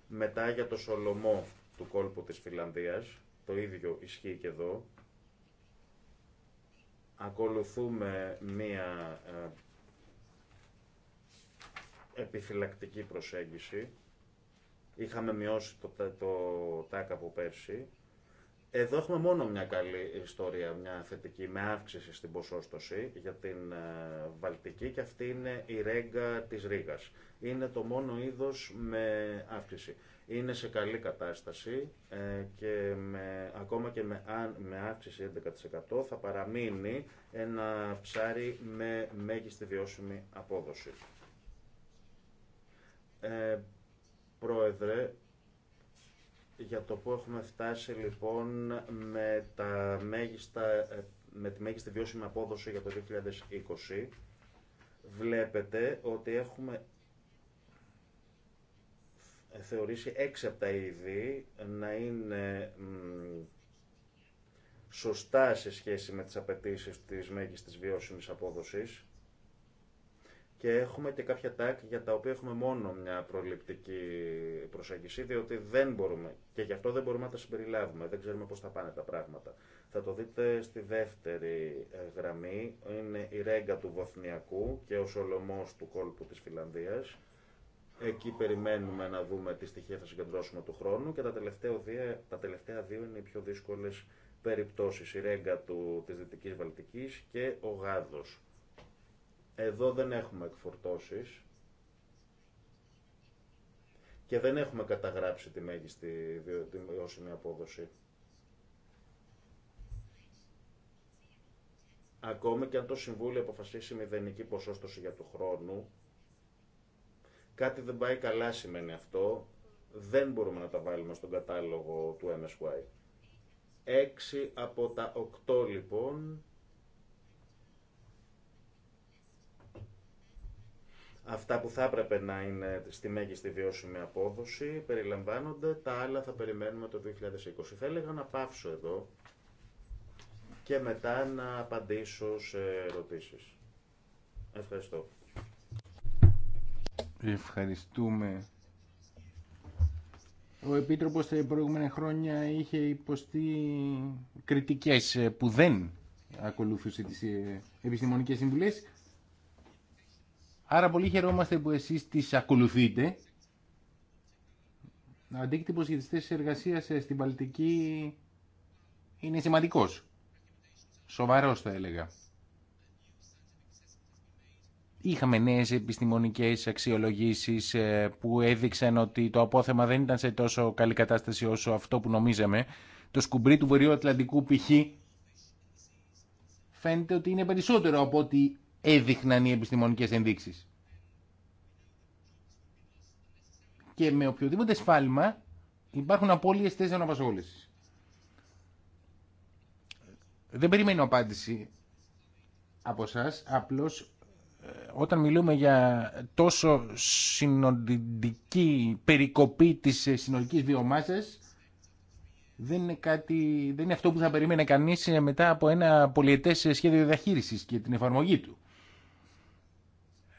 Μετά για το Σολομό του κόλπου της Φιλανδίας, το ίδιο ισχύει και εδώ. Ακολουθούμε μία ε, επιφυλακτική προσέγγιση. Είχαμε μειώσει το, το, το τάκα από πέρσι εδώ έχουμε μόνο μια καλή ιστορία, μια θετική με αύξηση στην ποσόστοση για την ε, Βαλτική και αυτή είναι η ρέγγα της Ρήγας. Είναι το μόνο είδος με αύξηση. Είναι σε καλή κατάσταση ε, και με, ακόμα και με, αν με αύξηση 11% θα παραμείνει ένα ψάρι με μέγιστη βιώσιμη απόδοση. Ε, πρόεδρε, για το που έχουμε φτάσει λοιπόν με, τα μέγιστα, ε, με τη μέγιστη βιώσιμη απόδοση για το 2020 βλέπετε ότι έχουμε θεωρήσει έξι από τα είδη να είναι σωστά σε σχέση με τις απαιτήσεις της μέγιστης βιώσιμης απόδοσης και έχουμε και κάποια τάκ για τα οποία έχουμε μόνο μια προληπτική προσέγγιση, διότι δεν μπορούμε και γι' αυτό δεν μπορούμε να τα συμπεριλάβουμε, δεν ξέρουμε πώς θα πάνε τα πράγματα. Θα το δείτε στη δεύτερη ε, γραμμή, είναι η ρέγγα του Βοθνιακού και ο Σολομός του κόλπου της Φιλανδίας. Εκεί περιμένουμε να δούμε τι στοιχεία θα συγκεντρώσουμε του χρόνου και τα τελευταία, δύο, τα τελευταία δύο είναι οι πιο δύσκολες περιπτώσεις. Η ρέγγα του, της Δυτικής Βαλτικής και ο Γάδος εδώ δεν έχουμε εκφορτώσεις και δεν έχουμε καταγράψει τη μέγιστη βιώσιμη απόδοση. Ακόμη και αν το Συμβούλιο αποφασίσει μηδενική ποσόστοση για του χρόνου, κάτι δεν πάει καλά σημαίνει αυτό, δεν μπορούμε να τα βάλουμε στον κατάλογο του MSY. Έξι από τα οκτώ λοιπόν Αυτά που θα έπρεπε να είναι στη μέγιστη βιώσιμη απόδοση περιλαμβάνονται, τα άλλα θα περιμένουμε το 2020. Θα έλεγα να πάψω εδώ και μετά να απαντήσω σε ερωτήσεις. Ευχαριστώ. Ευχαριστούμε. Ο Επίτροπος τα προηγούμενα χρόνια είχε υποστεί κριτικές που δεν ακολούθησε τις ε, επιστημονικές συμβουλές. Άρα πολύ χαιρόμαστε που εσείς τις ακολουθείτε. Ο αντίκτυπος για τις θέσεις εργασίας ε, στην Παλτική είναι σημαντικός. Σοβαρός θα έλεγα. Είχαμε νέες επιστημονικές αξιολογήσεις ε, που έδειξαν ότι το απόθεμα δεν ήταν σε τόσο καλή κατάσταση όσο αυτό που νομίζαμε. Το σκουμπρί του Βορειοατλαντικού π.χ. φαίνεται ότι είναι περισσότερο από ό,τι έδειχναν οι επιστημονικές ενδείξεις. Και με οποιοδήποτε σφάλμα υπάρχουν απώλειες θέσεων απασχόλησης. Δεν περιμένω απάντηση από εσά, απλώς ε, όταν μιλούμε για τόσο συνολική περικοπή της ε, συνολικής βιομάσας, δεν είναι, κάτι, δεν είναι αυτό που θα περίμενε κανείς ε, μετά από ένα πολιετές σχέδιο διαχείρισης και την εφαρμογή του.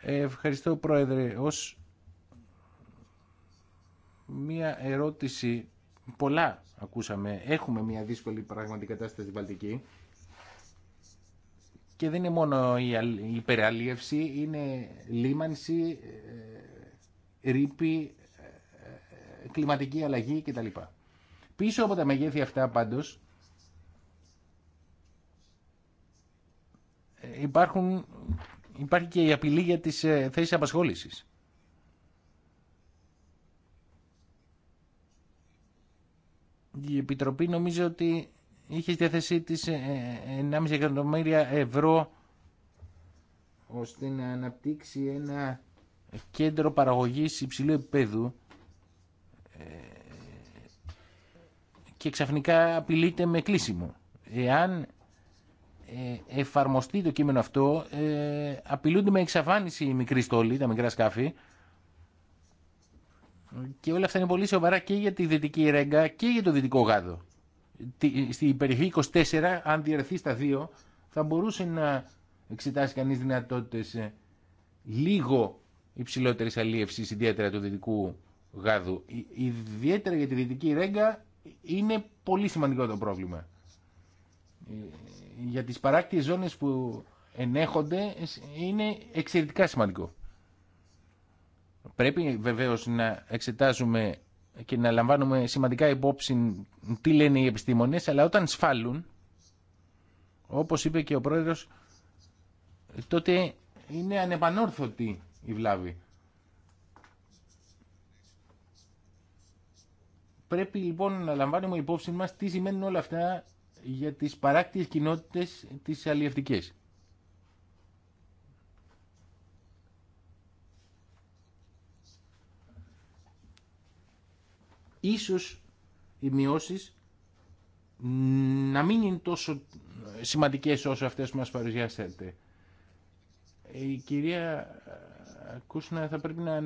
Ευχαριστώ Πρόεδρε. Ως μία ερώτηση, πολλά ακούσαμε, έχουμε μία δύσκολη πραγματική κατάσταση στην Βαλτική και δεν είναι μόνο η υπεραλίευση, είναι λίμανση, ε, ρήπη, ε, ε, κλιματική αλλαγή κτλ. Πίσω από τα μεγέθη αυτά πάντως υπάρχουν υπάρχει και η απειλή για τις ε, θέσεις απασχόλησης. Η Επιτροπή νομίζω ότι είχε στη θέση της 1,5 ε, ε, εκατομμύρια ευρώ ώστε να αναπτύξει ένα κέντρο παραγωγής υψηλού επίπεδου και ξαφνικά απειλείται με κλείσιμο. Εάν ε, εφαρμοστεί το κείμενο αυτό ε, απειλούνται με εξαφάνιση οι μικροί στόλοι, τα μικρά σκάφη και όλα αυτά είναι πολύ σοβαρά και για τη Δυτική Ρέγγα και για το Δυτικό Γάδο. Στη περιοχή 24, αν διερθεί στα δύο, θα μπορούσε να εξετάσει κανεί δυνατότητε ε, λίγο υψηλότερης αλίευση, ιδιαίτερα του Δυτικού Γάδου. Ιδιαίτερα για τη Δυτική Ρέγγα είναι πολύ σημαντικό το πρόβλημα για τις παράκτιες ζώνες που ενέχονται είναι εξαιρετικά σημαντικό. Πρέπει βεβαίως να εξετάζουμε και να λαμβάνουμε σημαντικά υπόψη τι λένε οι επιστήμονες, αλλά όταν σφάλουν, όπως είπε και ο πρόεδρος, τότε είναι ανεπανόρθωτη η βλάβη. Πρέπει λοιπόν να λαμβάνουμε υπόψη μας τι σημαίνουν όλα αυτά για τις παράκτιες κοινότητες τις αλλιευτικές. Ίσως οι μειώσεις να μην είναι τόσο σημαντικές όσο αυτές που μας παρουσιάσετε. Ε, η κυρία ε, Κούσνα θα πρέπει να,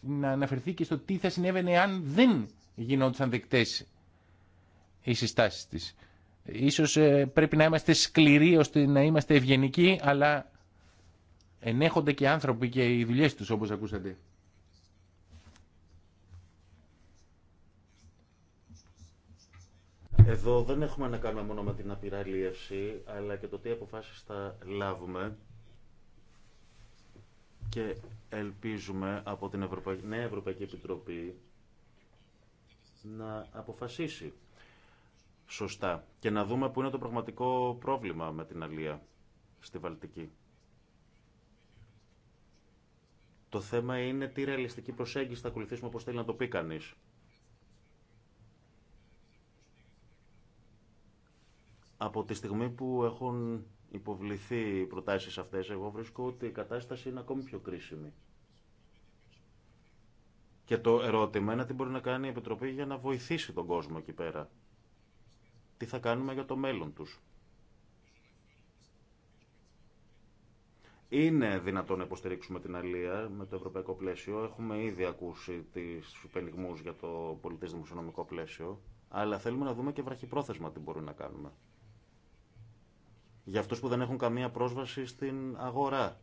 να αναφερθεί και στο τι θα συνέβαινε αν δεν γινόντουσαν δεκτές οι συστάσεις της. Ίσως ε, πρέπει να είμαστε σκληροί ώστε να είμαστε ευγενικοί, αλλά ενέχονται και άνθρωποι και οι δουλειές τους όπως ακούσατε. Εδώ δεν έχουμε να κάνουμε μόνο με την απειρά αλλά και το τι αποφάσεις θα λάβουμε και ελπίζουμε από την Νέα Ευρωπαϊκή Επιτροπή να αποφασίσει σωστά και να δούμε πού είναι το πραγματικό πρόβλημα με την αλία στη Βαλτική. Το θέμα είναι τι ρεαλιστική προσέγγιση θα ακολουθήσουμε όπως θέλει να το πει κανεί. Από τη στιγμή που έχουν υποβληθεί οι προτάσεις αυτές, εγώ βρίσκω ότι η κατάσταση είναι ακόμη πιο κρίσιμη. Και το ερώτημα είναι τι μπορεί να κάνει η Επιτροπή για να βοηθήσει τον κόσμο εκεί πέρα θα κάνουμε για το μέλλον τους. Είναι δυνατόν να υποστηρίξουμε την αλία με το ευρωπαϊκό πλαίσιο. Έχουμε ήδη ακούσει τις υπελιγμούς για το πολιτής δημοσιονομικό πλαίσιο, αλλά θέλουμε να δούμε και βραχυπρόθεσμα τι μπορούμε να κάνουμε. Για αυτούς που δεν έχουν καμία πρόσβαση στην αγορά.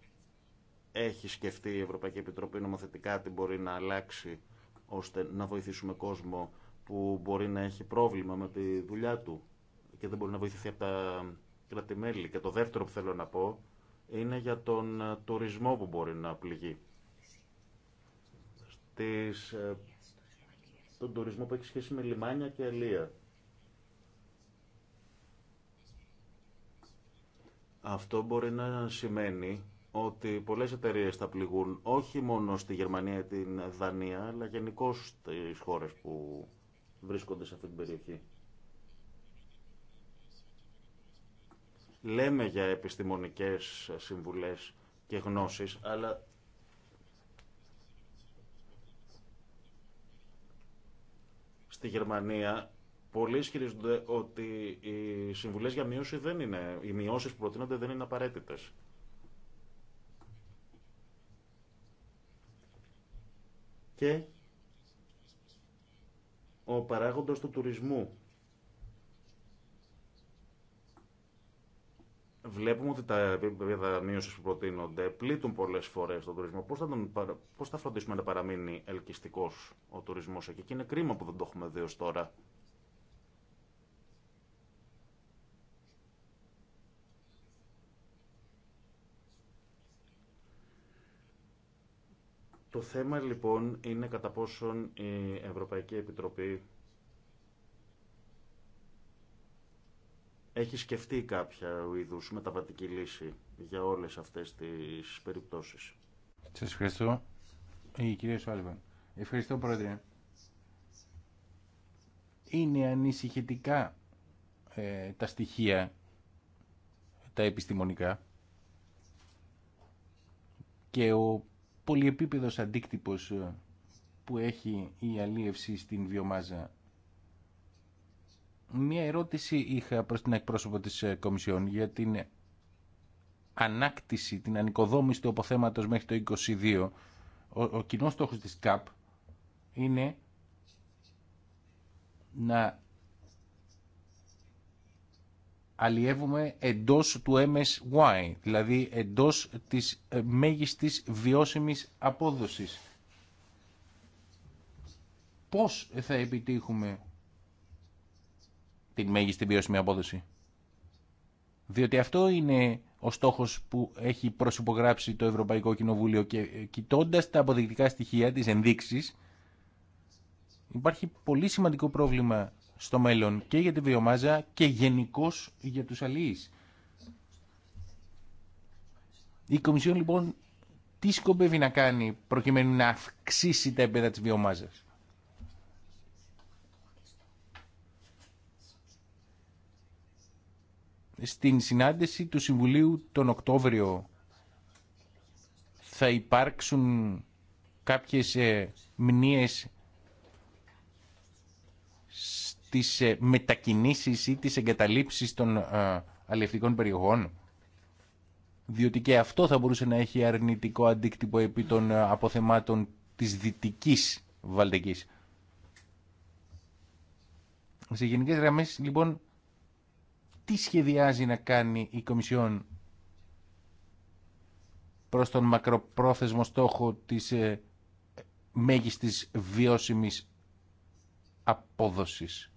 Έχει σκεφτεί η Ευρωπαϊκή Επιτροπή νομοθετικά τι μπορεί να αλλάξει ώστε να βοηθήσουμε κόσμο που μπορεί να έχει πρόβλημα με τη δουλειά του και δεν μπορεί να βοηθηθεί από τα κρατη Και το δεύτερο που θέλω να πω είναι για τον ε, τουρισμό που μπορεί να πληγεί. Στις, ε, τον τουρισμό που έχει σχέση με λιμάνια και αλεία. Αυτό μπορεί να σημαίνει ότι πολλές εταιρείες θα πληγούν όχι μόνο στη Γερμανία ή την Δανία, αλλά γενικώ στις χώρες που βρίσκονται σε αυτή την περιοχή. Λέμε για επιστημονικές συμβουλές και γνώσεις, αλλά στη Γερμανία πολλοί ισχυρίζονται ότι οι συμβουλές για μείωση δεν είναι, οι μειώσεις που προτείνονται δεν είναι απαραίτητες. Και ο παράγοντας του τουρισμού βλέπουμε ότι τα επίπεδα μείωση που προτείνονται πλήττουν πολλέ φορέ τον τουρισμό. Πώ θα, πώς θα φροντίσουμε να παραμείνει ελκυστικό ο τουρισμό εκεί, και είναι κρίμα που δεν το έχουμε δει ω τώρα. Το θέμα λοιπόν είναι κατά πόσον η Ευρωπαϊκή Επιτροπή έχει σκεφτεί κάποια είδου μεταβατική λύση για όλες αυτές τις περιπτώσεις. Σα ευχαριστώ. Η κυρία Σουάλβαν. Ευχαριστώ πρόεδρε. Είναι ανησυχητικά ε, τα στοιχεία, τα επιστημονικά και ο πολυεπίπεδος αντίκτυπος ε, που έχει η αλίευση στην βιομάζα Μία ερώτηση είχα προς την εκπρόσωπο της ε, Κομισιόν για την ανάκτηση, την ανοικοδόμηση του αποθέματος μέχρι το 2022. Ο, ο κοινό στόχος της ΚΑΠ είναι να αλλιεύουμε εντός του MSY, δηλαδή εντός της ε, μέγιστης βιώσιμης απόδοσης. Πώς θα επιτύχουμε την μέγιστη βιώσιμη απόδοση. Διότι αυτό είναι ο στόχος που έχει προσυπογράψει το Ευρωπαϊκό Κοινοβούλιο και ε, κοιτώντα τα αποδεικτικά στοιχεία, τις ενδείξεις, υπάρχει πολύ σημαντικό πρόβλημα στο μέλλον και για τη βιομάζα και γενικώ για τους αλληλείς. Η Κομισιόν λοιπόν τι σκοπεύει να κάνει προκειμένου να αυξήσει τα επέδα της βιομάζας. στην συνάντηση του Συμβουλίου τον Οκτώβριο θα υπάρξουν κάποιες ε, μνήες στις ε, μετακινήσεις ή τις εγκαταλείψεις των ε, αλληλευτικών περιοχών διότι και αυτό θα μπορούσε να έχει αρνητικό αντίκτυπο επί των αποθεμάτων της δυτικής Βαλτικής. Σε γενικές γραμμές λοιπόν τι σχεδιάζει να κάνει η Κομισιόν προς τον μακροπρόθεσμο στόχο της ε, μέγιστης βιώσιμης απόδοσης.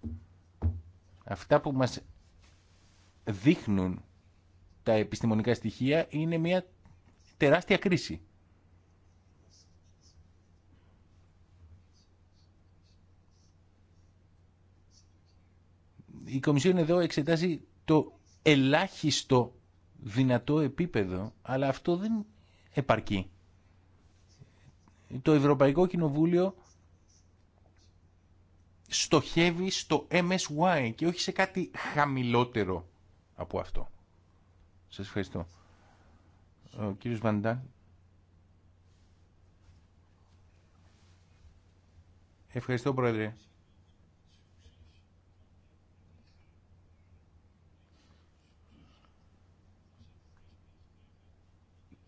Αυτά που μας δείχνουν τα επιστημονικά στοιχεία είναι μια τεράστια κρίση. Η Κομισιόν εδώ εξετάζει το ελάχιστο δυνατό επίπεδο, αλλά αυτό δεν επαρκεί. Το Ευρωπαϊκό Κοινοβούλιο στοχεύει στο MSY και όχι σε κάτι χαμηλότερο από αυτό. Σας ευχαριστώ. Ο κύριος Βαντάν. Ευχαριστώ, Πρόεδρε.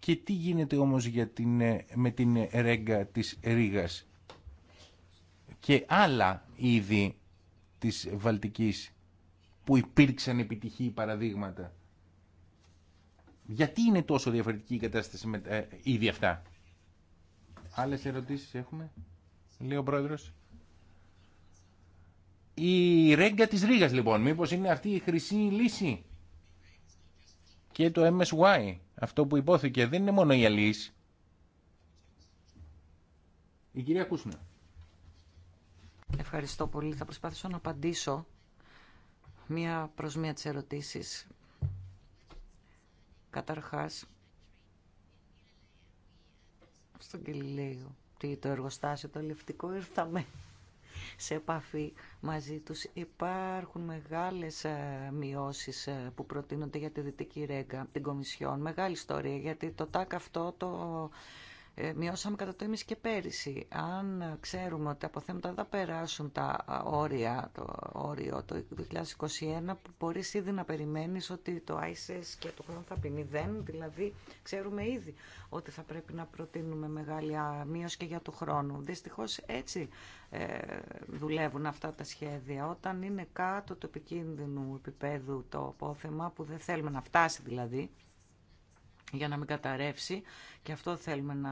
Και τι γίνεται όμως για την, ε, με την ε, ρέγγα της Ρήγας και άλλα είδη της Βαλτικής που υπήρξαν επιτυχή παραδείγματα. Γιατί είναι τόσο διαφορετική η κατάσταση με τα ε, είδη αυτά. Άλλες ερωτήσεις έχουμε, λέει ο πρόεδρος. Η ρέγγα της Ρήγας λοιπόν, μήπως είναι αυτή η χρυσή λύση και το MSY αυτό που υπόθηκε δεν είναι μόνο η αλής. Η κυρία Κούσνα. Ευχαριστώ πολύ. Θα προσπάθησω να απαντήσω μία προς μία τις ερωτήσεις. Καταρχάς, στον Τι το εργοστάσιο, το λευτικό, ήρθαμε σε επαφή μαζί τους. Υπάρχουν μεγάλες ε, μειώσεις ε, που προτείνονται για τη Δυτική Ρέγκα την Κομισιόν. Μεγάλη ιστορία γιατί το ΤΑΚ αυτό το ε, μειώσαμε κατά το ίμιση και πέρυσι. Αν ξέρουμε ότι από θέματα δεν θα περάσουν τα όρια, το όριο το 2021, που μπορεί ήδη να περιμένει ότι το ISIS και το χρόνο θα πεινεί δεν, δηλαδή ξέρουμε ήδη ότι θα πρέπει να προτείνουμε μεγάλη μείωση και για το χρόνο. Δυστυχώ έτσι ε, δουλεύουν αυτά τα σχέδια. Όταν είναι κάτω του επικίνδυνου επίπεδου το απόθεμα, που δεν θέλουμε να φτάσει δηλαδή, για να μην καταρρεύσει και αυτό θέλουμε να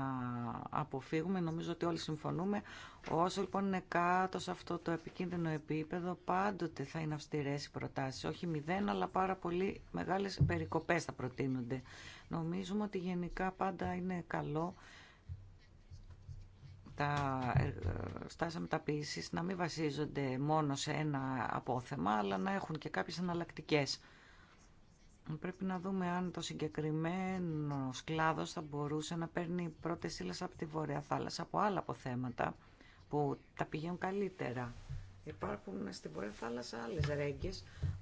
αποφύγουμε. Νομίζω ότι όλοι συμφωνούμε. Όσο λοιπόν είναι κάτω σε αυτό το επικίνδυνο επίπεδο, πάντοτε θα είναι αυστηρές οι προτάσεις. Όχι μηδέν, αλλά πάρα πολύ μεγάλες περικοπές θα προτείνονται. Νομίζουμε ότι γενικά πάντα είναι καλό τα ε, στάσια μεταποίησης να μην βασίζονται μόνο σε ένα απόθεμα, αλλά να έχουν και κάποιες αναλλακτικέ. Πρέπει να δούμε αν το συγκεκριμένο κλάδο θα μπορούσε να παίρνει πρώτε σύλλε από τη Βόρεια Θάλασσα, από άλλα αποθέματα που τα πηγαίνουν καλύτερα. Υπάρχουν στη Βόρεια Θάλασσα άλλε ρέγγε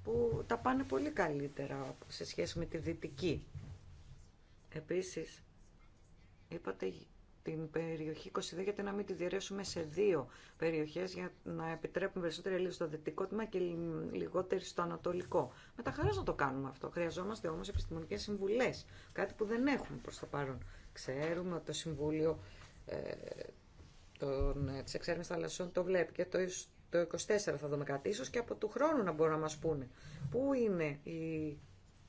που τα πάνε πολύ καλύτερα σε σχέση με τη Δυτική. Επίσης, είπατε την περιοχή 22 γιατί να μην τη διαιρέσουμε σε δύο περιοχές για να επιτρέπουμε περισσότερη λίγο στο δυτικό τμήμα και λιγότερη στο ανατολικό. Με τα χαράς να το κάνουμε αυτό. Χρειαζόμαστε όμως επιστημονικές συμβουλές, κάτι που δεν έχουμε προς το παρόν. Ξέρουμε ότι το Συμβούλιο ε, των, ε, της Εξέρμης Θαλασσών το βλέπει και το, το 24 θα δούμε κάτι. Ίσως και από του χρόνου να μπορούν να μας πούνε. Πού είναι η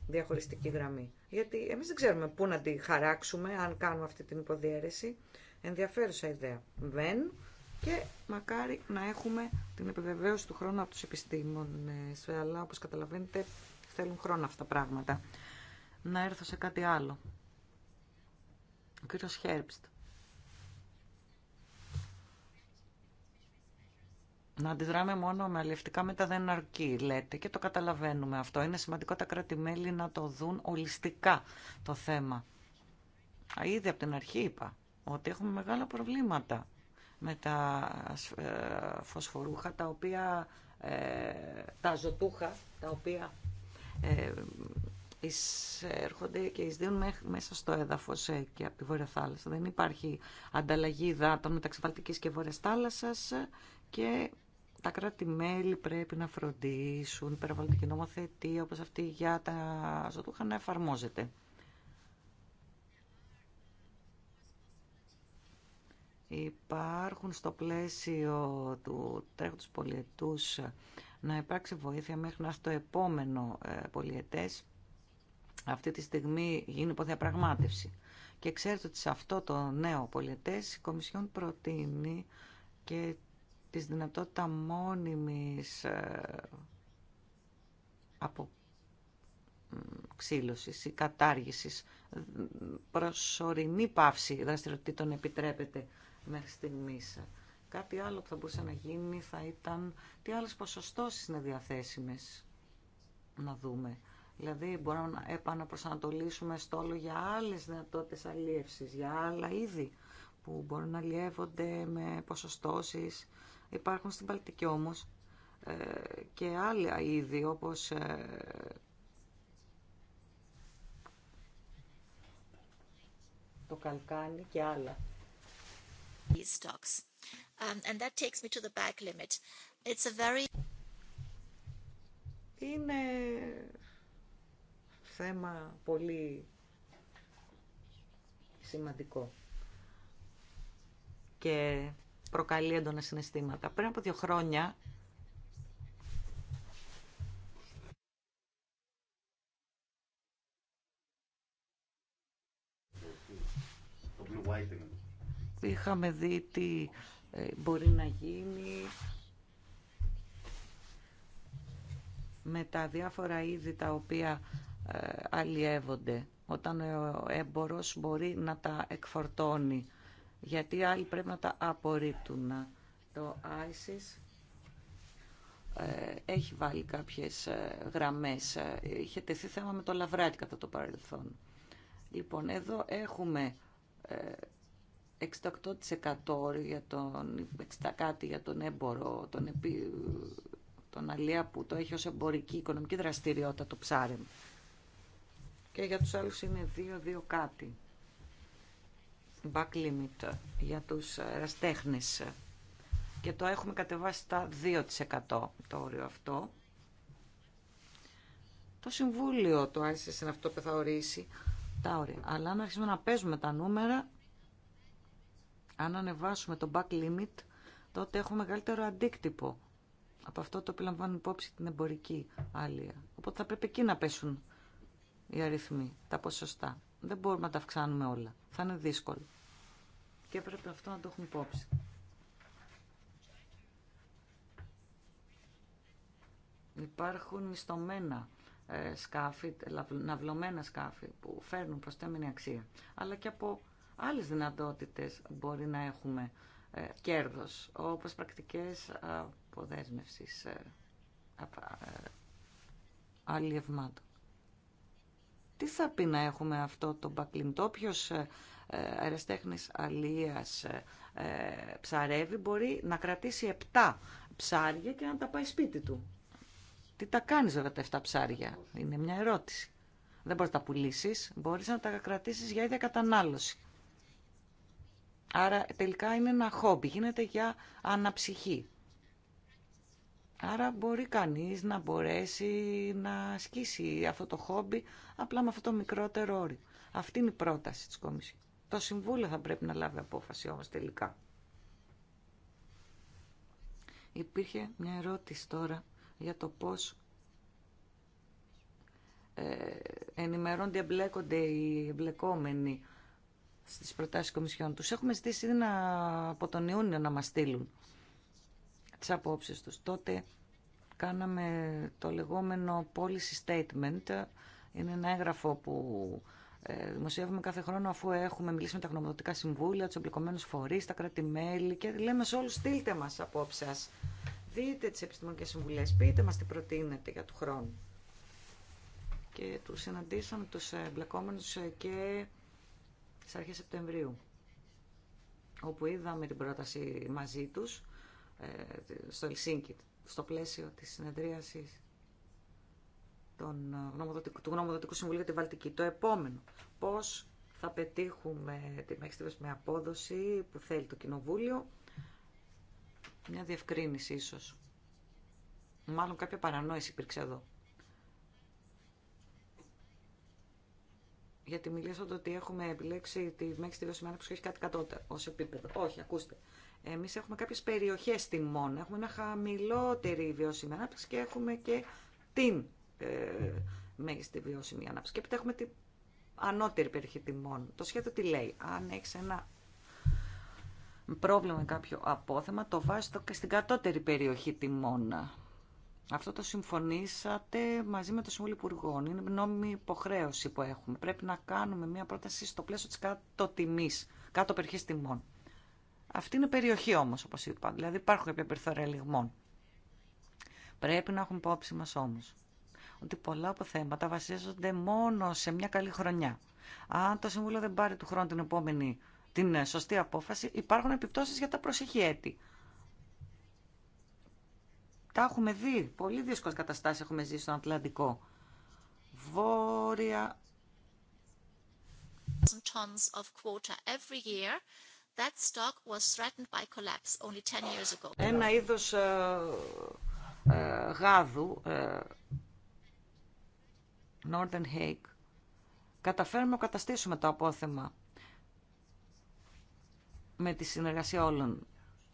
διαχωριστική γραμμή γιατί εμείς δεν ξέρουμε πού να τη χαράξουμε αν κάνουμε αυτή την υποδιέρεση. Ενδιαφέρουσα ιδέα. Δεν και μακάρι να έχουμε την επιβεβαίωση του χρόνου από τους επιστήμονες, αλλά όπως καταλαβαίνετε θέλουν χρόνο αυτά τα πράγματα. Να έρθω σε κάτι άλλο. Ο κύριος να αντιδράμε μόνο με αλληλευτικά μετά δεν αρκεί, λέτε, και το καταλαβαίνουμε αυτό. Είναι σημαντικό τα κράτη-μέλη να το δουν ολιστικά το θέμα. Ήδη από την αρχή είπα ότι έχουμε μεγάλα προβλήματα με τα ε, φωσφορούχα, τα οποία, ε, τα ζωτούχα, τα οποία ε, έρχονται και εισδύουν μέσα στο έδαφος και από τη Βόρεια Θάλασσα. Δεν υπάρχει ανταλλαγή υδάτων μεταξύ Βαλτικής και Βόρειας Θάλασσας και τα κράτη-μέλη πρέπει να φροντίσουν η περιβαλλοντική νομοθετία όπως αυτή για τα ζωτούχα να εφαρμόζεται. Υπάρχουν στο πλαίσιο του τρέχοντος πολιετούς να υπάρξει βοήθεια μέχρι να στο επόμενο ε, πολιετές αυτή τη στιγμή γίνει υποδιαπραγμάτευση. Και ξέρετε ότι σε αυτό το νέο πολιετές η Κομισιόν προτείνει και της δυνατότητα μόνιμης ε, από ξύλωσης ή κατάργησης. Προσωρινή πάυση δραστηριοτήτων επιτρέπεται μέχρι στιγμής. Κάτι άλλο που θα μπορούσε να γίνει θα ήταν τι άλλες ποσοστώσεις είναι διαθέσιμες να δούμε. Δηλαδή μπορούμε να επαναπροσανατολίσουμε στόλο για άλλες δυνατότητες αλλίευσης, για άλλα είδη που μπορούν να αλλιεύονται με ποσοστώσεις Υπάρχουν στην Παλτική όμως ε, και άλλα είδη όπως ε, το καλκάνι και άλλα. Είναι θέμα πολύ σημαντικό. Και προκαλεί έντονα συναισθήματα. Πριν από δύο χρόνια είχαμε δει τι ε, μπορεί να γίνει με τα διάφορα είδη τα οποία ε, αλλιεύονται όταν ο έμπορος μπορεί να τα εκφορτώνει γιατί άλλοι πρέπει να τα απορρίπτουν. Το ISIS ε, έχει βάλει κάποιες ε, γραμμές. Ε, είχε τεθεί θέμα με το λαβράτι κατά το παρελθόν. Λοιπόν, εδώ έχουμε 68% για τον, 60 κάτι για τον έμπορο, τον, επί, τον αλία που το έχει ως εμπορική οικονομική δραστηριότητα το ψάρεμα. Και για τους άλλους είναι 2-2 κάτι back limit για τους εραστέχνες και το έχουμε κατεβάσει στα 2% το όριο αυτό. Το Συμβούλιο το ISIS είναι αυτό που θα ορίσει τα όρια. Αλλά αν αρχίσουμε να παίζουμε τα νούμερα, αν ανεβάσουμε το back limit, τότε έχουμε μεγαλύτερο αντίκτυπο από αυτό το οποίο λαμβάνουν υπόψη την εμπορική αλία. Οπότε θα πρέπει εκεί να πέσουν οι αριθμοί, τα ποσοστά. Δεν μπορούμε να τα αυξάνουμε όλα. Θα είναι δύσκολο. Και πρέπει αυτό να το έχουμε υπόψη. Υπάρχουν μισθωμένα ε, σκάφη, ναυλωμένα σκάφη που φέρνουν προσθέμενη αξία. Αλλά και από άλλες δυνατότητες μπορεί να έχουμε ε, κέρδος, όπως πρακτικές αποδέσμευσης ε, αλλιευμάτων τι θα πει να έχουμε αυτό το μπακλιντό, ποιος ε, ε, αεραστέχνης αλίας ε, ψαρεύει μπορεί να κρατήσει 7 ψάρια και να τα πάει σπίτι του. Τι τα κάνεις βέβαια τα 7 ψάρια, είναι μια ερώτηση. Δεν μπορείς να τα πουλήσεις, μπορείς να τα κρατήσεις για ίδια κατανάλωση. Άρα τελικά είναι ένα χόμπι, γίνεται για αναψυχή. Άρα μπορεί κανείς να μπορέσει να ασκήσει αυτό το χόμπι απλά με αυτό το μικρότερο όριο. Αυτή είναι η πρόταση της Κομισιόν. Το Συμβούλιο θα πρέπει να λάβει απόφαση όμως τελικά. Υπήρχε μια ερώτηση τώρα για το πώς ε, ενημερώνται, εμπλέκονται οι εμπλεκόμενοι στις προτάσεις Κομισιόν. Τους έχουμε ζητήσει να, από τον Ιούνιο να μας στείλουν τις απόψεις τους. Τότε κάναμε το λεγόμενο policy statement. Είναι ένα έγγραφο που ε, δημοσιεύουμε κάθε χρόνο αφού έχουμε μιλήσει με τα γνωμοδοτικά συμβούλια, τους εμπλεκομένους φορείς, τα κράτη-μέλη και λέμε σε όλους στείλτε μας απόψε σας. Δείτε τις επιστημονικές συμβουλές, πείτε μας τι προτείνετε για του χρόνου. Και τους συναντήσαμε τους εμπλεκόμενους ε, και στις αρχές Σεπτεμβρίου όπου είδαμε την πρόταση μαζί τους ε, στο Ελσίνκι, στο πλαίσιο της συνεδρίασης των, ε, του Γνωμοδοτικού Συμβουλίου για τη Βαλτική. Το επόμενο, πώς θα πετύχουμε τη μέχρι με απόδοση που θέλει το Κοινοβούλιο, μια διευκρίνηση ίσως. Μάλλον κάποια παρανόηση υπήρξε εδώ. Γιατί μιλήσατε ότι έχουμε επιλέξει τη μέχρι στιγμή που έχει κάτι κατώτερο ω επίπεδο. Όχι, ακούστε. Εμείς έχουμε κάποιες περιοχές τιμών, έχουμε μια χαμηλότερη βιώσιμη ανάπτυξη και έχουμε και την ε, μέγιστη βιώσιμη ανάπτυξη. Και έπειτα έχουμε την ανώτερη περιοχή τιμών. Το σχέδιο τι λέει, αν έχει ένα πρόβλημα με κάποιο απόθεμα, το βάζει και στην κατώτερη περιοχή τιμών. Αυτό το συμφωνήσατε μαζί με το Συμβούλιο Υπουργών. Είναι νόμιμη υποχρέωση που έχουμε. Πρέπει να κάνουμε μια πρόταση στο πλαίσιο της κάτω τιμής, κάτω περιοχής τιμών. Αυτή είναι περιοχή όμως, όπως είπα. Δηλαδή υπάρχουν κάποια περιθώρια λιγμών. Πρέπει να έχουμε υπόψη μας όμως ότι πολλά από θέματα βασίζονται μόνο σε μια καλή χρονιά. Αν το Συμβούλιο δεν πάρει του χρόνου την επόμενη την σωστή απόφαση, υπάρχουν επιπτώσεις για τα προσεχή έτη. Τα έχουμε δει. Πολύ δύσκολε καταστάσει έχουμε ζήσει στον Ατλαντικό. Βόρεια... That stock was threatened by collapse only 10 years ago. Ένα είδος ε, ε, γάδου, ε, Northern Hake, καταφέρουμε να καταστήσουμε το απόθεμα με τη συνεργασία όλων.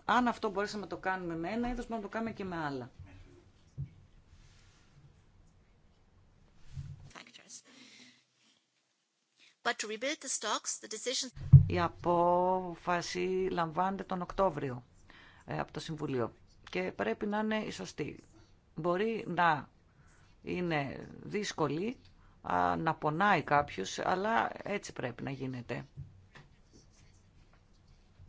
Αν αυτό μπορέσαμε να το κάνουμε με ένα είδος, μπορούμε να το κάνουμε και με άλλα. But to rebuild the stocks, the decision... Η απόφαση λαμβάνεται τον Οκτώβριο ε, από το Συμβουλίο και πρέπει να είναι η σωστή. Μπορεί να είναι δύσκολη, να πονάει κάποιος, αλλά έτσι πρέπει να γίνεται.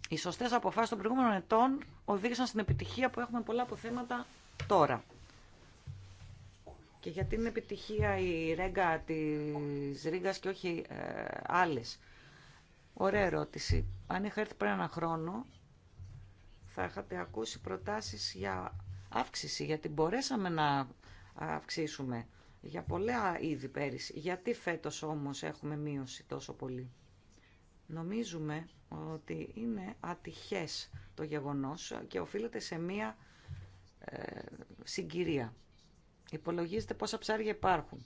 Οι σωστές αποφάσεις των προηγούμενων ετών οδήγησαν στην επιτυχία που έχουμε πολλά αποθέματα τώρα. Και γιατί είναι επιτυχία η ρέγγα της Ρήγας και όχι ε, άλλες Ωραία ερώτηση. Αν είχα έρθει πριν ένα χρόνο, θα είχατε ακούσει προτάσεις για αύξηση, γιατί μπορέσαμε να αυξήσουμε για πολλά είδη πέρυσι. Γιατί φέτος όμως έχουμε μείωση τόσο πολύ. Νομίζουμε ότι είναι ατυχές το γεγονός και οφείλεται σε μία ε, συγκυρία. Υπολογίζεται πόσα ψάρια υπάρχουν,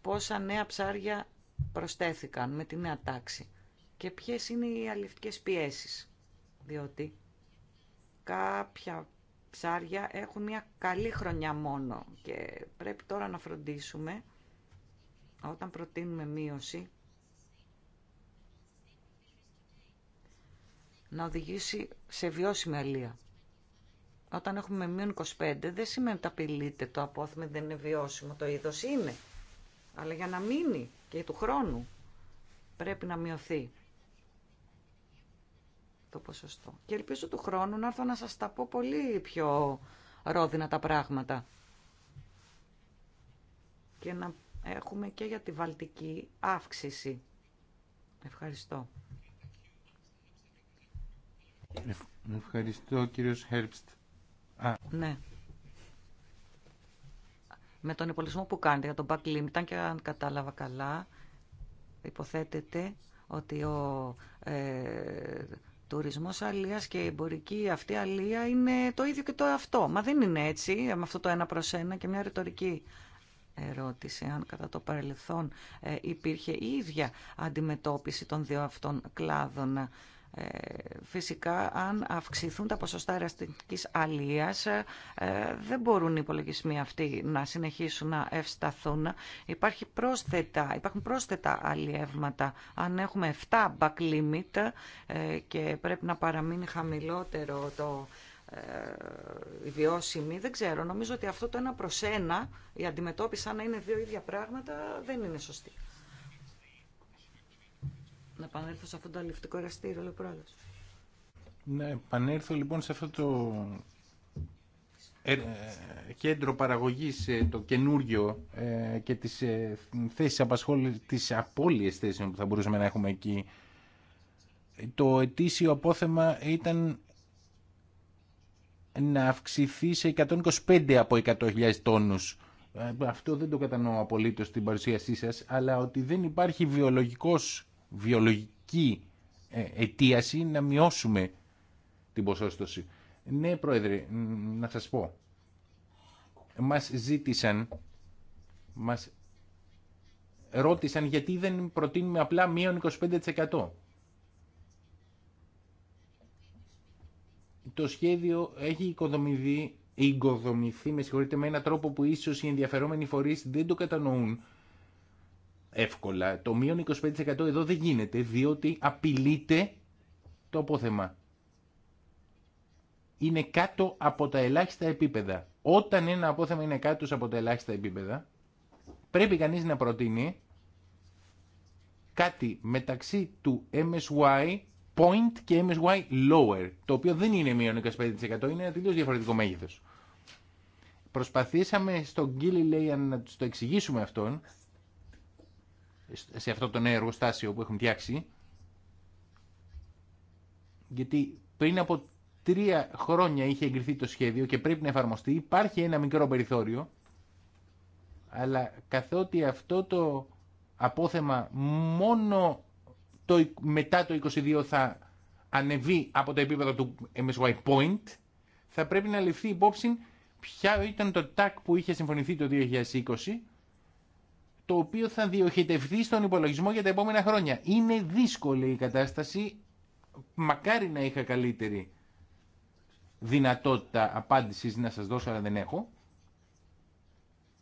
πόσα νέα ψάρια προστέθηκαν με τη νέα τάξη και ποιες είναι οι αλληλευτικές πιέσεις. Διότι κάποια ψάρια έχουν μια καλή χρονιά μόνο και πρέπει τώρα να φροντίσουμε όταν προτείνουμε μείωση να οδηγήσει σε βιώσιμη αλεία. Όταν έχουμε μείον 25 δεν σημαίνει ότι απειλείται το απόθυμα δεν είναι βιώσιμο. Το είδος είναι. Αλλά για να μείνει και του χρόνου πρέπει να μειωθεί το ποσοστό. Και ελπίζω του χρόνου να έρθω να σας τα πω πολύ πιο ρόδινα τα πράγματα. Και να έχουμε και για τη βαλτική αύξηση. Ευχαριστώ. Ευχαριστώ κύριος Χέρπστ. Ναι. Με τον υπολογισμό που κάνετε για τον back limit, και αν κατάλαβα καλά, υποθέτεται ότι ο ε, τουρισμός αλίας και η εμπορική αυτή αλία είναι το ίδιο και το αυτό. Μα δεν είναι έτσι, με αυτό το ένα προ ένα και μια ρητορική ερώτηση αν κατά το παρελθόν ε, υπήρχε η ίδια αντιμετώπιση των δύο αυτών κλάδων ε, φυσικά αν αυξηθούν τα ποσοστά εραστικής αλίας ε, δεν μπορούν οι υπολογισμοί αυτοί να συνεχίσουν να ευσταθούν. Υπάρχει πρόσθετα, υπάρχουν πρόσθετα αλλιεύματα. Αν έχουμε 7 back limit ε, και πρέπει να παραμείνει χαμηλότερο το βιώσιμη, δεν ξέρω. Νομίζω ότι αυτό το ένα προς ένα, η αντιμετώπιση σαν να είναι δύο ίδια πράγματα, δεν είναι σωστή να επανέλθω σε αυτό το αληφτικό εργαστήριο, λέει ο Να επανέλθω λοιπόν σε αυτό το ε, ε, κέντρο παραγωγής ε, το καινούργιο και τις θέσεις απασχόλησης, τις απώλειες θέσεων που θα μπορούσαμε να έχουμε εκεί. Το ετήσιο απόθεμα ήταν να αυξηθεί σε 125 από 100.000 τόνους. Αυτό δεν το κατανοώ απολύτως στην παρουσίασή σας, αλλά ότι δεν υπάρχει βιολογικός βιολογική ε, αιτίαση να μειώσουμε την ποσόστοση. Ναι, Πρόεδρε, να σας πω. Μας ζήτησαν, μας ρώτησαν γιατί δεν προτείνουμε απλά μείον 25%. Το σχέδιο έχει οικοδομηθεί, οικοδομηθεί με, με έναν τρόπο που ίσως οι ενδιαφερόμενοι φορείς δεν το κατανοούν εύκολα. Το μείον 25% εδώ δεν γίνεται διότι απειλείται το απόθεμα. Είναι κάτω από τα ελάχιστα επίπεδα. Όταν ένα απόθεμα είναι κάτω από τα ελάχιστα επίπεδα, πρέπει κανείς να προτείνει κάτι μεταξύ του MSY point και MSY lower, το οποίο δεν είναι μείον 25%, είναι ένα τελείως διαφορετικό μέγεθος. Προσπαθήσαμε στον Γκίλι, λέει, να του το εξηγήσουμε αυτόν, σε αυτό το νέο εργοστάσιο που έχουν φτιάξει. Γιατί πριν από τρία χρόνια είχε εγκριθεί το σχέδιο και πρέπει να εφαρμοστεί. Υπάρχει ένα μικρό περιθώριο, αλλά καθότι αυτό το απόθεμα μόνο το, μετά το 22 θα ανεβεί από το επίπεδο του MSY Point, θα πρέπει να ληφθεί υπόψη ποια ήταν το τάκ που είχε συμφωνηθεί το 2020 το οποίο θα διοχετευτεί στον υπολογισμό για τα επόμενα χρόνια. Είναι δύσκολη η κατάσταση, μακάρι να είχα καλύτερη δυνατότητα απάντησης να σας δώσω, αλλά δεν έχω.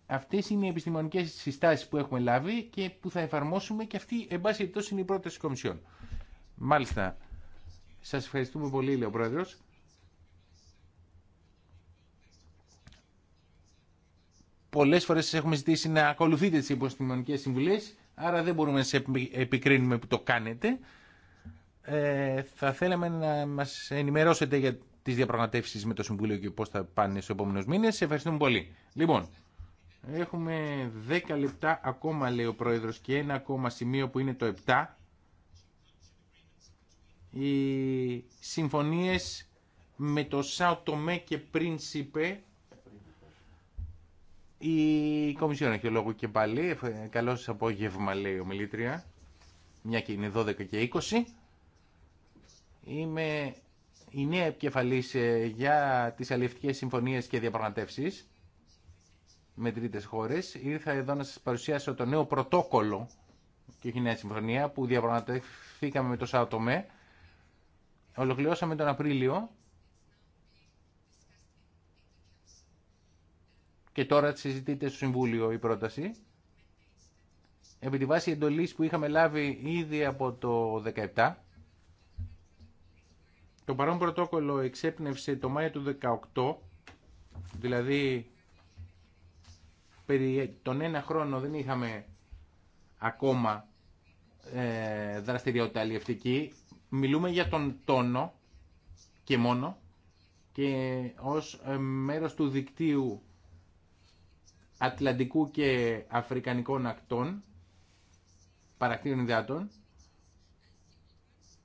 Αυτές είναι οι επιστημονικές συστάσεις που έχουμε λάβει και που θα εφαρμόσουμε και αυτή, εν πάση είναι η πρόταση Μάλιστα, σας ευχαριστούμε πολύ, λέει ο Πρόεδρος. φορέ φορές έχουμε ζητήσει να ακολουθείτε τι υποστημονικέ συμβουλέ. άρα δεν μπορούμε να σε επικρίνουμε που το κάνετε. Ε, θα θέλαμε να μα ενημερώσετε για τι διαπραγματεύσει με το Συμβούλιο και πώ θα πάνε στου επόμενου μήνε. Σε ευχαριστούμε πολύ. Λοιπόν, έχουμε 10 λεπτά ακόμα, λέει ο πρόεδρο και ένα ακόμα σημείο που είναι το 7. Οι συμφωνίες με το ΣΑΟΤΟΜΕ και και Πρίνσιπε η Κομισιόν έχει λόγο και πάλι. Καλό σας απόγευμα, λέει ο Μιλήτρια. Μια και είναι 12 και 20. Είμαι η νέα επικεφαλής ε, για τις αλληλευτικέ συμφωνίες και διαπραγματεύσεις με τρίτες χώρε. Ήρθα εδώ να σας παρουσιάσω το νέο πρωτόκολλο και η νέα συμφωνία που διαπραγματευθήκαμε με το ΣΑΤΟΜΕ. Ολοκληρώσαμε τον Απρίλιο και τώρα συζητείται στο Συμβούλιο η πρόταση. Επί τη βάση εντολής που είχαμε λάβει ήδη από το 2017, το παρόν πρωτόκολλο εξέπνευσε το Μάιο του 2018, δηλαδή περί τον ένα χρόνο δεν είχαμε ακόμα ε, δραστηριότητα αλλιευτική. Μιλούμε για τον τόνο και μόνο και ως ε, μέρος του δικτύου Ατλαντικού και Αφρικανικών ακτών, παρακτήρων υδάτων.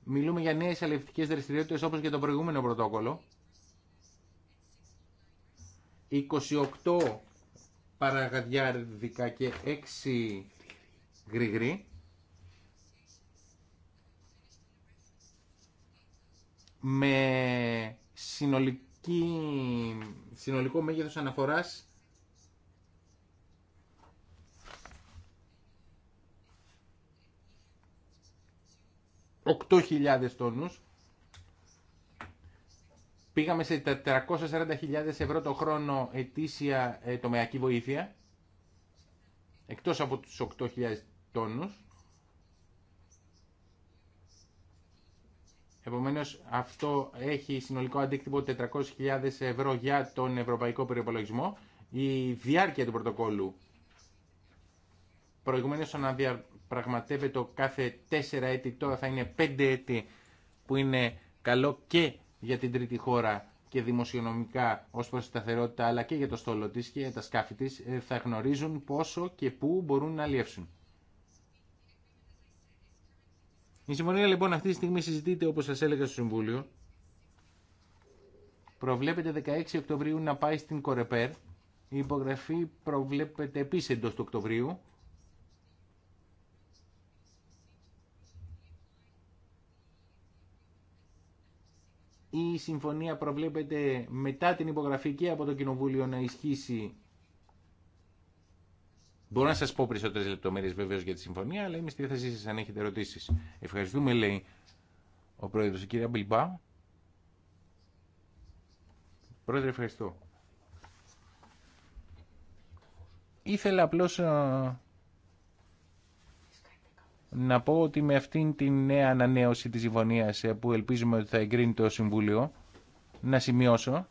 Μιλούμε για νέες αλληλευτικές δραστηριότητες όπως και το προηγούμενο πρωτόκολλο. 28 παραγαδιάρδικα και 6 γρηγροί. Με συνολική, συνολικό μέγεθος αναφοράς 8.000 τόνους. Πήγαμε σε 440.000 ευρώ το χρόνο ετήσια ε, τομεακή βοήθεια, εκτός από τους 8.000 τόνους. Επομένως, αυτό έχει συνολικό αντίκτυπο 400.000 ευρώ για τον ευρωπαϊκό περιοπολογισμό. Η διάρκεια του πρωτοκόλλου προηγουμένως αναδια πραγματεύεται κάθε τέσσερα έτη, τώρα θα είναι πέντε έτη που είναι καλό και για την τρίτη χώρα και δημοσιονομικά ως προς σταθερότητα αλλά και για το στόλο της και τα σκάφη της ε, θα γνωρίζουν πόσο και πού μπορούν να αλλιεύσουν. Η συμφωνία λοιπόν αυτή τη στιγμή συζητείται όπως σας έλεγα στο Συμβούλιο. Προβλέπεται 16 Οκτωβρίου να πάει στην Κορεπέρ. Η υπογραφή προβλέπεται επίσης εντός του Οκτωβρίου η συμφωνία προβλέπεται μετά την υπογραφή και από το Κοινοβούλιο να ισχύσει. Μπορώ να σας πω περισσότερε λεπτομέρειε βεβαίω για τη συμφωνία, αλλά είμαι στη διάθεσή σα αν έχετε ερωτήσεις. Ευχαριστούμε, λέει ο πρόεδρος, η κυρία Μπιλμπά. Πρόεδρε, ευχαριστώ. Ήθελα απλώς ε, να πω ότι με αυτήν την νέα ανανέωση της συμφωνίας ε, που ελπίζουμε ότι θα εγκρίνει το Συμβούλιο, να σημειώσω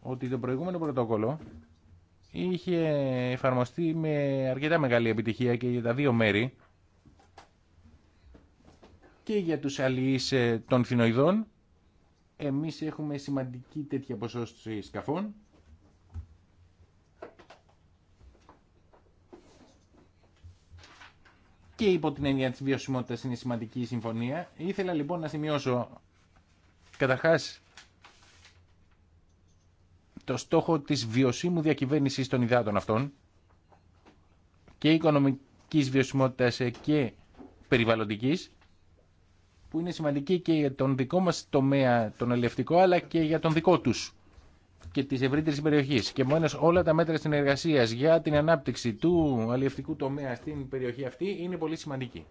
ότι το προηγούμενο πρωτόκολλο είχε εφαρμοστεί με αρκετά μεγάλη επιτυχία και για τα δύο μέρη και για τους αλληλείς ε, των φινοειδών. Εμείς έχουμε σημαντική τέτοια ποσόστοση σκαφών και υπό την έννοια τη βιωσιμότητα είναι σημαντική η συμφωνία. Ήθελα λοιπόν να σημειώσω καταρχάς το στόχο της βιωσίμου διακυβέρνηση των υδάτων αυτών και οικονομικής βιωσιμότητας και περιβαλλοντικής που είναι σημαντική και για τον δικό μας τομέα τον ελευτικό αλλά και για τον δικό τους και τη ευρύτερη περιοχή Και μόνο όλα τα μέτρα συνεργασία για την ανάπτυξη του αλλιευτικού τομέα στην περιοχή αυτή είναι πολύ σημαντική.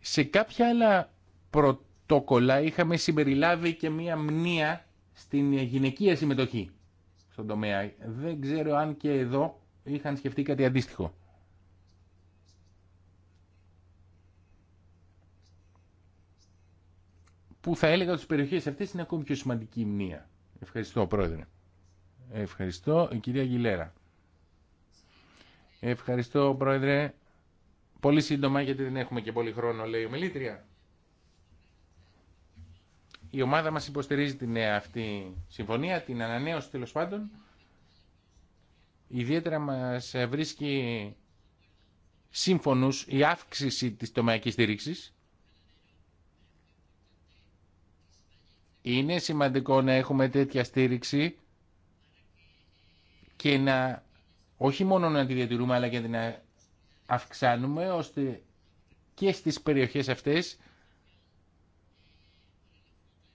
Σε κάποια άλλα πρωτόκολλα είχαμε συμπεριλάβει και μία μνήα στην γυναικεία συμμετοχή στον τομέα. Δεν ξέρω αν και εδώ είχαν σκεφτεί κάτι αντίστοιχο. που θα έλεγα ότι στις περιοχές αυτές είναι ακόμη πιο σημαντική η μνήμα. Ευχαριστώ, Πρόεδρε. Ευχαριστώ, η κυρία Γιλέρα. Ευχαριστώ, Πρόεδρε. Πολύ σύντομα, γιατί δεν έχουμε και πολύ χρόνο, λέει ο Μιλήτρια. Η ομάδα μας υποστηρίζει την νέα αυτή συμφωνία, την ανανέωση τέλο πάντων. Ιδιαίτερα μας βρίσκει σύμφωνους η αύξηση της τομεακής στήριξης Είναι σημαντικό να έχουμε τέτοια στήριξη και να όχι μόνο να τη διατηρούμε αλλά και να αυξάνουμε ώστε και στις περιοχές αυτές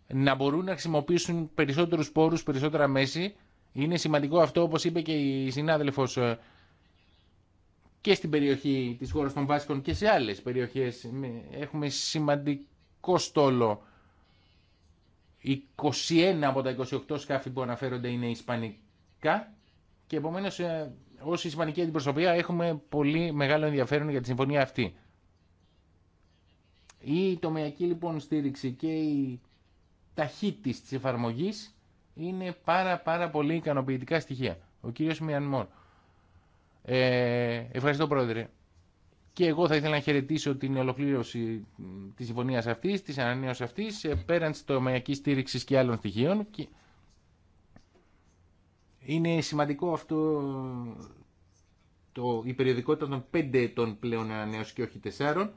να μπορούν να χρησιμοποιήσουν περισσότερους πόρους, περισσότερα μέση. Είναι σημαντικό αυτό όπως είπε και η συνάδελφος ε, και στην περιοχή της χώρας των Βάσκων και σε άλλες περιοχές. Έχουμε σημαντικό στόλο 21 από τα 28 σκάφη που αναφέρονται είναι ισπανικά και επομένως ε, ως ισπανική αντιπροσωπεία έχουμε πολύ μεγάλο ενδιαφέρον για τη συμφωνία αυτή. Η τομεακή λοιπόν στήριξη και η ταχύτητα της εφαρμογής είναι πάρα πάρα πολύ ικανοποιητικά στοιχεία. Ο κύριος Μιανμόρ. Ε, ευχαριστώ πρόεδρε. Και εγώ θα ήθελα να χαιρετήσω την ολοκλήρωση τη συμφωνία αυτή, τη ανανέωση αυτή, ε, πέραν τη τομεακή στήριξη και άλλων στοιχείων. Είναι σημαντικό αυτό το, η περιοδικότητα των 5 ετών πλέον ανανέωση και όχι 4.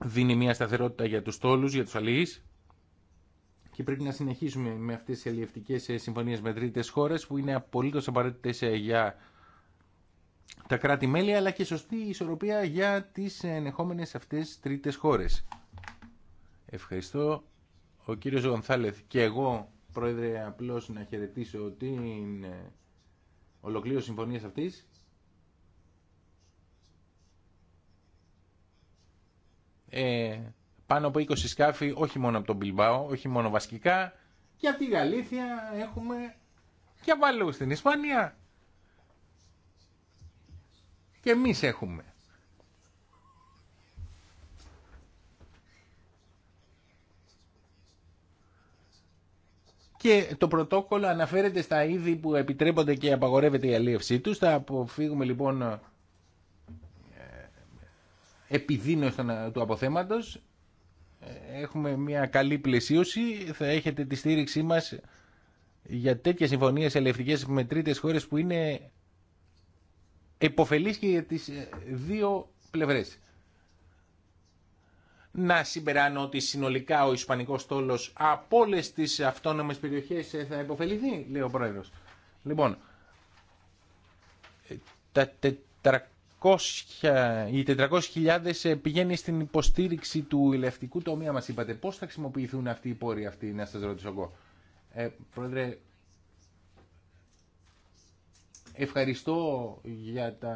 Δίνει μια σταθερότητα για τους τόλους, για τους αλληλείς και πρέπει να συνεχίσουμε με αυτές τις αλληλευτικές ε, συμφωνίες με τρίτες χώρες που είναι απολύτως απαραίτητες ε, για τα κράτη-μέλη αλλά και σωστή ισορροπία για τις ενεχόμενες αυτές τρίτες χώρες. Ευχαριστώ. Ο κύριος Γονθάλεθ και εγώ, πρόεδρε, απλώς να χαιρετήσω την ε, ολοκλήρωση συμφωνίας αυτής. Ε, πάνω από 20 σκάφη, όχι μόνο από τον Μπιλμπάο, όχι μόνο βασικά, και από τη Γαλήθεια έχουμε και από στην Ισπανία και εμείς έχουμε. Και το πρωτόκολλο αναφέρεται στα είδη που επιτρέπονται και απαγορεύεται η αλίευσή τους. Θα αποφύγουμε λοιπόν ε, επιδείνωση του αποθέματος. Ε, έχουμε μια καλή πλαισίωση. Θα έχετε τη στήριξή μας για τέτοιες συμφωνίες ελευθερικές με τρίτες χώρες που είναι εποφελής και για τις ε, δύο πλευρές. Να συμπεράνω ότι συνολικά ο Ισπανικός στόλος από όλε τις αυτόνομες περιοχές ε, θα υποφεληθεί, λέει ο Πρόεδρος. Λοιπόν, ε, τα 400, οι 400.000 πηγαίνει στην υποστήριξη του ηλεκτρικού τομέα μας, είπατε. Πώς θα χρησιμοποιηθούν αυτοί οι πόροι αυτοί, να σας ρωτήσω εγώ. Ε, πρόεδρε, Ευχαριστώ για τα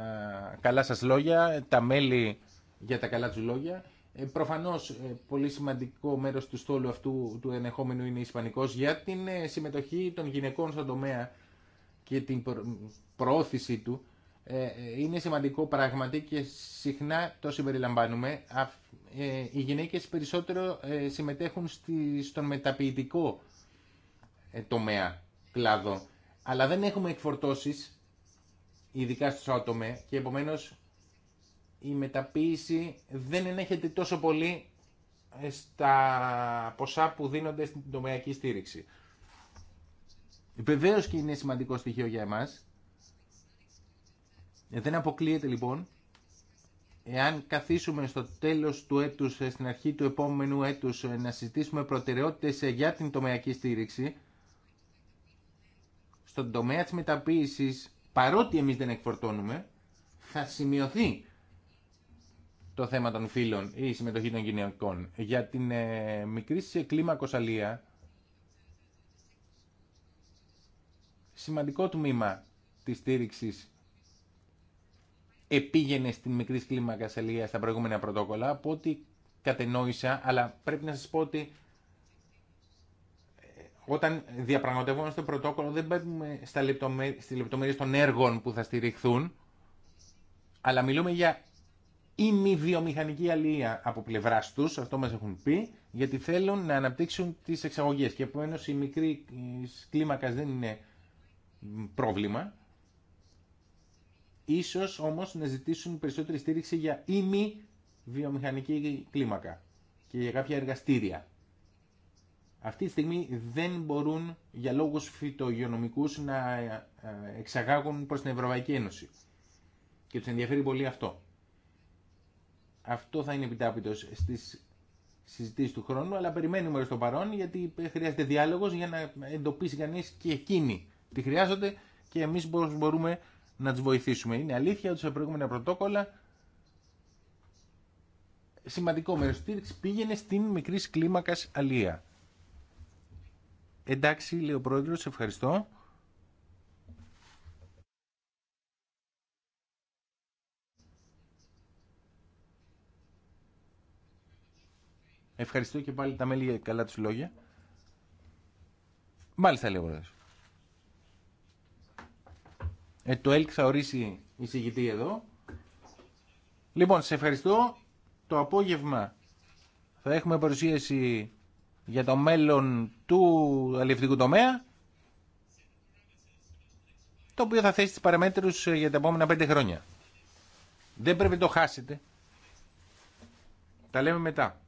καλά σας λόγια, τα μέλη για τα καλά τους λόγια. Ε, προφανώς ε, πολύ σημαντικό μέρος του στόλου αυτού του ενεχόμενου είναι ισπανικός για την ε, συμμετοχή των γυναικών στον τομέα και την προώθησή του. Ε, είναι σημαντικό πράγματι και συχνά το συμπεριλαμβάνουμε. οι γυναίκες περισσότερο συμμετέχουν στη, στον μεταποιητικό τομέα, κλάδο. Αλλά δεν έχουμε εκφορτώσεις ειδικά στους άτομε και επομένως η μεταποίηση δεν ενέχεται τόσο πολύ ε, στα ποσά που δίνονται στην τομεακή στήριξη. Βεβαίω και είναι σημαντικό στοιχείο για εμάς. Ε, δεν αποκλείεται λοιπόν, εάν καθίσουμε στο τέλος του έτους, ε, στην αρχή του επόμενου έτους, να συζητήσουμε προτεραιότητες για την τομεακή στήριξη, στον τομέα της μεταποίησης παρότι εμείς δεν εκφορτώνουμε, θα σημειωθεί το θέμα των φίλων ή η συμμετοχή των γυναικών. Για την ε, μικρή σε κλίμακος αλία, σημαντικό τμήμα της στήριξης επήγαινε στην μικρή κλίμακα αλία στα προηγούμενα πρωτόκολλα, από ό,τι κατενόησα, αλλά πρέπει να σας πω ότι όταν διαπραγματευόμαστε το πρωτόκολλο δεν μπαίνουμε στα λεπτομέρειε των έργων που θα στηριχθούν, αλλά μιλούμε για ημιβιομηχανική αλληλεία από πλευρά του, αυτό μα έχουν πει, γιατί θέλουν να αναπτύξουν τι εξαγωγέ. Και επομένω η μικρή κλίμακα δεν είναι πρόβλημα. Ίσως όμως να ζητήσουν περισσότερη στήριξη για ημιβιομηχανική κλίμακα και για κάποια εργαστήρια αυτή τη στιγμή δεν μπορούν για λόγους φυτογειονομικούς να ε, εξαγάγουν προς την Ευρωπαϊκή Ένωση. Και τους ενδιαφέρει πολύ αυτό. Αυτό θα είναι επιτάπητος στις συζητήσεις του χρόνου, αλλά περιμένουμε στο παρόν γιατί χρειάζεται διάλογος για να εντοπίσει κανείς και εκείνοι τι χρειάζονται και εμείς μπορούμε να τους βοηθήσουμε. Είναι αλήθεια ότι σε προηγούμενα πρωτόκολλα σημαντικό μέρος στήριξη πήγαινε στην μικρή κλίμακας αλία. Εντάξει, λέει ο πρόεδρος, ευχαριστώ. Ευχαριστώ και πάλι τα μέλη για καλά τους λόγια. Μάλιστα, λέει ο πρόεδρος. Ε, το ΕΛΚ θα ορίσει εισηγητή εδώ. Λοιπόν, σε ευχαριστώ. Το απόγευμα θα έχουμε παρουσίαση για το μέλλον του αλληλευτικού τομέα, το οποίο θα θέσει τις παραμέτρους ε, για τα επόμενα πέντε χρόνια. Δεν πρέπει να το χάσετε. Τα λέμε μετά.